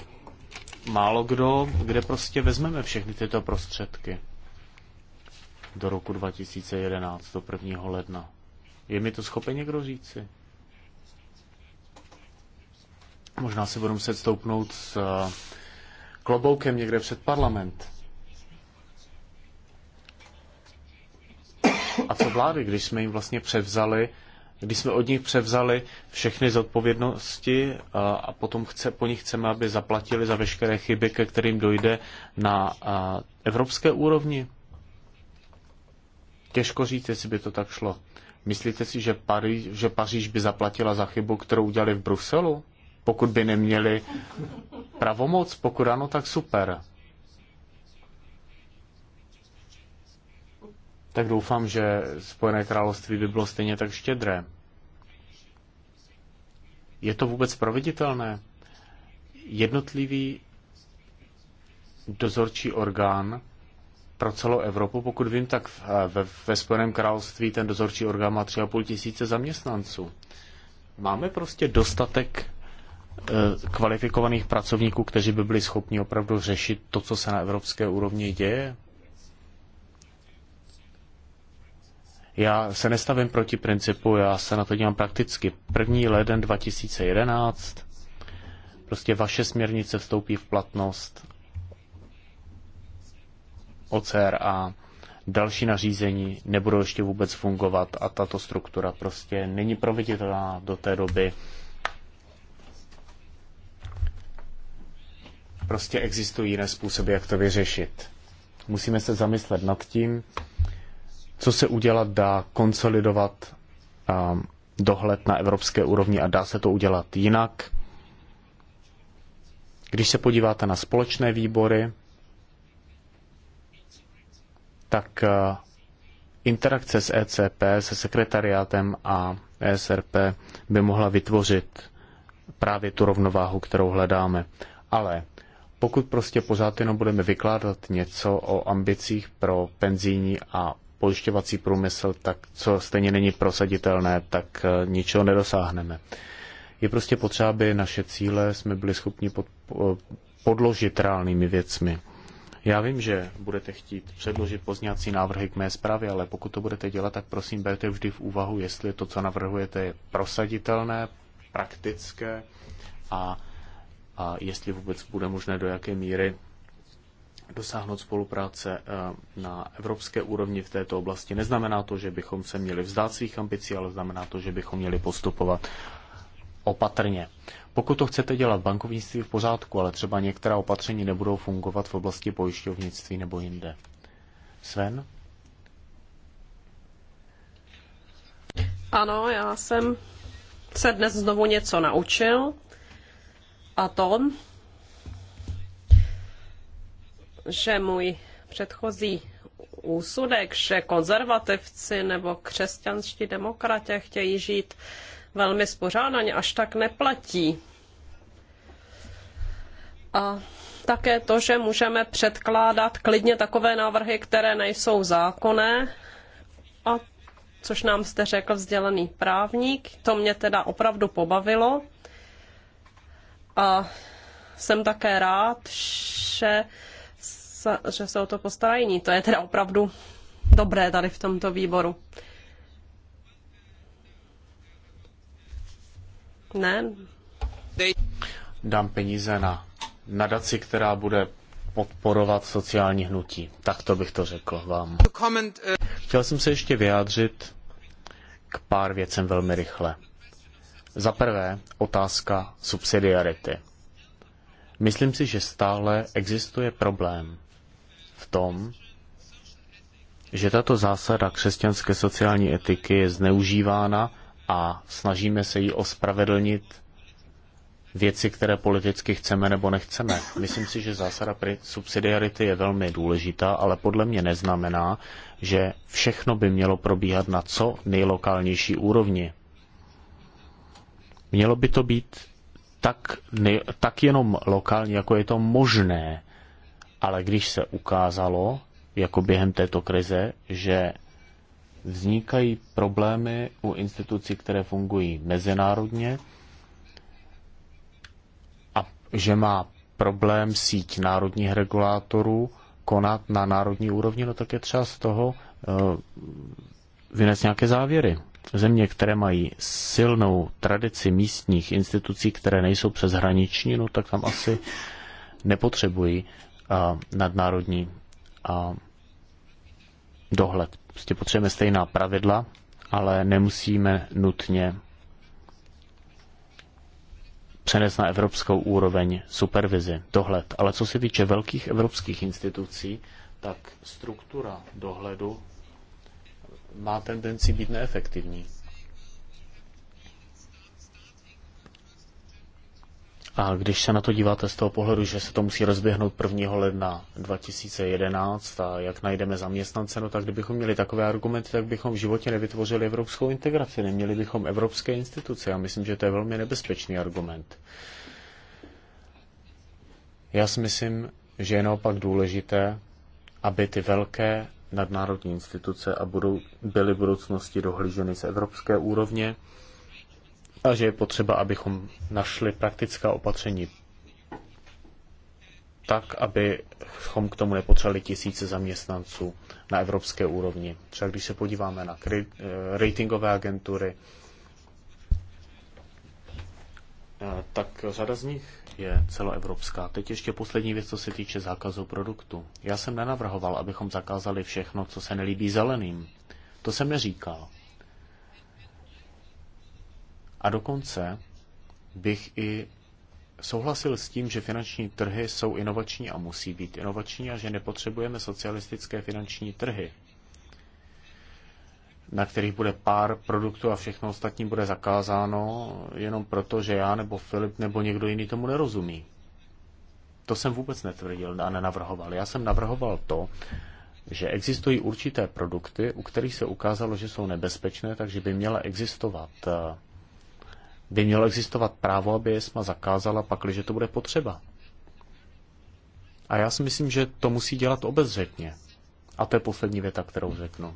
málo kdo, kde prostě vezmeme všechny tyto prostředky do roku 2011, do 1. ledna. Je mi to schopen někdo říci? Možná si budu muset stoupnout s eh, kloboukem někde před parlament. A co vlády, když jsme jim vlastně převzali, když jsme od nich převzali všechny zodpovědnosti eh, a potom chce, po nich chceme, aby zaplatili za veškeré chyby, ke kterým dojde na eh, evropské úrovni? Těžko říct, jestli by to tak šlo. Myslíte si, že, Pari, že Paříž by zaplatila za chybu, kterou udělali v Bruselu? Pokud by neměli pravomoc, pokud ano, tak super. Tak doufám, že Spojené království by bylo stejně tak štědré. Je to vůbec proveditelné? Jednotlivý dozorčí orgán pro celou Evropu. Pokud vím, tak eh, ve, ve Spojeném království ten dozorčí orgán má 3,5 tisíce zaměstnanců. Máme prostě dostatek eh, kvalifikovaných pracovníků, kteří by byli schopni opravdu řešit to, co se na evropské úrovni děje? Já se nestavím proti principu, já se na to dívám prakticky. První leden 2011, prostě vaše směrnice vstoupí v platnost OCR a další nařízení nebudou ještě vůbec fungovat a tato struktura prostě není proveditelná do té doby. Prostě existují jiné způsoby, jak to vyřešit. Musíme se zamyslet nad tím, co se udělat dá konsolidovat um, dohled na evropské úrovni a dá se to udělat jinak. Když se podíváte na společné výbory, tak eh, interakce s ECP, se sekretariátem a ESRP by mohla vytvořit právě tu rovnováhu, kterou hledáme. Ale pokud prostě pořád jenom budeme vykládat něco o ambicích pro penzijní a pojišťovací průmysl, tak co stejně není prosaditelné, tak eh, ničeho nedosáhneme. Je prostě potřeba, aby naše cíle jsme byli schopni eh, podložit reálnými věcmi. Já vím, že budete chtít předložit pozněcí návrhy k mé zprávě, ale pokud to budete dělat, tak prosím berte vždy v úvahu, jestli to, co navrhujete, je prosaditelné, praktické a, a jestli vůbec bude možné do jaké míry dosáhnout spolupráce eh, na evropské úrovni v této oblasti. Neznamená to, že bychom se měli vzdát svých ambicí, ale znamená to, že bychom měli postupovat opatrně. Pokud to chcete dělat v bankovnictví v pořádku, ale třeba některá opatření nebudou fungovat v oblasti pojišťovnictví nebo jinde. Sven? Ano, já jsem se dnes znovu něco naučil a to, že můj předchozí úsudek, že konzervativci nebo křesťanští demokraté chtějí žít velmi spořádaně, až tak neplatí. A také to, že můžeme předkládat klidně takové návrhy, které nejsou zákonné, a což nám jste řekl vzdělaný právník, to mě teda opravdu pobavilo. A jsem také rád, že se, že se o to postarají. To je teda opravdu dobré tady v tomto výboru. Ne? Dám peníze na nadaci, která bude podporovat sociální hnutí. Tak to bych to řekl vám. Chtěl jsem se ještě vyjádřit k pár věcem velmi rychle. Za prvé, otázka subsidiarity. Myslím si, že stále existuje problém v tom, že tato zásada křesťanské sociální etiky je zneužívána a snažíme se jí ospravedlnit věci, které politicky chceme nebo nechceme. Myslím si, že zásada subsidiarity je velmi důležitá, ale podle mě neznamená, že všechno by mělo probíhat na co nejlokálnější úrovni. Mělo by to být tak, nej, tak jenom lokální, jako je to možné. Ale když se ukázalo, jako během této krize, že vznikají problémy u institucí, které fungují mezinárodně a že má problém síť národních regulátorů konat na národní úrovni, no tak je třeba z toho eh, vynést nějaké závěry. Země, které mají silnou tradici místních institucí, které nejsou přeshraniční, no tak tam asi nepotřebují eh, nadnárodní eh, dohled. Prostě potřebujeme stejná pravidla, ale nemusíme nutně přenést na evropskou úroveň supervizi, dohled. Ale co se týče velkých evropských institucí, tak struktura dohledu má tendenci být neefektivní. A když se na to díváte z toho pohledu, že se to musí rozběhnout 1. ledna 2011 a jak najdeme zaměstnance, no tak kdybychom měli takové argumenty, tak bychom v životě nevytvořili evropskou integraci, neměli bychom evropské instituce. Já myslím, že to je velmi nebezpečný argument. Já si myslím, že je naopak důležité, aby ty velké nadnárodní instituce a budou, byly v budoucnosti dohlíženy z evropské úrovně, a že je potřeba, abychom našli praktická opatření tak, abychom k tomu nepotřebovali tisíce zaměstnanců na evropské úrovni. Třeba když se podíváme na eh, ratingové agentury, eh, tak řada z nich je celoevropská. Teď ještě poslední věc, co se týče zákazu produktu. Já jsem nenavrhoval, abychom zakázali všechno, co se nelíbí zeleným. To jsem neříkal. A dokonce bych i souhlasil s tím, že finanční trhy jsou inovační a musí být inovační a že nepotřebujeme socialistické finanční trhy, na kterých bude pár produktů a všechno ostatní bude zakázáno jenom proto, že já nebo Filip nebo někdo jiný tomu nerozumí. To jsem vůbec netvrdil a nenavrhoval. Já jsem navrhoval to, že existují určité produkty, u kterých se ukázalo, že jsou nebezpečné, takže by měla existovat eh, by mělo existovat právo, aby ESMA zakázala, pakliže to bude potřeba. A já si myslím, že to musí dělat obezřetně. A to je poslední věta, kterou řeknu.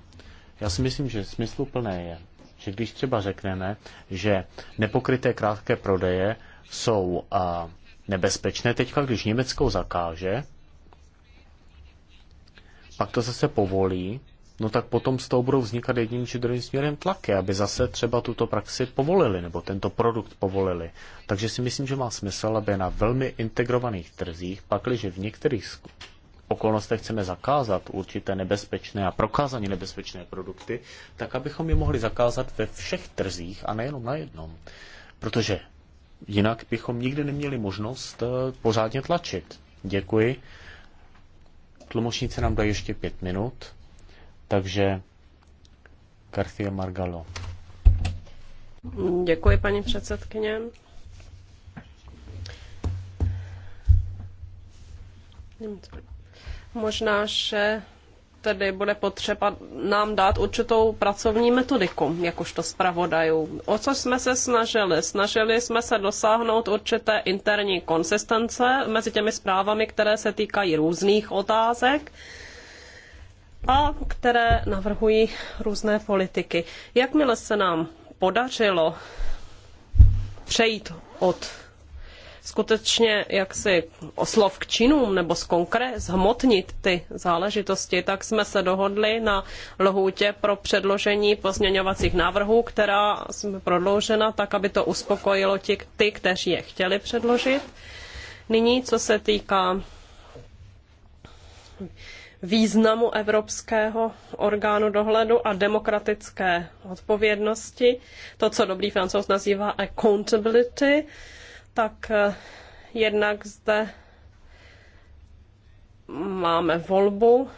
Já si myslím, že smysluplné je, že když třeba řekneme, že nepokryté krátké prodeje jsou a, nebezpečné, teďka když Německo zakáže, pak to zase povolí no tak potom z toho budou vznikat jedním či druhým směrem tlaky, aby zase třeba tuto praxi povolili nebo tento produkt povolili. Takže si myslím, že má smysl, aby na velmi integrovaných trzích, pakliže v některých okolnostech chceme zakázat určité nebezpečné a prokázaně nebezpečné produkty, tak abychom je mohli zakázat ve všech trzích a nejenom na jednom. Protože jinak bychom nikdy neměli možnost eh, pořádně tlačit. Děkuji. Tlumočníci nám dají ještě pět minut. Takže Garcia Margalo. Děkuji, paní předsedkyně. Možná, že tedy bude potřeba nám dát určitou pracovní metodiku, jakožto zpravodajů. O co jsme se snažili? Snažili jsme se dosáhnout určité interní konsistence mezi těmi zprávami, které se týkají různých otázek a které navrhují různé politiky. Jakmile se nám podařilo přejít od skutečně jaksi oslov k činům nebo z konkrét, zhmotnit ty záležitosti, tak jsme se dohodli na lhůtě pro předložení pozměňovacích návrhů, která jsme prodloužena tak, aby to uspokojilo ti, ty, kteří je chtěli předložit. Nyní, co se týká významu Evropského orgánu dohledu a demokratické odpovědnosti, to, co dobrý francouz nazývá accountability, tak eh, jednak zde máme volbu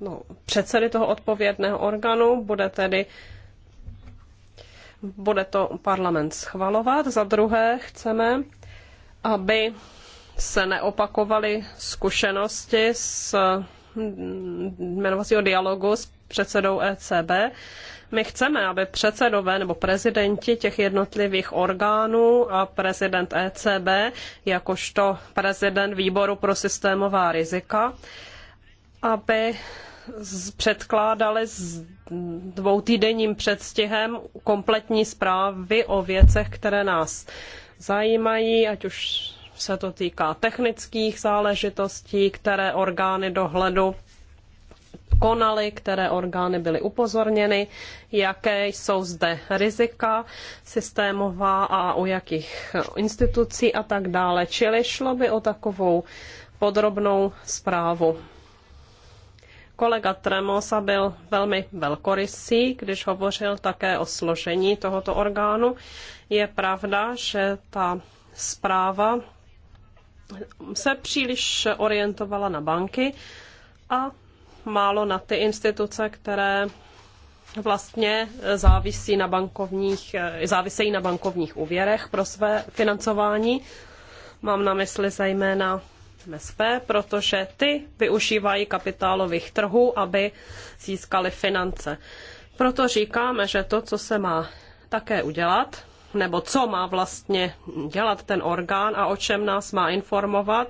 no, předsedy toho odpovědného orgánu, bude tedy bude to parlament schvalovat. Za druhé chceme, aby se neopakovaly zkušenosti s jmenovacího dialogu s předsedou ECB. My chceme, aby předsedové nebo prezidenti těch jednotlivých orgánů a prezident ECB, jakožto prezident výboru pro systémová rizika, aby předkládali s dvoutýdenním předstihem kompletní zprávy o věcech, které nás zajímají, ať už se to týká technických záležitostí, které orgány dohledu konaly, které orgány byly upozorněny, jaké jsou zde rizika systémová a u jakých institucí a tak dále. Čili šlo by o takovou podrobnou zprávu. Kolega Tremosa byl velmi velkorysý, když hovořil také o složení tohoto orgánu. Je pravda, že ta zpráva se příliš orientovala na banky a málo na ty instituce, které vlastně závisí na bankovních, závisejí na bankovních úvěrech pro své financování. Mám na mysli zejména MSP, protože ty využívají kapitálových trhů, aby získali finance. Proto říkáme, že to, co se má také udělat, nebo co má vlastně dělat ten orgán a o čem nás má informovat,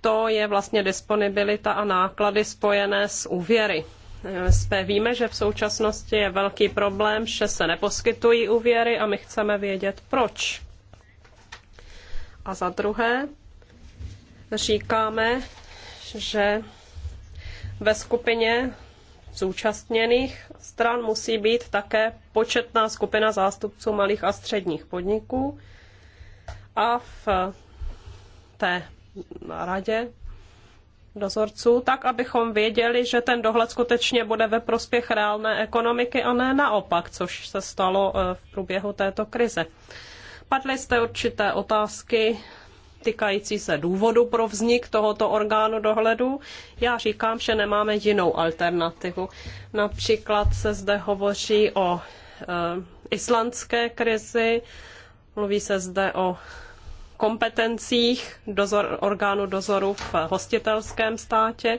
to je vlastně disponibilita a náklady spojené s úvěry. Víme, že v současnosti je velký problém, že se neposkytují úvěry a my chceme vědět proč. A za druhé říkáme, že ve skupině zúčastněných stran musí být také početná skupina zástupců malých a středních podniků a v té radě dozorců, tak abychom věděli, že ten dohled skutečně bude ve prospěch reálné ekonomiky a ne naopak, což se stalo eh, v průběhu této krize. Padly jste určité otázky týkající se důvodu pro vznik tohoto orgánu dohledu. Já říkám, že nemáme jinou alternativu. Například se zde hovoří o e, islandské krizi, mluví se zde o kompetencích dozor, orgánu dozoru v hostitelském státě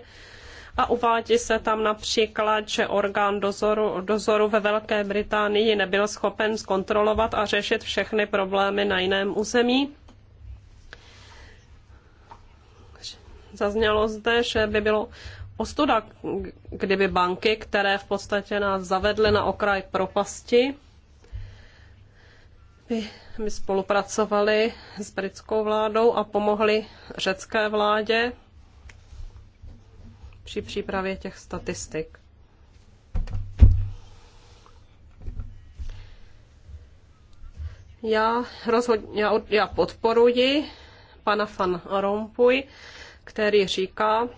a uvádí se tam například, že orgán dozoru, dozoru ve Velké Británii nebyl schopen zkontrolovat a řešit všechny problémy na jiném území Zaznělo zde, že by bylo ostuda, kdyby banky, které v podstatě nás zavedly na okraj propasti, by, my spolupracovali s britskou vládou a pomohli řecké vládě při přípravě těch statistik. Já, rozhodně, já, já podporuji pana Fan Rompuy který říká,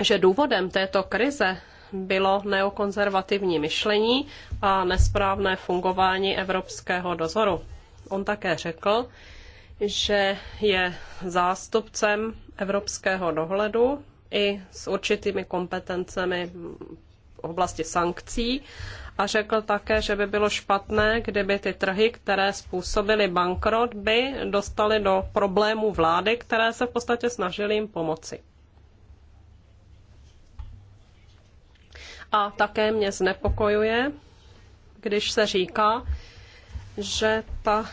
že důvodem této krize bylo neokonzervativní myšlení a nesprávné fungování evropského dozoru. On také řekl, že je zástupcem evropského dohledu i s určitými kompetencemi v oblasti sankcí a řekl také, že by bylo špatné, kdyby ty trhy, které způsobily bankrot, by dostaly do problémů vlády, které se v podstatě snažily jim pomoci. A také mě znepokojuje, když se říká, že, ta,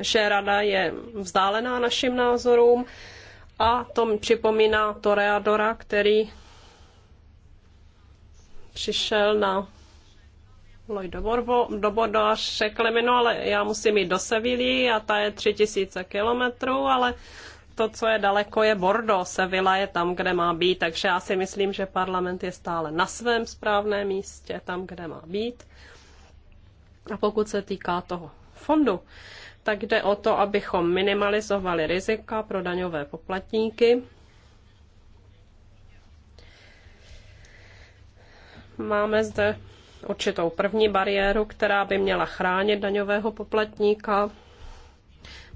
že rada je vzdálená našim názorům a to mi připomíná Toreadora, který přišel na Loj do Bordo a řekli no, ale já musím jít do Sevilly a ta je tři tisíce kilometrů, ale to, co je daleko, je Bordo. Sevilla je tam, kde má být, takže já si myslím, že parlament je stále na svém správném místě, tam, kde má být. A pokud se týká toho fondu, tak jde o to, abychom minimalizovali rizika pro daňové poplatníky. Máme zde určitou první bariéru, která by měla chránit daňového poplatníka.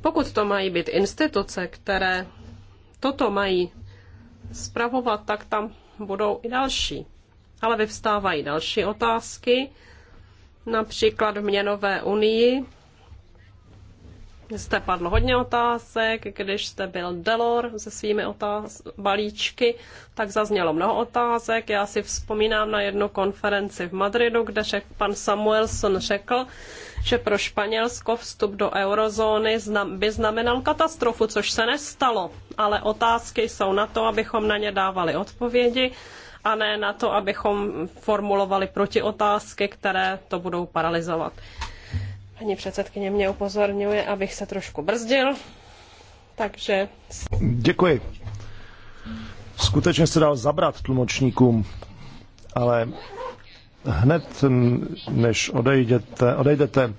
Pokud to mají být instituce, které toto mají spravovat, tak tam budou i další. Ale vyvstávají další otázky, například v měnové unii zde padlo hodně otázek, když jste byl Delor se svými otáz- balíčky, tak zaznělo mnoho otázek. Já si vzpomínám na jednu konferenci v Madridu, kde řek, pan Samuelson řekl, že pro Španělsko vstup do eurozóny by znamenal katastrofu, což se nestalo. Ale otázky jsou na to, abychom na ně dávali odpovědi a ne na to, abychom formulovali protiotázky, které to budou paralizovat. Paní předsedkyně mě upozorňuje, abych se trošku brzdil, takže... Děkuji. Skutečně se dal zabrat tlumočníkům, ale hned, než odejdete, odejdete,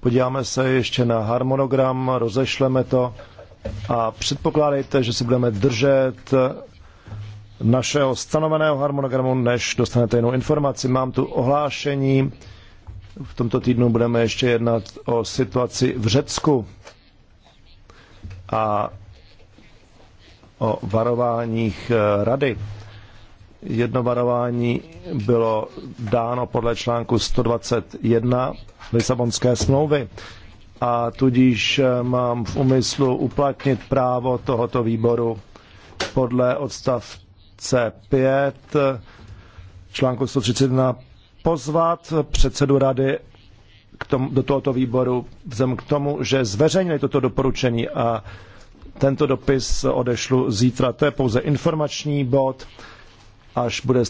podíváme se ještě na harmonogram, rozešleme to a předpokládejte, že si budeme držet našeho stanoveného harmonogramu, než dostanete jinou informaci. Mám tu ohlášení. V tomto týdnu budeme ještě jednat o situaci v Řecku a o varováních eh, rady. Jedno varování bylo dáno podle článku 121 Lisabonské smlouvy a tudíž eh, mám v úmyslu uplatnit právo tohoto výboru podle odstavce 5 eh, článku 131 pozvat předsedu rady k do tohoto výboru vzhledem k tomu, že zveřejnili toto doporučení a tento dopis odešlu zítra. To je pouze informační bod, až bude